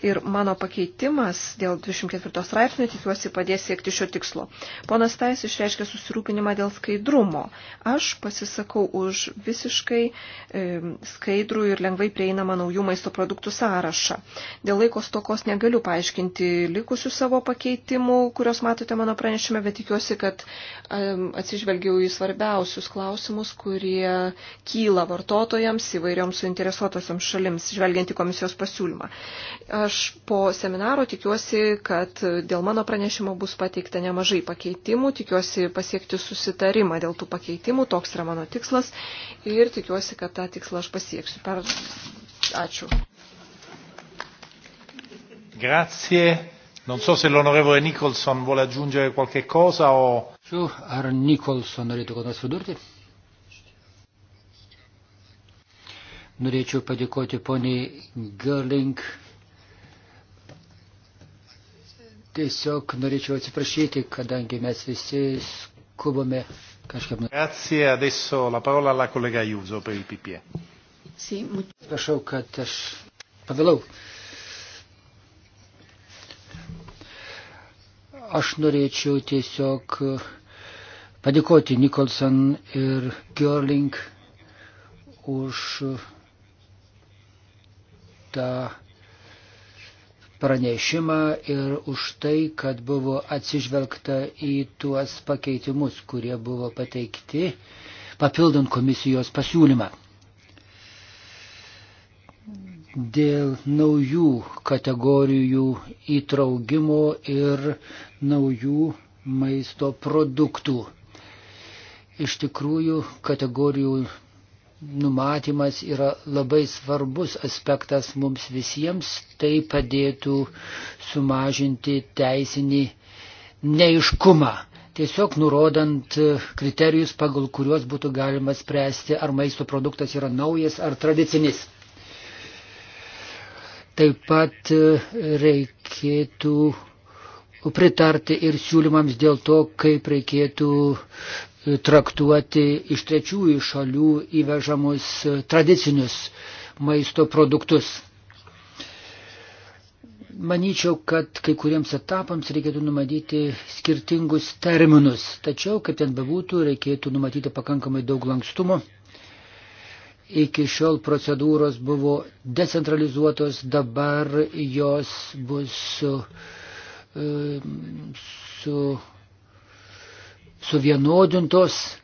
ir mano pakeitimas dėl 24 straipsnio tikiuosi padės siekti šio tikslo. Ponas Tais išreiškė susirūpinimą dėl skaidrumo. Aš pasisakau už visiškai e, skaidrų ir lengvai prieinamą naujų maisto produktų sąrašą. Dėl laiko stokos negaliu paaiškinti likusių savo pakeitimų, kuriuos matote mano pranešime, bet tikiuosi, kad e, atsižvelgiau į svarbiausius klausimus, kurie kyla vartotojams įvairioms suinteresuotosiams šalims, žvelgiant į komisijos pasiūlymą. Aš Aš po seminaro tikiuosi, kad dėl mano pranešimo bus pateikta nemažai pakeitimų, tikiuosi pasiekti susitarimą dėl tų pakeitimų, toks yra mano tikslas ir tikiuosi, kad tą tikslą aš pasieksiu. Per... Ačiū. Grazie. Non so se l'onorevole Nicholson vuole aggiungere qualche cosa o... Su, ar Nicholson norėtų ką nors pridurti? Norėčiau padėkoti poniai Gerling Tiesiog norėčiau atsiprašyti, kadangi mes visi skubame kažkaip. Grazie, adesso la parola alla collega Juso per il PPE. Sì, Prašau, kad aš pavėlau. Aš norėčiau tiesiog padėkoti Nikolson ir Görling už tą pranešimą ir už tai, kad buvo atsižvelgta į tuos pakeitimus, kurie buvo pateikti, papildant komisijos pasiūlymą. Dėl naujų kategorijų įtraugimo ir naujų maisto produktų. Iš tikrųjų, kategorijų numatymas yra labai svarbus aspektas mums visiems, tai padėtų sumažinti teisinį neiškumą. Tiesiog nurodant kriterijus, pagal kuriuos būtų galima spręsti, ar maisto produktas yra naujas ar tradicinis. Taip pat e, reikėtų pritarti ir siūlymams dėl to, kaip reikėtų traktuoti iš trečiųjų šalių įvežamus tradicinius maisto produktus. Manyčiau, kad kai kuriems etapams reikėtų numatyti skirtingus terminus, tačiau, kaip ten bebūtų, reikėtų numatyti pakankamai daug lankstumo. Iki šiol procedūros buvo decentralizuotos, dabar jos bus e, su, su suvienodintos.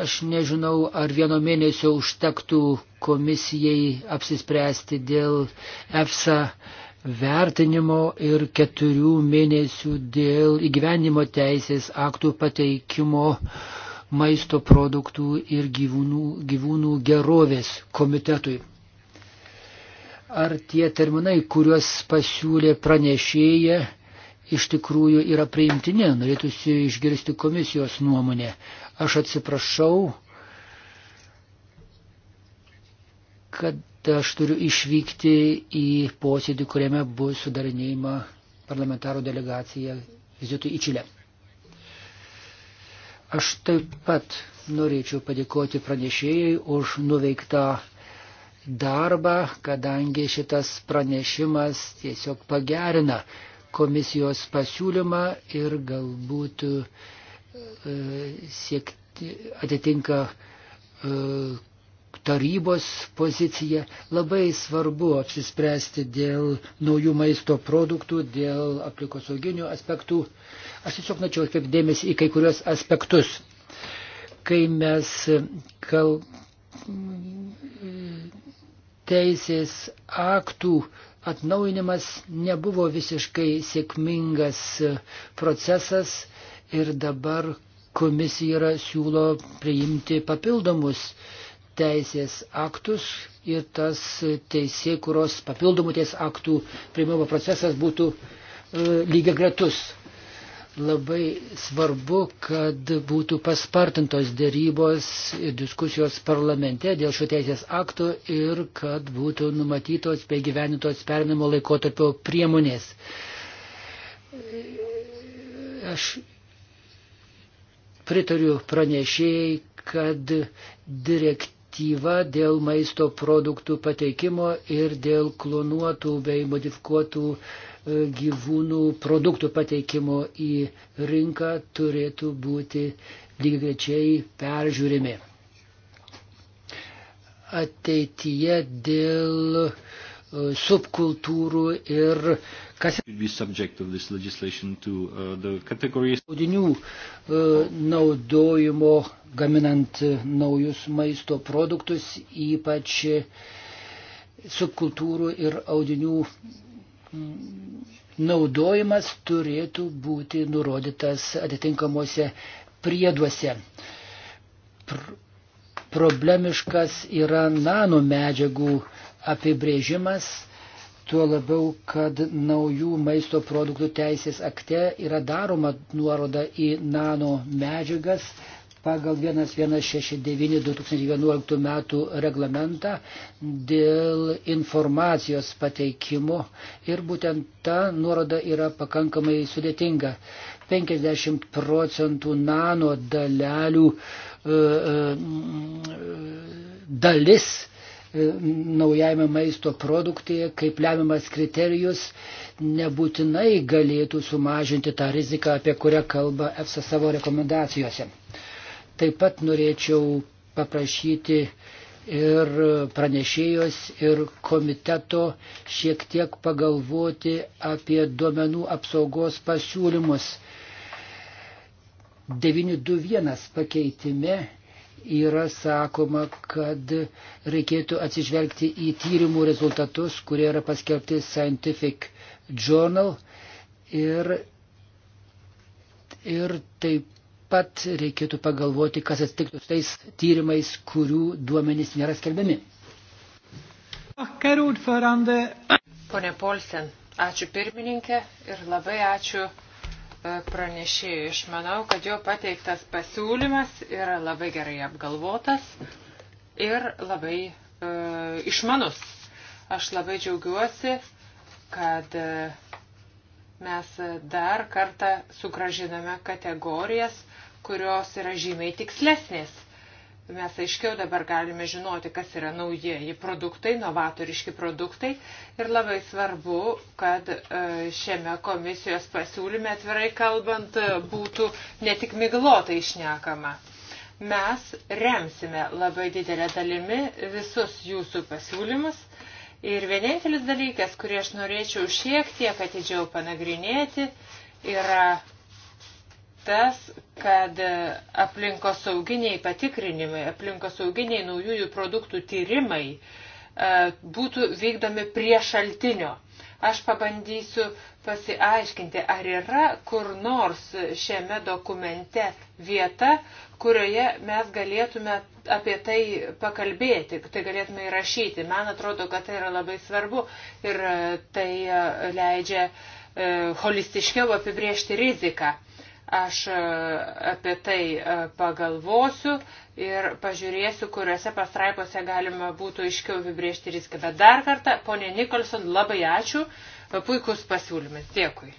Aš nežinau, ar vieno mėnesio užtektų komisijai apsispręsti dėl EFSA vertinimo ir keturių mėnesių dėl įgyvenimo teisės aktų pateikimo maisto produktų ir gyvūnų, gyvūnų gerovės komitetui. Ar tie terminai, kuriuos pasiūlė pranešėja, iš tikrųjų yra priimtini. Norėtųsi išgirsti komisijos nuomonę. Aš atsiprašau, kad aš turiu išvykti į posėdį, kuriame bus sudarinėjama parlamentaro delegacija vizitui į Čilę. Aš taip pat norėčiau padėkoti pranešėjai už nuveiktą darbą, kadangi šitas pranešimas tiesiog pagerina komisijos pasiūlymą ir galbūt e, siekti, atitinka e, tarybos pozicija. Labai svarbu apsispręsti dėl naujų maisto produktų, dėl aplikosauginių aspektų. Aš tiesiog norėčiau atkreipti dėmesį į kai kurios aspektus. Kai mes kal teisės aktų atnaujinimas nebuvo visiškai sėkmingas procesas ir dabar komisija yra siūlo priimti papildomus teisės aktus ir tas teisė, kurios papildomų teisės aktų priimimo procesas būtų e, lygiai gretus. Labai svarbu, kad būtų paspartintos dėrybos ir diskusijos parlamente dėl šio teisės akto ir kad būtų numatytos bei gyvenintos perinimo laikotarpio priemonės. Aš pritariu pranešėjai, kad direktyva dėl maisto produktų pateikimo ir dėl klonuotų bei modifikuotų uh, gyvūnų produktų pateikimo į rinką turėtų būti lygiai peržiūrimi. Ateityje dėl e, subkultūrų ir kas uh, audinių e, naudojimo gaminant e, naujus maisto produktus, ypač subkultūrų ir audinių naudojimas turėtų būti nurodytas atitinkamuose prieduose. Pr problemiškas yra nanomedžiagų apibrėžimas, tuo labiau, kad naujų maisto produktų teisės akte yra daroma nuoroda į nanomedžiagas, medžiagas pagal 1169-2011 metų reglamentą dėl informacijos pateikimo ir būtent ta nuoroda yra pakankamai sudėtinga. 50 procentų nano dalelių e, e, dalis e, naujame maisto produktėje kaip lemiamas kriterijus nebūtinai galėtų sumažinti tą riziką, apie kurią kalba EFSA savo rekomendacijose. Taip pat norėčiau paprašyti ir pranešėjos, ir komiteto šiek tiek pagalvoti apie duomenų apsaugos pasiūlymus. 921 pakeitime yra sakoma, kad reikėtų atsižvelgti į tyrimų rezultatus, kurie yra paskelbti Scientific Journal ir, ir taip pat reikėtų pagalvoti, kas atsitiktų su tais tyrimais, kurių duomenys nėra skelbiami. Pone Polsen, ačiū pirmininkė ir labai ačiū e, pranešėjui. Aš manau, kad jo pateiktas pasiūlymas yra labai gerai apgalvotas ir labai e, išmanus. Aš labai džiaugiuosi, kad e, mes dar kartą sugražiname kategorijas kurios yra žymiai tikslesnės. Mes aiškiau dabar galime žinoti, kas yra naujieji produktai, novatoriški produktai ir labai svarbu, kad e, šiame komisijos pasiūlyme atvirai kalbant būtų ne tik miglotai išnekama mes remsime labai didelę dalimi visus jūsų pasiūlymus. Ir vienintelis dalykas, kurį aš norėčiau šiek tiek atidžiau panagrinėti, yra tas, kad aplinkosauginiai patikrinimai, aplinkosauginiai naujųjų produktų tyrimai e, būtų vykdomi prie šaltinio. Aš pabandysiu pasiaiškinti, ar yra kur nors šiame dokumente vieta, kurioje mes galėtume apie tai pakalbėti, tai galėtume įrašyti. Man atrodo, kad tai yra labai svarbu ir e, tai e, leidžia holistiškiau apibriežti riziką. Aš e, apie tai e, pagalvosiu ir pažiūrėsiu, kuriuose pastraipose galima būtų aiškiau apibriežti riską. Bet dar kartą, ponė Nikolson, labai ačiū. E, puikus pasiūlymas. Dėkui.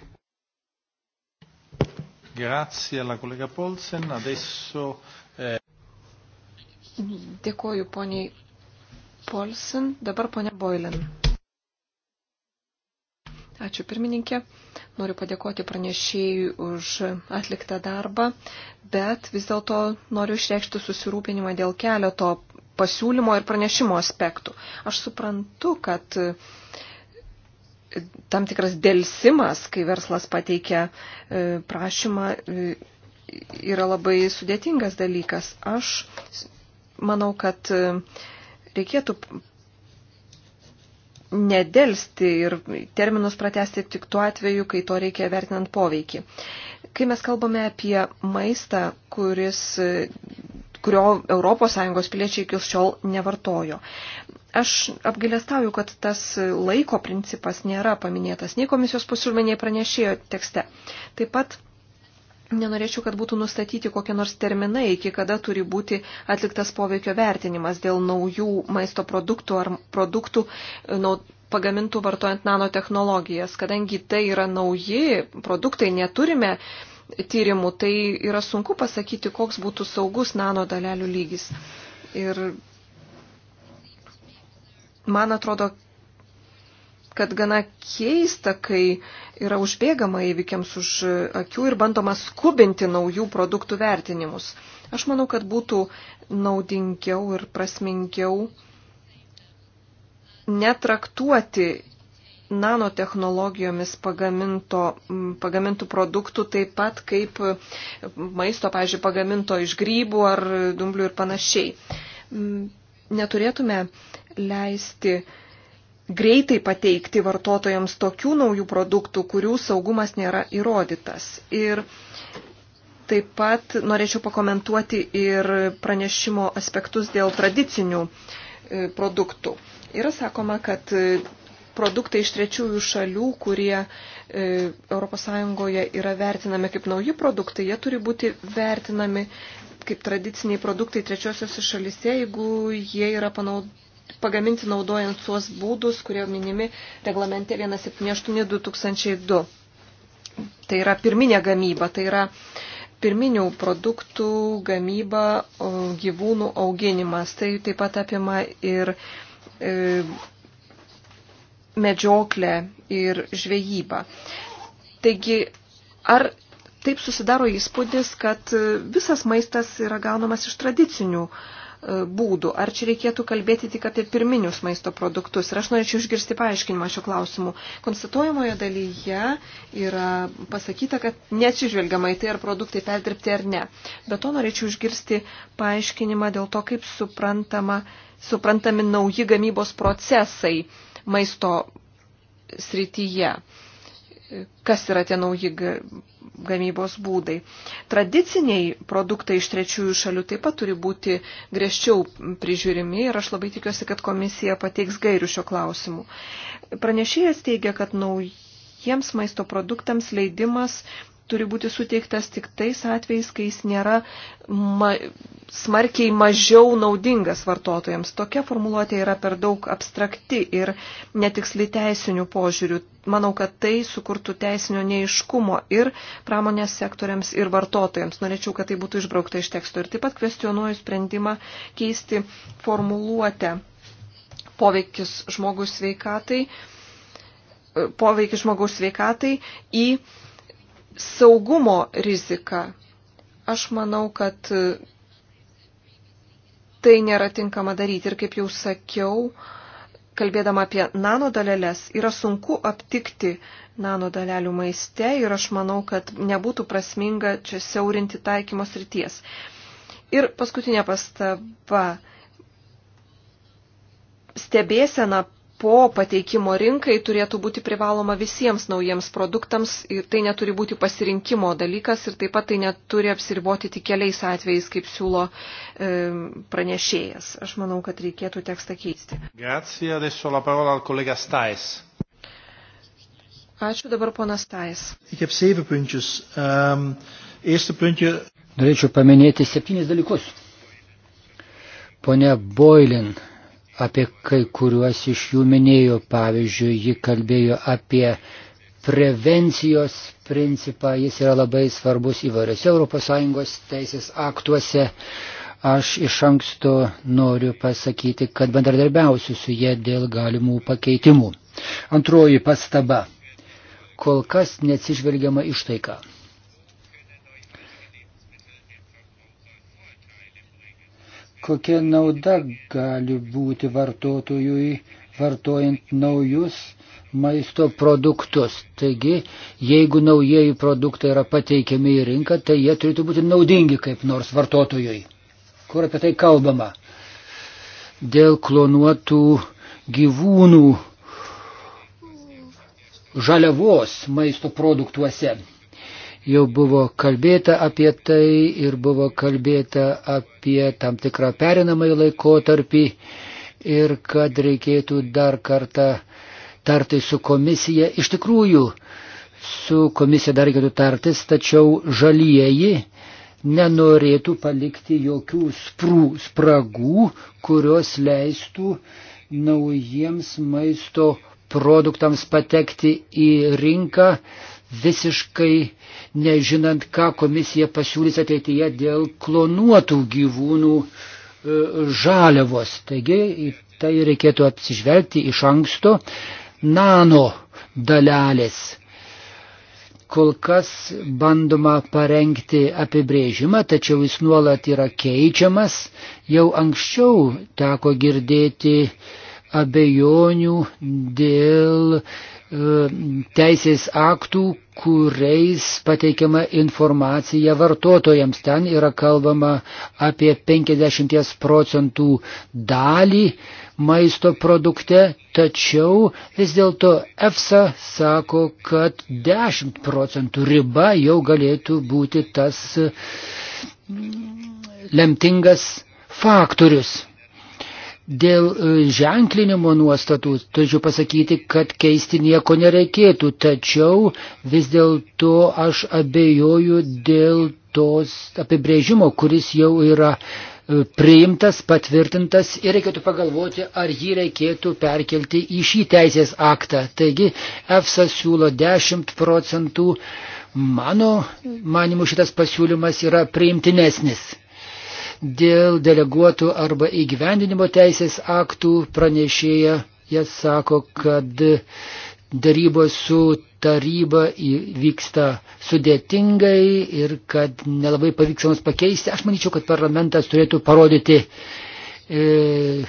Grazie alla collega Polsen. Adesso, eh... Dėkoju poniai Polsen. Dabar ponia Boilen. Ačiū pirmininkė. Noriu padėkoti pranešėjui už atliktą darbą, bet vis dėlto noriu išreikšti susirūpinimą dėl keleto pasiūlymo ir pranešimo aspektų. Aš suprantu, kad tam tikras dėlsimas, kai verslas pateikia e, prašymą, e, yra labai sudėtingas dalykas. Aš manau, kad e, reikėtų nedelsti ir terminus pratesti tik tuo atveju, kai to reikia vertinant poveikį. Kai mes kalbame apie maistą, kuris, kurio ES piliečiai iki šiol nevartojo. Aš apgailestauju, kad tas laiko principas nėra paminėtas nei komisijos pasiūlymė, nei pranešėjo tekste. Taip pat Nenorėčiau, kad būtų nustatyti kokie nors terminai, iki kada turi būti atliktas poveikio vertinimas dėl naujų maisto produktų ar produktų e, pagamintų vartojant nanotehnologijas. Kadangi tai yra nauji produktai, neturime tyrimų, tai yra sunku pasakyti, koks būtų saugus nanodalelių lygis. Ir man atrodo, kad gana keista, kai yra užbėgama įvykiams už akių ir bandoma skubinti naujų produktų vertinimus. Aš manau, kad būtų naudingiau ir prasmingiau netraktuoti nanotehnologijomis pagamintų produktų taip pat kaip maisto, pažiūrėjau, pagaminto iš grybų ar dumblių ir panašiai. Neturėtume leisti uh, greitai pateikti vartotojams tokių naujų produktų, kurių saugumas nėra įrodytas. Ir taip pat norėčiau pakomentuoti ir pranešimo aspektus dėl tradicinių e, produktų. Yra sakoma, kad e, produktai iš trečiųjų šalių, kurie ES yra vertinami kaip nauji produktai, jie turi būti vertinami kaip tradiciniai produktai trečiosiuose šalise, jeigu jie yra panaudojami pagaminti naudojant tuos būdus, kurie minimi reglamente 178-2002. Tai yra pirminė gamyba, tai yra pirminių produktų gamyba, gyvūnų auginimas. Tai taip pat apima ir e, medžioklę ir žvejybą. Taigi, ar taip susidaro įspūdis, kad e, visas maistas yra gaunamas iš tradicinių e, E, būdų. Ar čia reikėtų kalbėti tik apie pirminius maisto produktus? Ir aš norėčiau išgirsti paaiškinimą šio klausimu. Konstatuojamoje dalyje yra pasakyta, kad neatsižvelgiama į tai, ar produktai perdirbti ar ne. Bet to norėčiau išgirsti paaiškinimą dėl to, kaip suprantama, suprantami nauji gamybos procesai maisto srityje kas yra tie nauji gamybos būdai. Tradiciniai produktai iš trečiųjų šalių taip pat turi būti griežčiau prižiūrimi ir aš labai tikiuosi, kad komisija pateiks gairių šio klausimu. Pranešėjas teigia, kad naujiems maisto produktams leidimas turi būti suteiktas tik tais atvejais, kai jis nėra ma smarkiai mažiau naudingas vartotojams. Tokia formuluotė yra per daug abstrakti ir netiksli teisinių požiūrių. Manau, kad tai sukurtų teisinio neiškumo ir pramonės sektoriams, ir vartotojams. Norėčiau, kad tai būtų išbraukta iš teksto. Ir taip pat kvestionuoju sprendimą keisti formuluotę poveikis žmogus sveikatai poveikį žmogaus sveikatai į saugumo rizika. Aš manau, kad e, tai nėra tinkama daryti. Ir kaip jau sakiau, kalbėdama apie nanodalelės, yra sunku aptikti nanodalelių maiste ir aš manau, kad nebūtų prasminga čia siaurinti taikymo srities. Ir paskutinė pastaba. Stebėsena po pateikimo rinkai turėtų būti privaloma visiems naujiems produktams ir tai neturi būti pasirinkimo dalykas ir taip pat tai neturi apsiriboti tik keliais atvejais, kaip siūlo e, pranešėjas. Aš manau, kad reikėtų tekstą keisti. Grazie, adesso la parola al kolega Stais. Ačiū dabar ponas Tais. Ik heb zeven puntjes. Um, eerste puntje. Norėčiau paminėti septynis dalykus. Pone Boilin apie kai kuriuos iš jų minėjo. Pavyzdžiui, ji kalbėjo apie prevencijos principą, jis yra labai svarbus įvairiose ES teisės aktuose. Aš iš anksto noriu pasakyti, kad bendradarbiausiu su jie dėl galimų pakeitimų. Antroji pastaba. Kol kas neatsižvelgiama ištaiką. kokia nauda gali būti vartotojui vartojant naujus maisto produktus. Taigi, jeigu naujieji produktai yra pateikiami į rinką, tai jie turėtų būti naudingi kaip nors vartotojui. Kur apie tai kalbama? Dėl klonuotų gyvūnų žaliavos maisto produktuose. Jau buvo kalbėta apie tai ir buvo kalbėta apie tam tikrą perinamąjį laikotarpį ir kad reikėtų dar kartą tartis su komisija. Iš tikrųjų, su komisija dar reikėtų tartis, tačiau žalieji nenorėtų palikti jokių sprų, spragų, kurios leistų naujiems maisto produktams patekti į rinką visiškai nežinant, ką komisija pasiūlys ateityje dėl klonuotų gyvūnų e, žaliavos. Taigi į tai reikėtų apsižvelgti iš anksto. Nano dalelės. Kol kas bandoma parengti apibrėžimą, tačiau jis nuolat yra keičiamas. Jau anksčiau teko girdėti abejonių dėl uh, E, teisės aktų, kuriais pateikiama informacija vartotojams. Ten yra kalbama apie 50 procentų dalį maisto produkte, tačiau vis dėlto EFSA sako, kad 10 procentų riba jau galėtų būti tas mm, lemtingas faktorius. Dėl e, ženklinimo nuostatų turiu pasakyti, kad keisti nieko nereikėtų, tačiau vis dėlto aš abejoju dėl tos apibrėžimo, kuris jau yra e, priimtas, patvirtintas ir reikėtų pagalvoti, ar jį reikėtų perkelti į šį teisės aktą. Taigi EFSA siūlo 10 procentų, mano manimu šitas pasiūlymas yra priimtinesnis. Dėl deleguotų arba įgyvendinimo teisės aktų pranešėja jie sako, kad darybos su taryba vyksta sudėtingai ir kad nelabai pavyks joms pakeisti. Aš manyčiau, kad parlamentas turėtų parodyti e,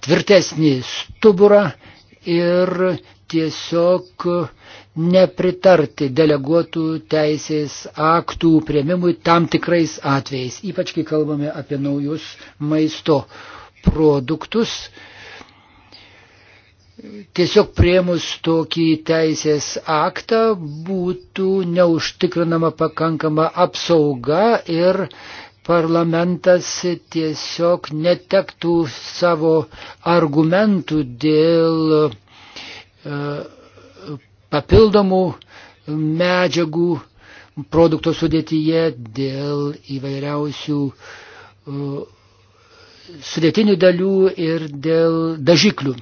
tvirtesnį stuburą ir tiesiog nepritarti deleguotų teisės aktų prieimimui tam tikrais atvejais, ypač kai kalbame apie naujus maisto produktus. Tiesiog priemus tokį teisės aktą būtų neužtikrinama pakankama apsauga ir parlamentas tiesiog netektų savo argumentų dėl uh, papildomų medžiagų produkto sudėtyje, dėl įvairiausių e, sudėtinių dalių ir dėl dažiklių.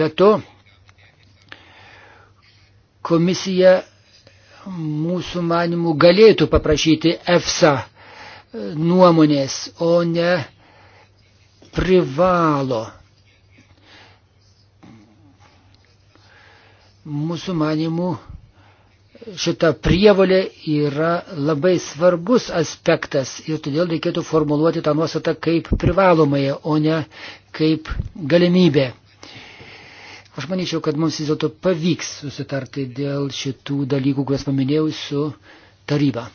Be to, komisija mūsų manimų galėtų paprašyti EFSA e, nuomonės, o ne privalo Mūsų manimų šita prievalė yra labai svarbus aspektas ir todėl reikėtų formuluoti tą nuostatą kaip privalomąją, o ne kaip galimybę. Aš manyčiau, kad mums vis dėlto pavyks susitarti dėl šitų dalykų, kuriuos paminėjau su taryba.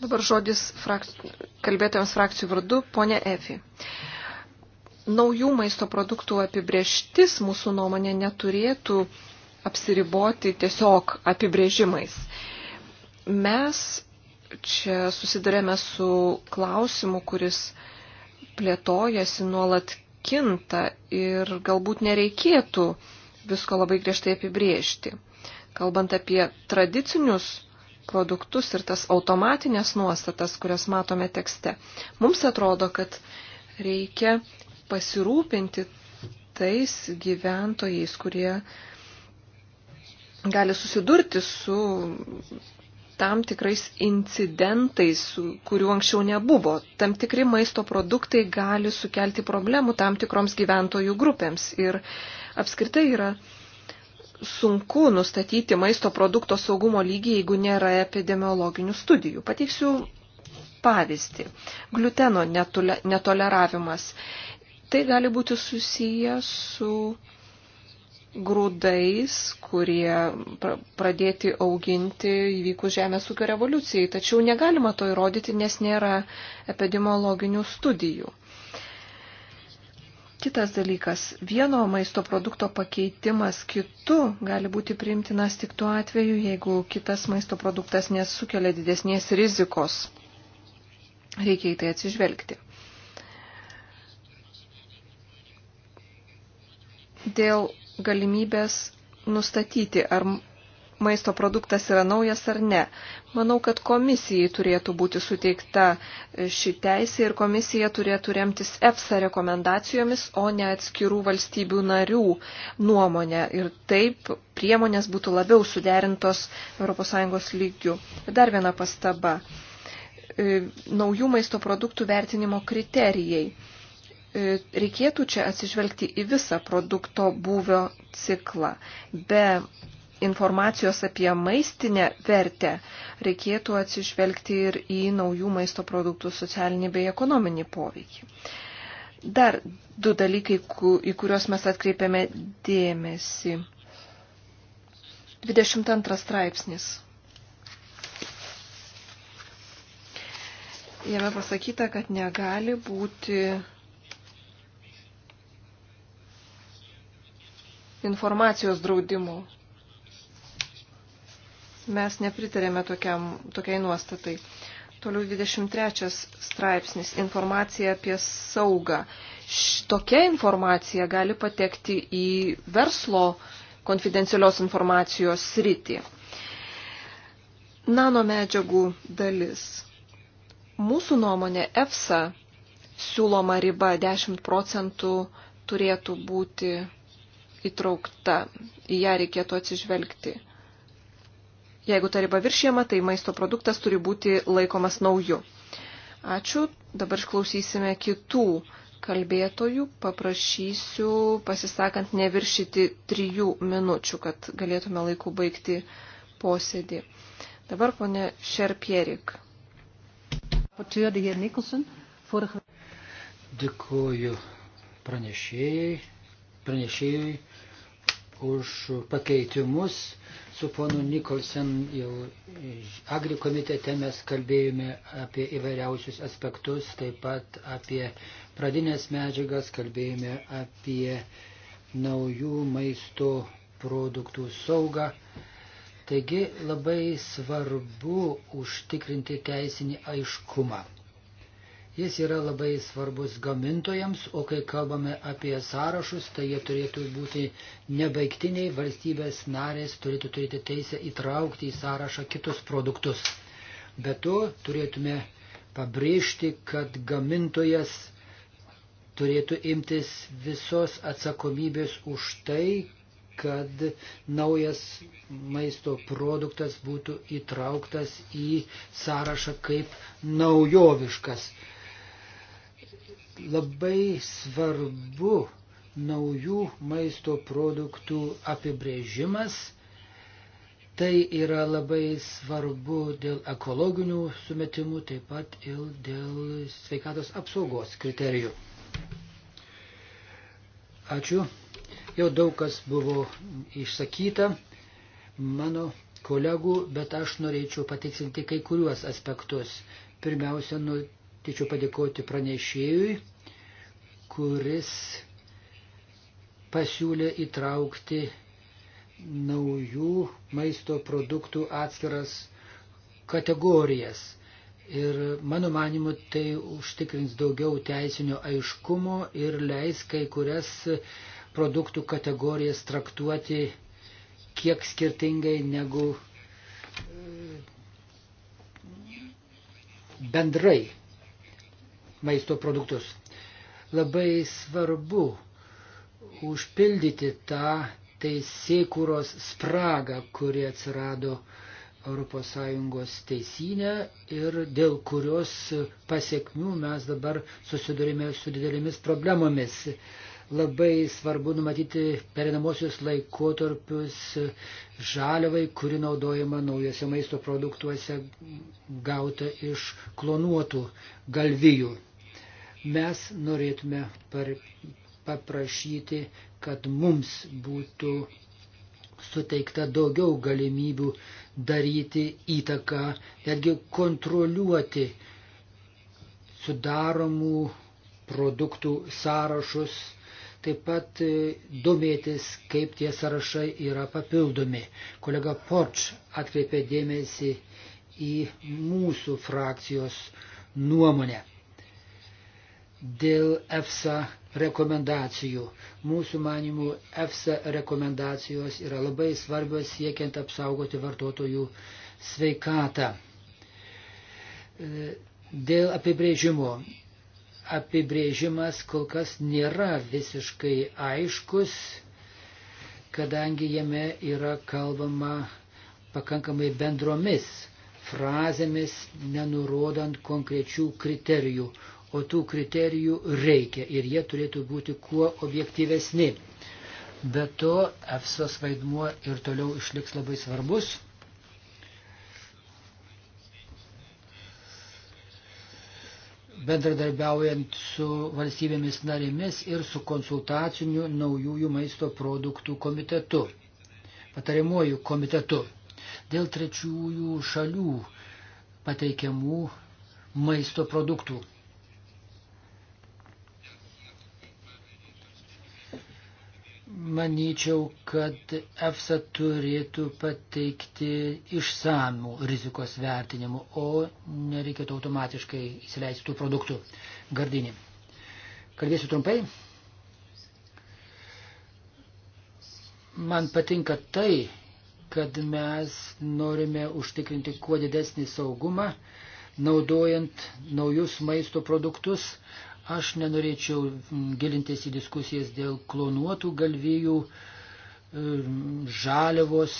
Dabar žodis frak... kalbėtojams frakcijų vardu, ponė Efi. Uh, naujų maisto produktų apibrieštis mūsų nuomonė neturėtų apsiriboti tiesiog apibrėžimais. Mes čia susidurėme su klausimu, kuris plėtojasi nuolat kinta ir galbūt nereikėtų visko labai griežtai apibriežti. Kalbant apie tradicinius produktus ir tas automatinės nuostatas, kurias matome tekste, mums atrodo, kad reikia pasirūpinti tais gyventojais, kurie gali susidurti su tam tikrais incidentais, kurių anksčiau nebuvo. Tam tikri maisto produktai gali sukelti problemų tam tikroms gyventojų grupėms. Ir apskritai yra sunku nustatyti maisto produkto saugumo lygį, jeigu nėra epidemiologinių studijų. Pateiksiu pavyzdį. Gluteno netoleravimas. Tai gali būti susiję su grūdais, kurie pradėti auginti įvykus žemės ūkio revoliucijai. Tačiau negalima to įrodyti, nes nėra epidemiologinių studijų. Kitas dalykas. Vieno maisto produkto pakeitimas kitu gali būti priimtinas tik tuo atveju, jeigu kitas maisto produktas nesukelia didesnės rizikos. Reikia į tai atsižvelgti. dėl galimybės nustatyti, ar maisto produktas yra naujas ar ne. Manau, kad komisijai turėtų būti suteikta ši teisė ir komisija turėtų remtis EFSA rekomendacijomis, o ne atskirų valstybių narių nuomonę. Ir taip priemonės būtų labiau suderintos ES lygių. Dar viena pastaba. E, naujų maisto produktų vertinimo kriterijai. E, reikėtų čia atsižvelgti į visą produkto būvio ciklą. Be informacijos apie maistinę vertę reikėtų atsižvelgti ir į naujų maisto produktų socialinį bei ekonominį poveikį. Dar du dalykai, į kuriuos mes atkreipiame dėmesį. 22 straipsnis. Jame pasakyta, kad negali būti informacijos draudimu. Mes nepritarėme tokiam, tokiai nuostatai. Toliau 23 straipsnis - informacija apie saugą. Tokia informacija gali patekti į verslo konfidencialios informacijos sritį. Nanomedžiagų dalis. Mūsų nuomonė EFSA siūloma riba 10 procentų turėtų būti įtraukta. Į ją reikėtų atsižvelgti. Jeigu ta riba viršėma, tai maisto produktas turi būti laikomas nauju. Ačiū. Dabar išklausysime kitų kalbėtojų. Paprašysiu, pasisakant, neviršyti trijų minučių, kad galėtume laiku baigti posėdį. Dabar ponė Šerpierik. Dėkuoju pranešėjai, pranešėjai už pakeitimus. Su ponu Nikolsen jau Agri komitete mes kalbėjome apie įvairiausius aspektus, taip pat apie pradinės medžiagas, kalbėjome apie naujų maisto produktų saugą. Taigi labai svarbu užtikrinti teisinį aiškumą. Jis yra labai svarbus gamintojams, o kai kalbame apie sąrašus, tai jie turėtų būti nebaigtiniai, valstybės narės turėtų turėti teisę įtraukti į sąrašą kitus produktus. Be to turėtume pabrėžti, kad gamintojas turėtų imtis visos atsakomybės už tai, kad naujas maisto produktas būtų įtrauktas į sąrašą kaip naujoviškas. Labai svarbu naujų maisto produktų apibrėžimas. Tai yra labai svarbu dėl ekologinių sumetimų, taip pat ir dėl sveikatos apsaugos kriterijų. Ačiū. Jau daug kas buvo išsakyta mano kolegų, bet aš norėčiau patiksinti kai kuriuos aspektus. Pirmiausia, nu, Tačiau padėkoti pranešėjui, kuris pasiūlė įtraukti naujų maisto produktų atskiras kategorijas. Ir mano manimu, tai užtikrins daugiau teisinio aiškumo ir leis kai kurias produktų kategorijas traktuoti kiek skirtingai negu e, bendrai maisto produktus. Labai svarbu užpildyti tą teisėkūros spragą, kuri atsirado ES teisinę ir dėl kurios pasiekmių mes dabar susidurime su didelėmis problemomis. Labai svarbu numatyti perinamosius laikotarpius žaliavai, kuri naudojama naujose maisto produktuose gauta iš klonuotų galvijų. Mes norėtume par, paprašyti, kad mums būtų suteikta daugiau galimybių daryti įtaką, netgi kontroliuoti sudaromų produktų sąrašus, taip pat e, domėtis, kaip tie sąrašai yra papildomi. Kolega Porč atkreipė dėmesį į mūsų frakcijos nuomonę dėl EFSA rekomendacijų. Mūsų manimų EFSA rekomendacijos yra labai svarbios siekiant apsaugoti vartotojų sveikatą. E, dėl apibrėžimo. Apibrėžimas kol kas nėra visiškai aiškus, kadangi jame yra kalbama pakankamai bendromis frazėmis, nenurodant konkrečių kriterijų o tų kriterijų reikia ir jie turėtų būti kuo objektyvesni. Be to, EFSAS vaidmuo ir toliau išliks labai svarbus. bendradarbiaujant su valstybėmis narėmis ir su konsultaciniu naujųjų maisto produktų komitetu, patariamuoju komitetu, dėl trečiųjų šalių pateikiamų maisto produktų. Manyčiau, kad EFSA turėtų pateikti išsamų rizikos vertinimų, o nereikėtų automatiškai įsileisti tų produktų gardinį. Kalbėsiu trumpai. Man patinka tai, kad mes norime užtikrinti kuo didesnį saugumą, naudojant naujus maisto produktus. Aš nenorėčiau gilintis į diskusijas dėl klonuotų galvijų, žaliavos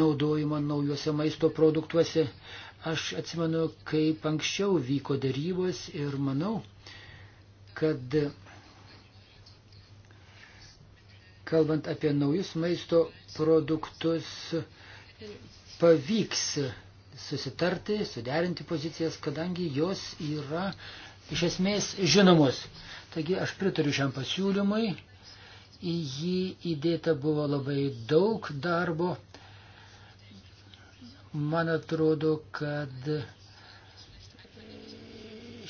naudojimo naujuose maisto produktuose. Aš atsimenu, kaip anksčiau vyko darybos ir manau, kad kalbant apie naujus maisto produktus, pavyks susitarti, suderinti pozicijas, kadangi jos yra iš esmės žinomos. Taigi aš pritariu šiam pasiūlymui, į jį įdėta buvo labai daug darbo. Man atrodo, kad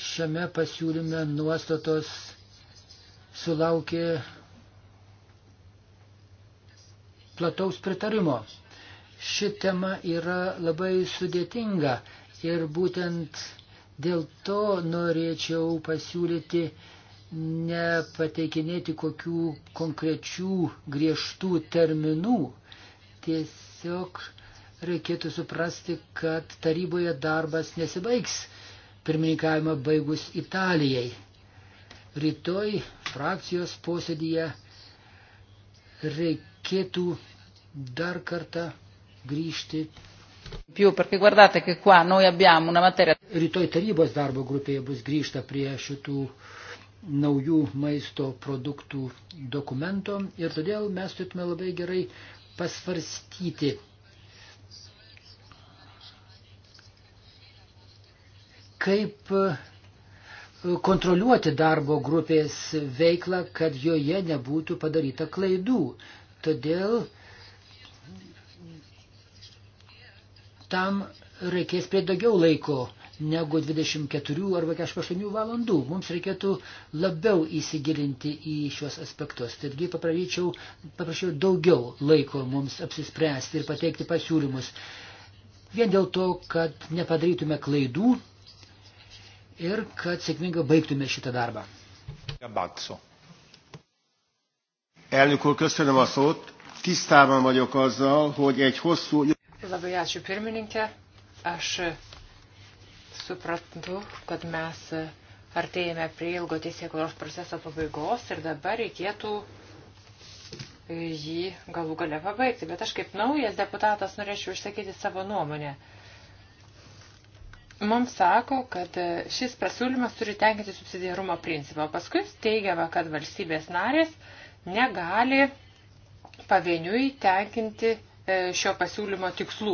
šiame pasiūlyme nuostatos sulaukė plataus pritarimo. Ši tema yra labai sudėtinga ir būtent Dėl to norėčiau pasiūlyti nepateikinėti kokių konkrečių griežtų terminų. Tiesiog reikėtų suprasti, kad taryboje darbas nesibaigs pirmininkavimą baigus Italijai. Rytoj frakcijos posėdėje reikėtų dar kartą grįžti Più, perché guardate che qua noi abbiamo una materia. Rytoj tarybos darbo grupėje bus grįžta prie šitų naujų maisto produktų dokumento ir todėl mes turėtume labai gerai pasvarstyti, kaip e, kontroliuoti darbo grupės veiklą, kad joje nebūtų padaryta klaidų. Todėl tam reikės prie daugiau laiko negu 24 arba 48 valandų. Mums reikėtų labiau įsigilinti į šios aspektus. Taigi paprašyčiau, paprašiau daugiau laiko mums apsispręsti ir pateikti pasiūlymus. Vien dėl to, kad nepadarytume klaidų ir kad sėkmingai baigtume šitą darbą. Elnök úr, köszönöm a szót. Tisztában vagyok azzal, hogy egy hosszú... Labai ačiū pirmininkė. Aš suprantu, kad mes artėjame prie ilgo teisėkuros proceso pabaigos ir dabar reikėtų jį galų gale pabaigti. Bet aš kaip naujas deputatas norėčiau išsakyti savo nuomonę. Mums sako, kad šis pasiūlymas turi tenkinti subsidiarumo principą. Paskui teigiama, kad valstybės narės negali pavieniui tenkinti E, šio pasiūlymo tikslų.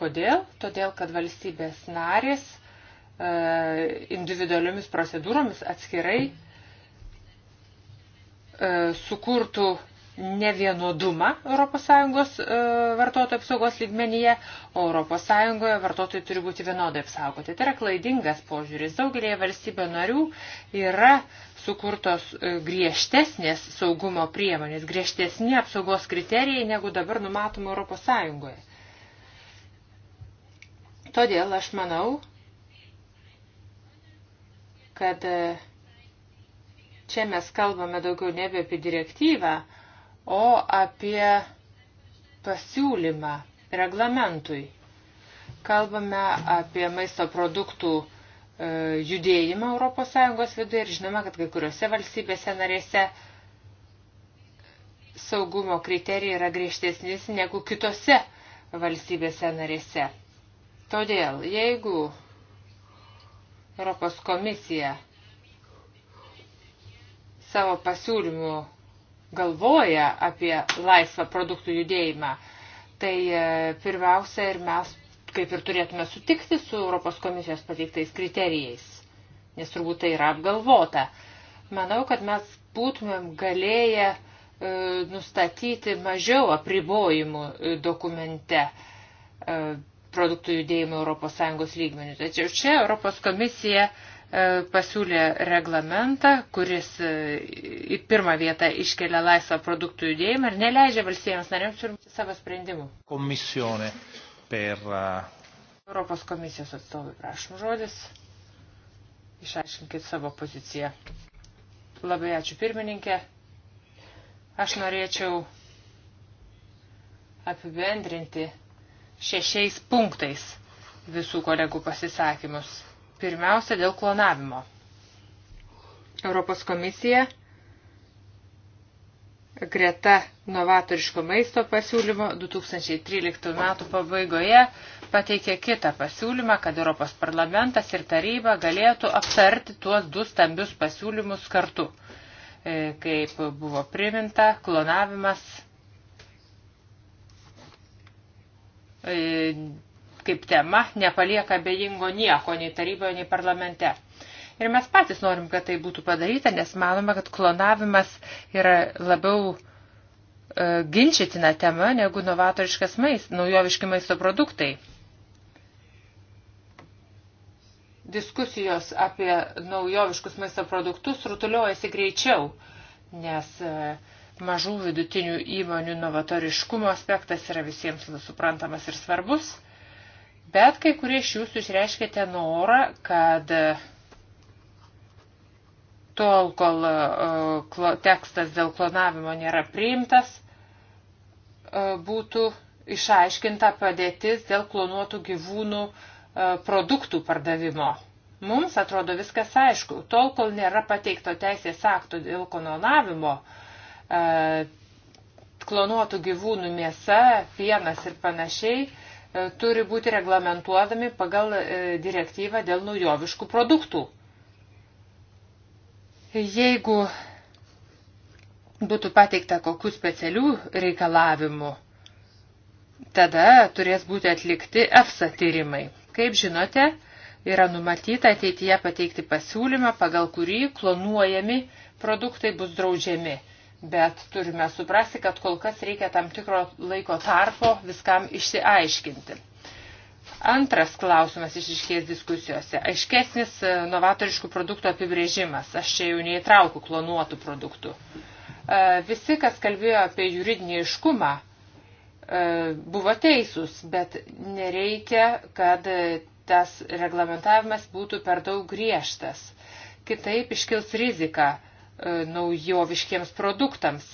Kodėl? Todėl, kad valstybės narės e, individualiomis procedūromis atskirai e, sukurtų nevienodumą ES e, vartotojų apsaugos lygmenyje, o ES vartotojai turi būti vienodai apsaugoti. Tai yra klaidingas požiūris. Daugelėje valstybė narių yra sukurtos e, griežtesnės saugumo priemonės, griežtesni apsaugos kriterijai, negu dabar numatoma ES. Todėl aš manau, kad e, čia mes kalbame daugiau nebe apie direktyvą, o apie pasiūlymą reglamentui. Kalbame apie maisto produktų e, judėjimą ES viduje ir žinome, kad kai kuriuose valstybėse narėse saugumo kriterijai yra griežtesnis negu kitose valstybėse narėse. Todėl, jeigu Europos komisija savo pasiūlymų galvoja apie laisvą produktų judėjimą, tai e, pirmiausia ir mes kaip ir turėtume sutikti su Europos komisijos pateiktais kriterijais, nes turbūt tai yra apgalvota. Manau, kad mes būtumėm galėję e, nustatyti mažiau apribojimų e, dokumente e, produktų judėjimo ES lygmenių. Tačiau čia Europos komisija e, E, pasiūlė reglamentą, kuris e, į pirmą vietą iškelia laisvą produktų judėjimą ir neleidžia valstybėms narėms turėti savo sprendimų. Komisione per. E, Europos komisijos atstovai, prašom žodis. Išaiškinkit savo poziciją. Labai ačiū pirmininkė. Aš norėčiau apibendrinti šešiais punktais visų kolegų pasisakymus Pirmiausia, dėl klonavimo. Europos komisija greta novatoriško maisto pasiūlymo 2013 metų pabaigoje pateikė kitą pasiūlymą, kad Europos parlamentas ir taryba galėtų aptarti tuos du stambius pasiūlymus kartu. E, kaip buvo priminta, klonavimas e, kaip tema nepalieka bejingo nieko nei taryboje, nei parlamente. Ir mes patys norim, kad tai būtų padaryta, nes manome, kad klonavimas yra labiau e, ginčitina tema negu novatoriškas maistas, naujoviški maisto produktai. Diskusijos apie naujoviškus maisto produktus rutuliuojasi greičiau, nes e, mažų vidutinių įmonių novatoriškumo aspektas yra visiems suprantamas ir svarbus. Bet kai kurie iš jūsų išreiškite norą, kad tol, kol e, tekstas dėl klonavimo nėra priimtas, e, būtų išaiškinta padėtis dėl klonuotų gyvūnų e, produktų pardavimo. Mums atrodo viskas aišku. Tol, kol nėra pateikto teisės akto dėl klonavimo, klonuotų gyvūnų mėsa, pienas ir panašiai, E, turi būti reglamentuodami pagal e, direktyvą dėl naujoviškų produktų. Jeigu būtų pateikta kokių specialių reikalavimų, tada turės būti atlikti EFSA tyrimai. Kaip žinote, yra numatyta ateityje pateikti pasiūlymą, pagal kurį klonuojami produktai bus draudžiami bet turime suprasti, kad kol kas reikia tam tikro laiko tarpo viskam išsiaiškinti. Antras klausimas išiškės diskusijose. Aiškesnis e, novatoriškų produktų apibrėžimas. Aš čia jau neįtraukiu klonuotų produktų. E, visi, kas kalbėjo apie juridinį iškumą, e, buvo teisūs, bet nereikia, kad tas reglamentavimas būtų per daug griežtas. Kitaip iškils rizika E, naujoviškiems produktams.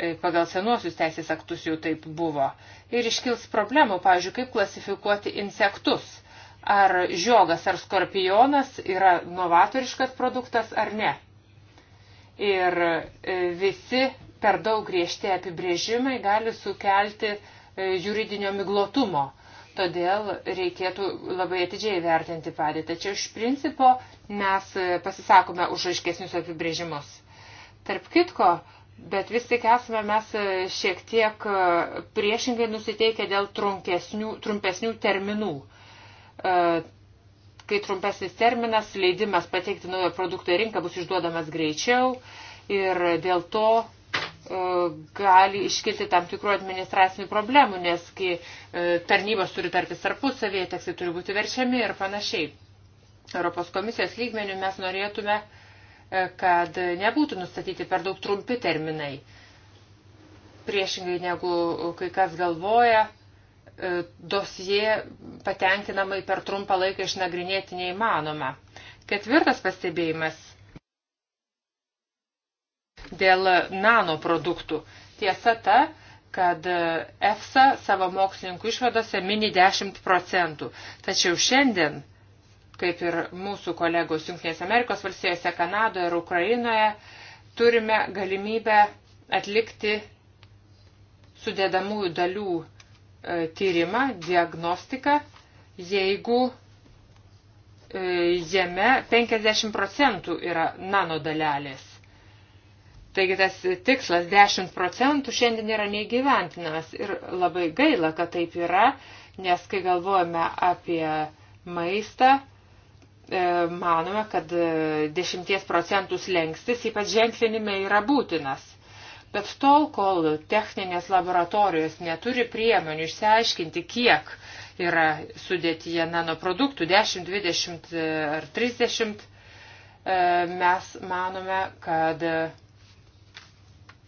E, pagal senuosius teisės aktus jau taip buvo. Ir iškils problemų, pavyzdžiui, kaip klasifikuoti insektus. Ar žiogas ar skorpionas yra novatoriškas produktas ar ne. Ir e, visi per daug griežti apibrėžimai gali sukelti juridinio miglotumo todėl reikėtų labai atidžiai vertinti padėtį. Tačiau iš principo mes pasisakome už aiškesnius apibrėžimus. Tarp kitko, bet vis tik esame mes e, šiek tiek e, priešingai nusiteikę dėl trumpesnių terminų. E, kai trumpesnis terminas, leidimas pateikti naują produktą į rinką bus išduodamas greičiau ir dėl to gali iškilti tam tikrų administracinių problemų, nes kai tarnybos turi tartis tarpusavėje, tekstai turi būti verčiami ir panašiai. Europos komisijos lygmenių mes norėtume uh, E, kad nebūtų nustatyti per daug trumpi terminai. Priešingai negu kai kas galvoja, e, dosie patenkinamai per trumpą laiką išnagrinėti neįmanoma. Ketvirtas pastebėjimas dėl nanoproduktų. Tiesa ta, kad EFSA savo mokslininkų išvadose mini 10 procentų. Tačiau šiandien kaip ir mūsų kolegos Junktinės Amerikos valstijose, Kanadoje ir Ukrainoje, turime galimybę atlikti sudėdamųjų dalių e, tyrimą, diagnostiką, jeigu e, jame 50 procentų yra nanodalelės. Taigi tas tikslas 10 procentų šiandien yra neįgyventinamas ir labai gaila, kad taip yra, nes kai galvojame apie maistą, E, manome, kad 10 e, procentų slengstis, ypač ženklinime, yra būtinas. Bet tol, kol techninės laboratorijos neturi priemonių išsiaiškinti, kiek yra sudėtyje nanoproduktų, 10, 20 e, ar 30, mes manome, kad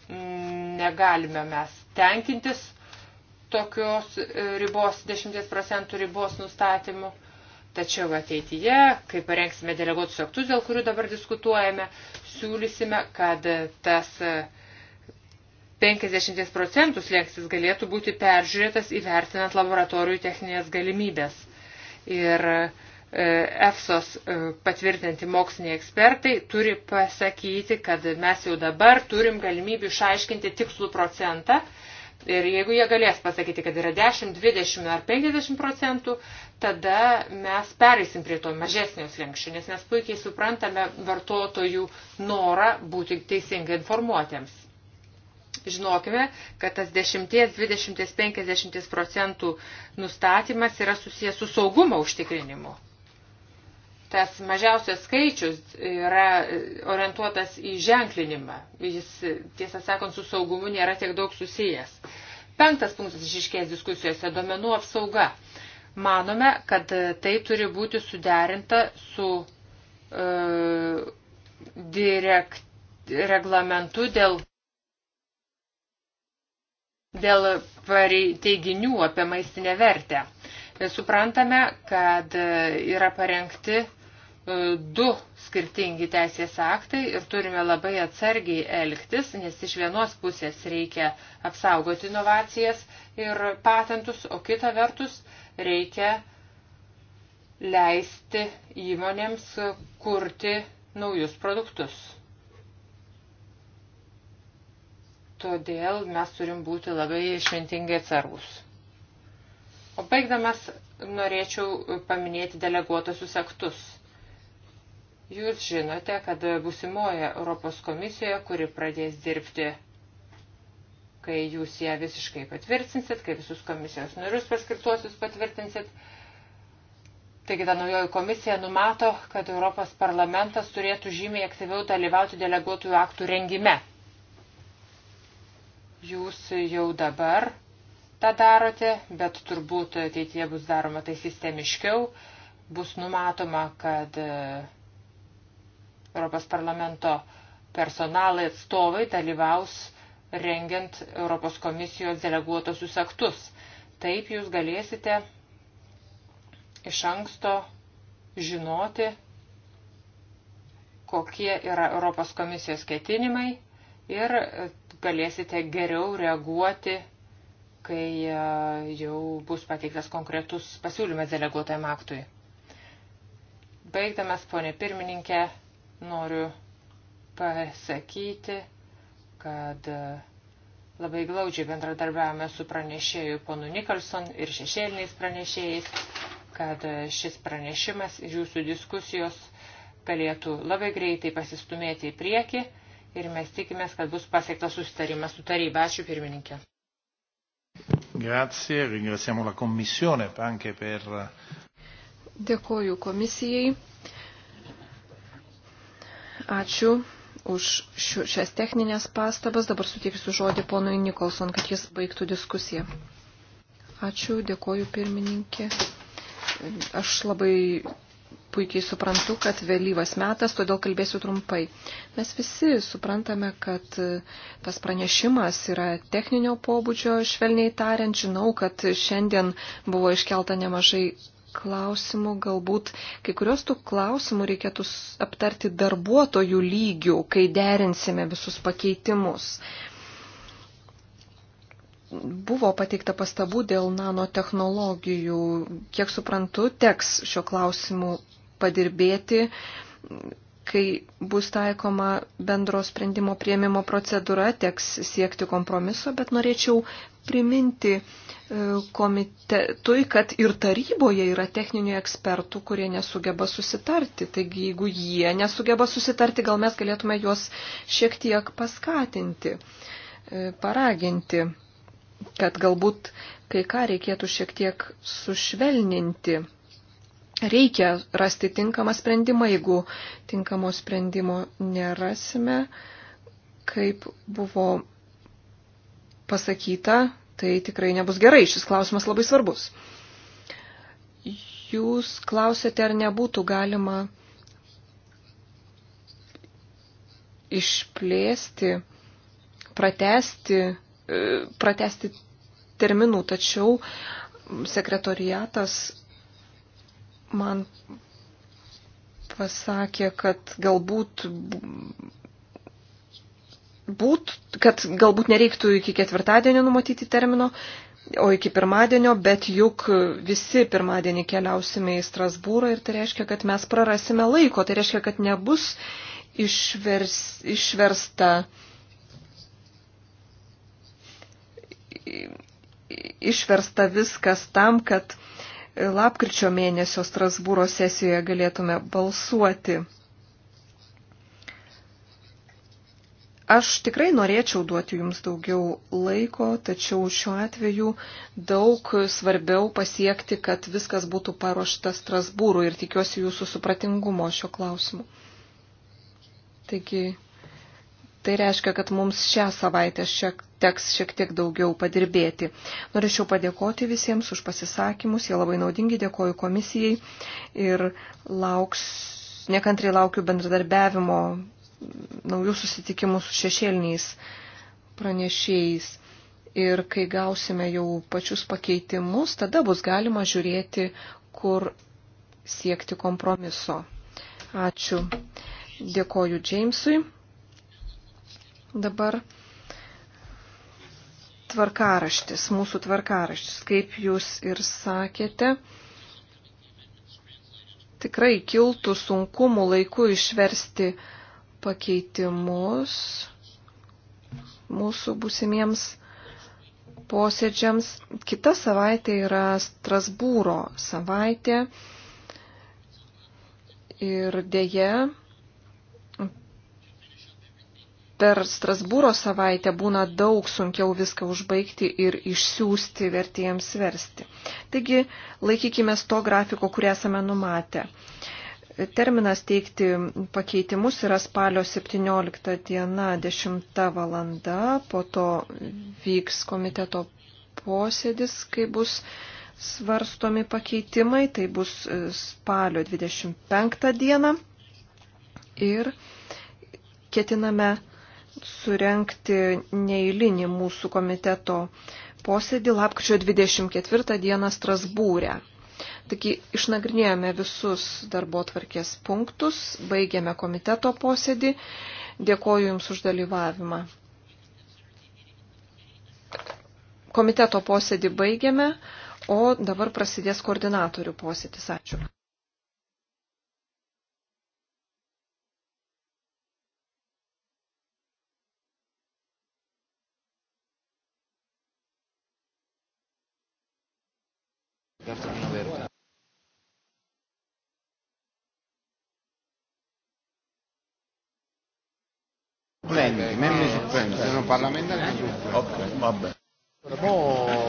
mm, negalime mes tenkintis tokios ribos, 10 procentų ribos nustatymu Tačiau ateityje, kai parengsime deleguotus aktus, dėl kurių dabar diskutuojame, siūlysime, kad tas 50 e, procentų slėgsis galėtų būti peržiūrėtas įvertinant laboratorijų techninės galimybės. Ir e, EFSOS e, patvirtinti moksliniai ekspertai turi pasakyti, kad mes jau dabar turim galimybę išaiškinti tikslų procentą Ir jeigu jie galės pasakyti, kad yra 10, 20 ar 50 procentų, tada mes pereisim prie to mažesnio slengščio, nes mes puikiai suprantame vartotojų norą būti teisingai informuotėms. Žinokime, kad tas 10, 20, 50 procentų nustatymas yra susijęs su saugumo užtikrinimu tas mažiausias skaičius yra orientuotas į ženklinimą. Jis, tiesą sakant, su saugumu nėra tiek daug susijęs. Penktas punktas išiškės diskusijose - domenų apsauga. Manome, kad tai turi būti suderinta su e, direkt, reglamentu dėl, dėl teiginių apie maistinę vertę. Suprantame, kad e, yra parengti E, du skirtingi teisės aktai ir turime labai atsargiai elgtis, nes iš vienos pusės reikia apsaugoti inovacijas ir patentus, o kita vertus reikia leisti įmonėms kurti naujus produktus. Todėl mes turim būti labai išmintingai atsargus. O baigdamas norėčiau paminėti deleguotusius aktus – Jūs žinote, kad busimoje Europos komisijoje, kuri pradės dirbti, kai jūs ją visiškai patvirtinsit, kai visus komisijos narius paskirtuosius patvirtinsit, taigi ta naujoji komisija numato, kad Europos parlamentas turėtų žymiai aktyviau dalyvauti deleguotųjų aktų rengime. Jūs jau dabar tą darote, bet turbūt ateityje bus daroma tai sistemiškiau, bus numatoma, kad Europos parlamento personalai atstovai dalyvaus rengiant Europos komisijos deleguotosius aktus. Taip jūs galėsite iš anksto žinoti, kokie yra Europos komisijos ketinimai ir galėsite geriau reaguoti, kai e, jau bus pateiktas konkretus pasiūlymas deleguotojam aktui. Baigdamas, ponė pirmininkė, noriu pasakyti, kad e, labai glaudžiai bendradarbiavome su pranešėju ponu Nikolson ir šešėliniais pranešėjais, kad e, šis pranešimas ir jūsų diskusijos galėtų labai greitai pasistumėti į priekį ir mes tikimės, kad bus pasiektas susitarimas su taryba. Ačiū pirmininkė. Grazie, ringraziamo la Commissione anche per. Dėkoju komisijai. Ačiū už šias techninės pastabas. Dabar suteiksiu žodį ponui Nikolson, kad jis baigtų diskusiją. Ačiū, dėkoju pirmininkė. Aš labai puikiai suprantu, kad vėlyvas metas, todėl kalbėsiu trumpai. Mes visi suprantame, kad tas pranešimas yra techninio pobūdžio, švelniai tariant, žinau, kad šiandien buvo iškelta nemažai klausimų, galbūt kai kurios tų klausimų reikėtų aptarti darbuotojų lygių, kai derinsime visus pakeitimus. Buvo pateikta pastabų dėl nanotehnologijų. Kiek suprantu, teks šio klausimu padirbėti kai bus taikoma bendro sprendimo prieimimo procedūra, teks siekti kompromiso, bet norėčiau priminti e, komitetui, kad ir taryboje yra techninių ekspertų, kurie nesugeba susitarti. Taigi, jeigu jie nesugeba susitarti, gal mes galėtume juos šiek tiek paskatinti, e, paraginti, kad galbūt kai ką reikėtų šiek tiek sušvelninti reikia rasti tinkamą sprendimą, jeigu tinkamo sprendimo nerasime, kaip buvo pasakyta, tai tikrai nebus gerai, šis klausimas labai svarbus. Jūs klausėte, ar nebūtų galima išplėsti, pratesti, e, pratesti terminų, tačiau sekretoriatas man pasakė, kad galbūt būt, kad galbūt nereiktų iki ketvirtadienio numatyti termino, o iki pirmadienio, bet juk visi pirmadienį keliausime į Strasbūrą ir tai reiškia, kad mes prarasime laiko, tai reiškia, kad nebus išvers, išversta išversta viskas tam, kad lapkričio mėnesio Strasbūro sesijoje galėtume balsuoti. Aš tikrai norėčiau duoti jums daugiau laiko, tačiau šiuo atveju daug svarbiau pasiekti, kad viskas būtų paruošta Strasbūrų ir tikiuosi jūsų supratingumo šio klausimu. Taigi, tai reiškia, kad mums šią savaitę šiek teks šiek tiek daugiau padirbėti. Norėčiau padėkoti visiems už pasisakymus, jie labai naudingi, dėkoju komisijai ir lauks, nekantriai laukiu bendradarbiavimo, naujų susitikimų su šešėliniais pranešėjais. Ir kai gausime jau pačius pakeitimus, tada bus galima žiūrėti, kur siekti kompromiso. Ačiū. Dėkoju Džeimsui. Dabar tvarkaraštis, mūsų tvarkaraštis, kaip jūs ir sakėte. Tikrai kiltų sunkumų laiku išversti pakeitimus mūsų būsimiems posėdžiams. Kita savaitė yra Strasbūro savaitė ir dėje per Strasbūro savaitę būna daug sunkiau viską užbaigti ir išsiųsti vertėjams versti. Taigi laikykime to grafiko, kurį esame numatę. Terminas teikti pakeitimus yra spalio 17 diena 10 valanda, po to vyks komiteto posėdis, kai bus svarstomi pakeitimai, tai bus spalio 25 diena ir ketiname surenkti neįlinį mūsų komiteto posėdį lapkričio 24 dieną Strasbūrę. Taigi išnagrinėjome visus darbo tvarkės punktus, baigėme komiteto posėdį. Dėkoju Jums už dalyvavimą. Komiteto posėdį baigėme, o dabar prasidės koordinatorių posėdis. Ačiū. supplenti, membri eh, supplenti, eh. sono parlamentari supplenti. Ok, vabbè.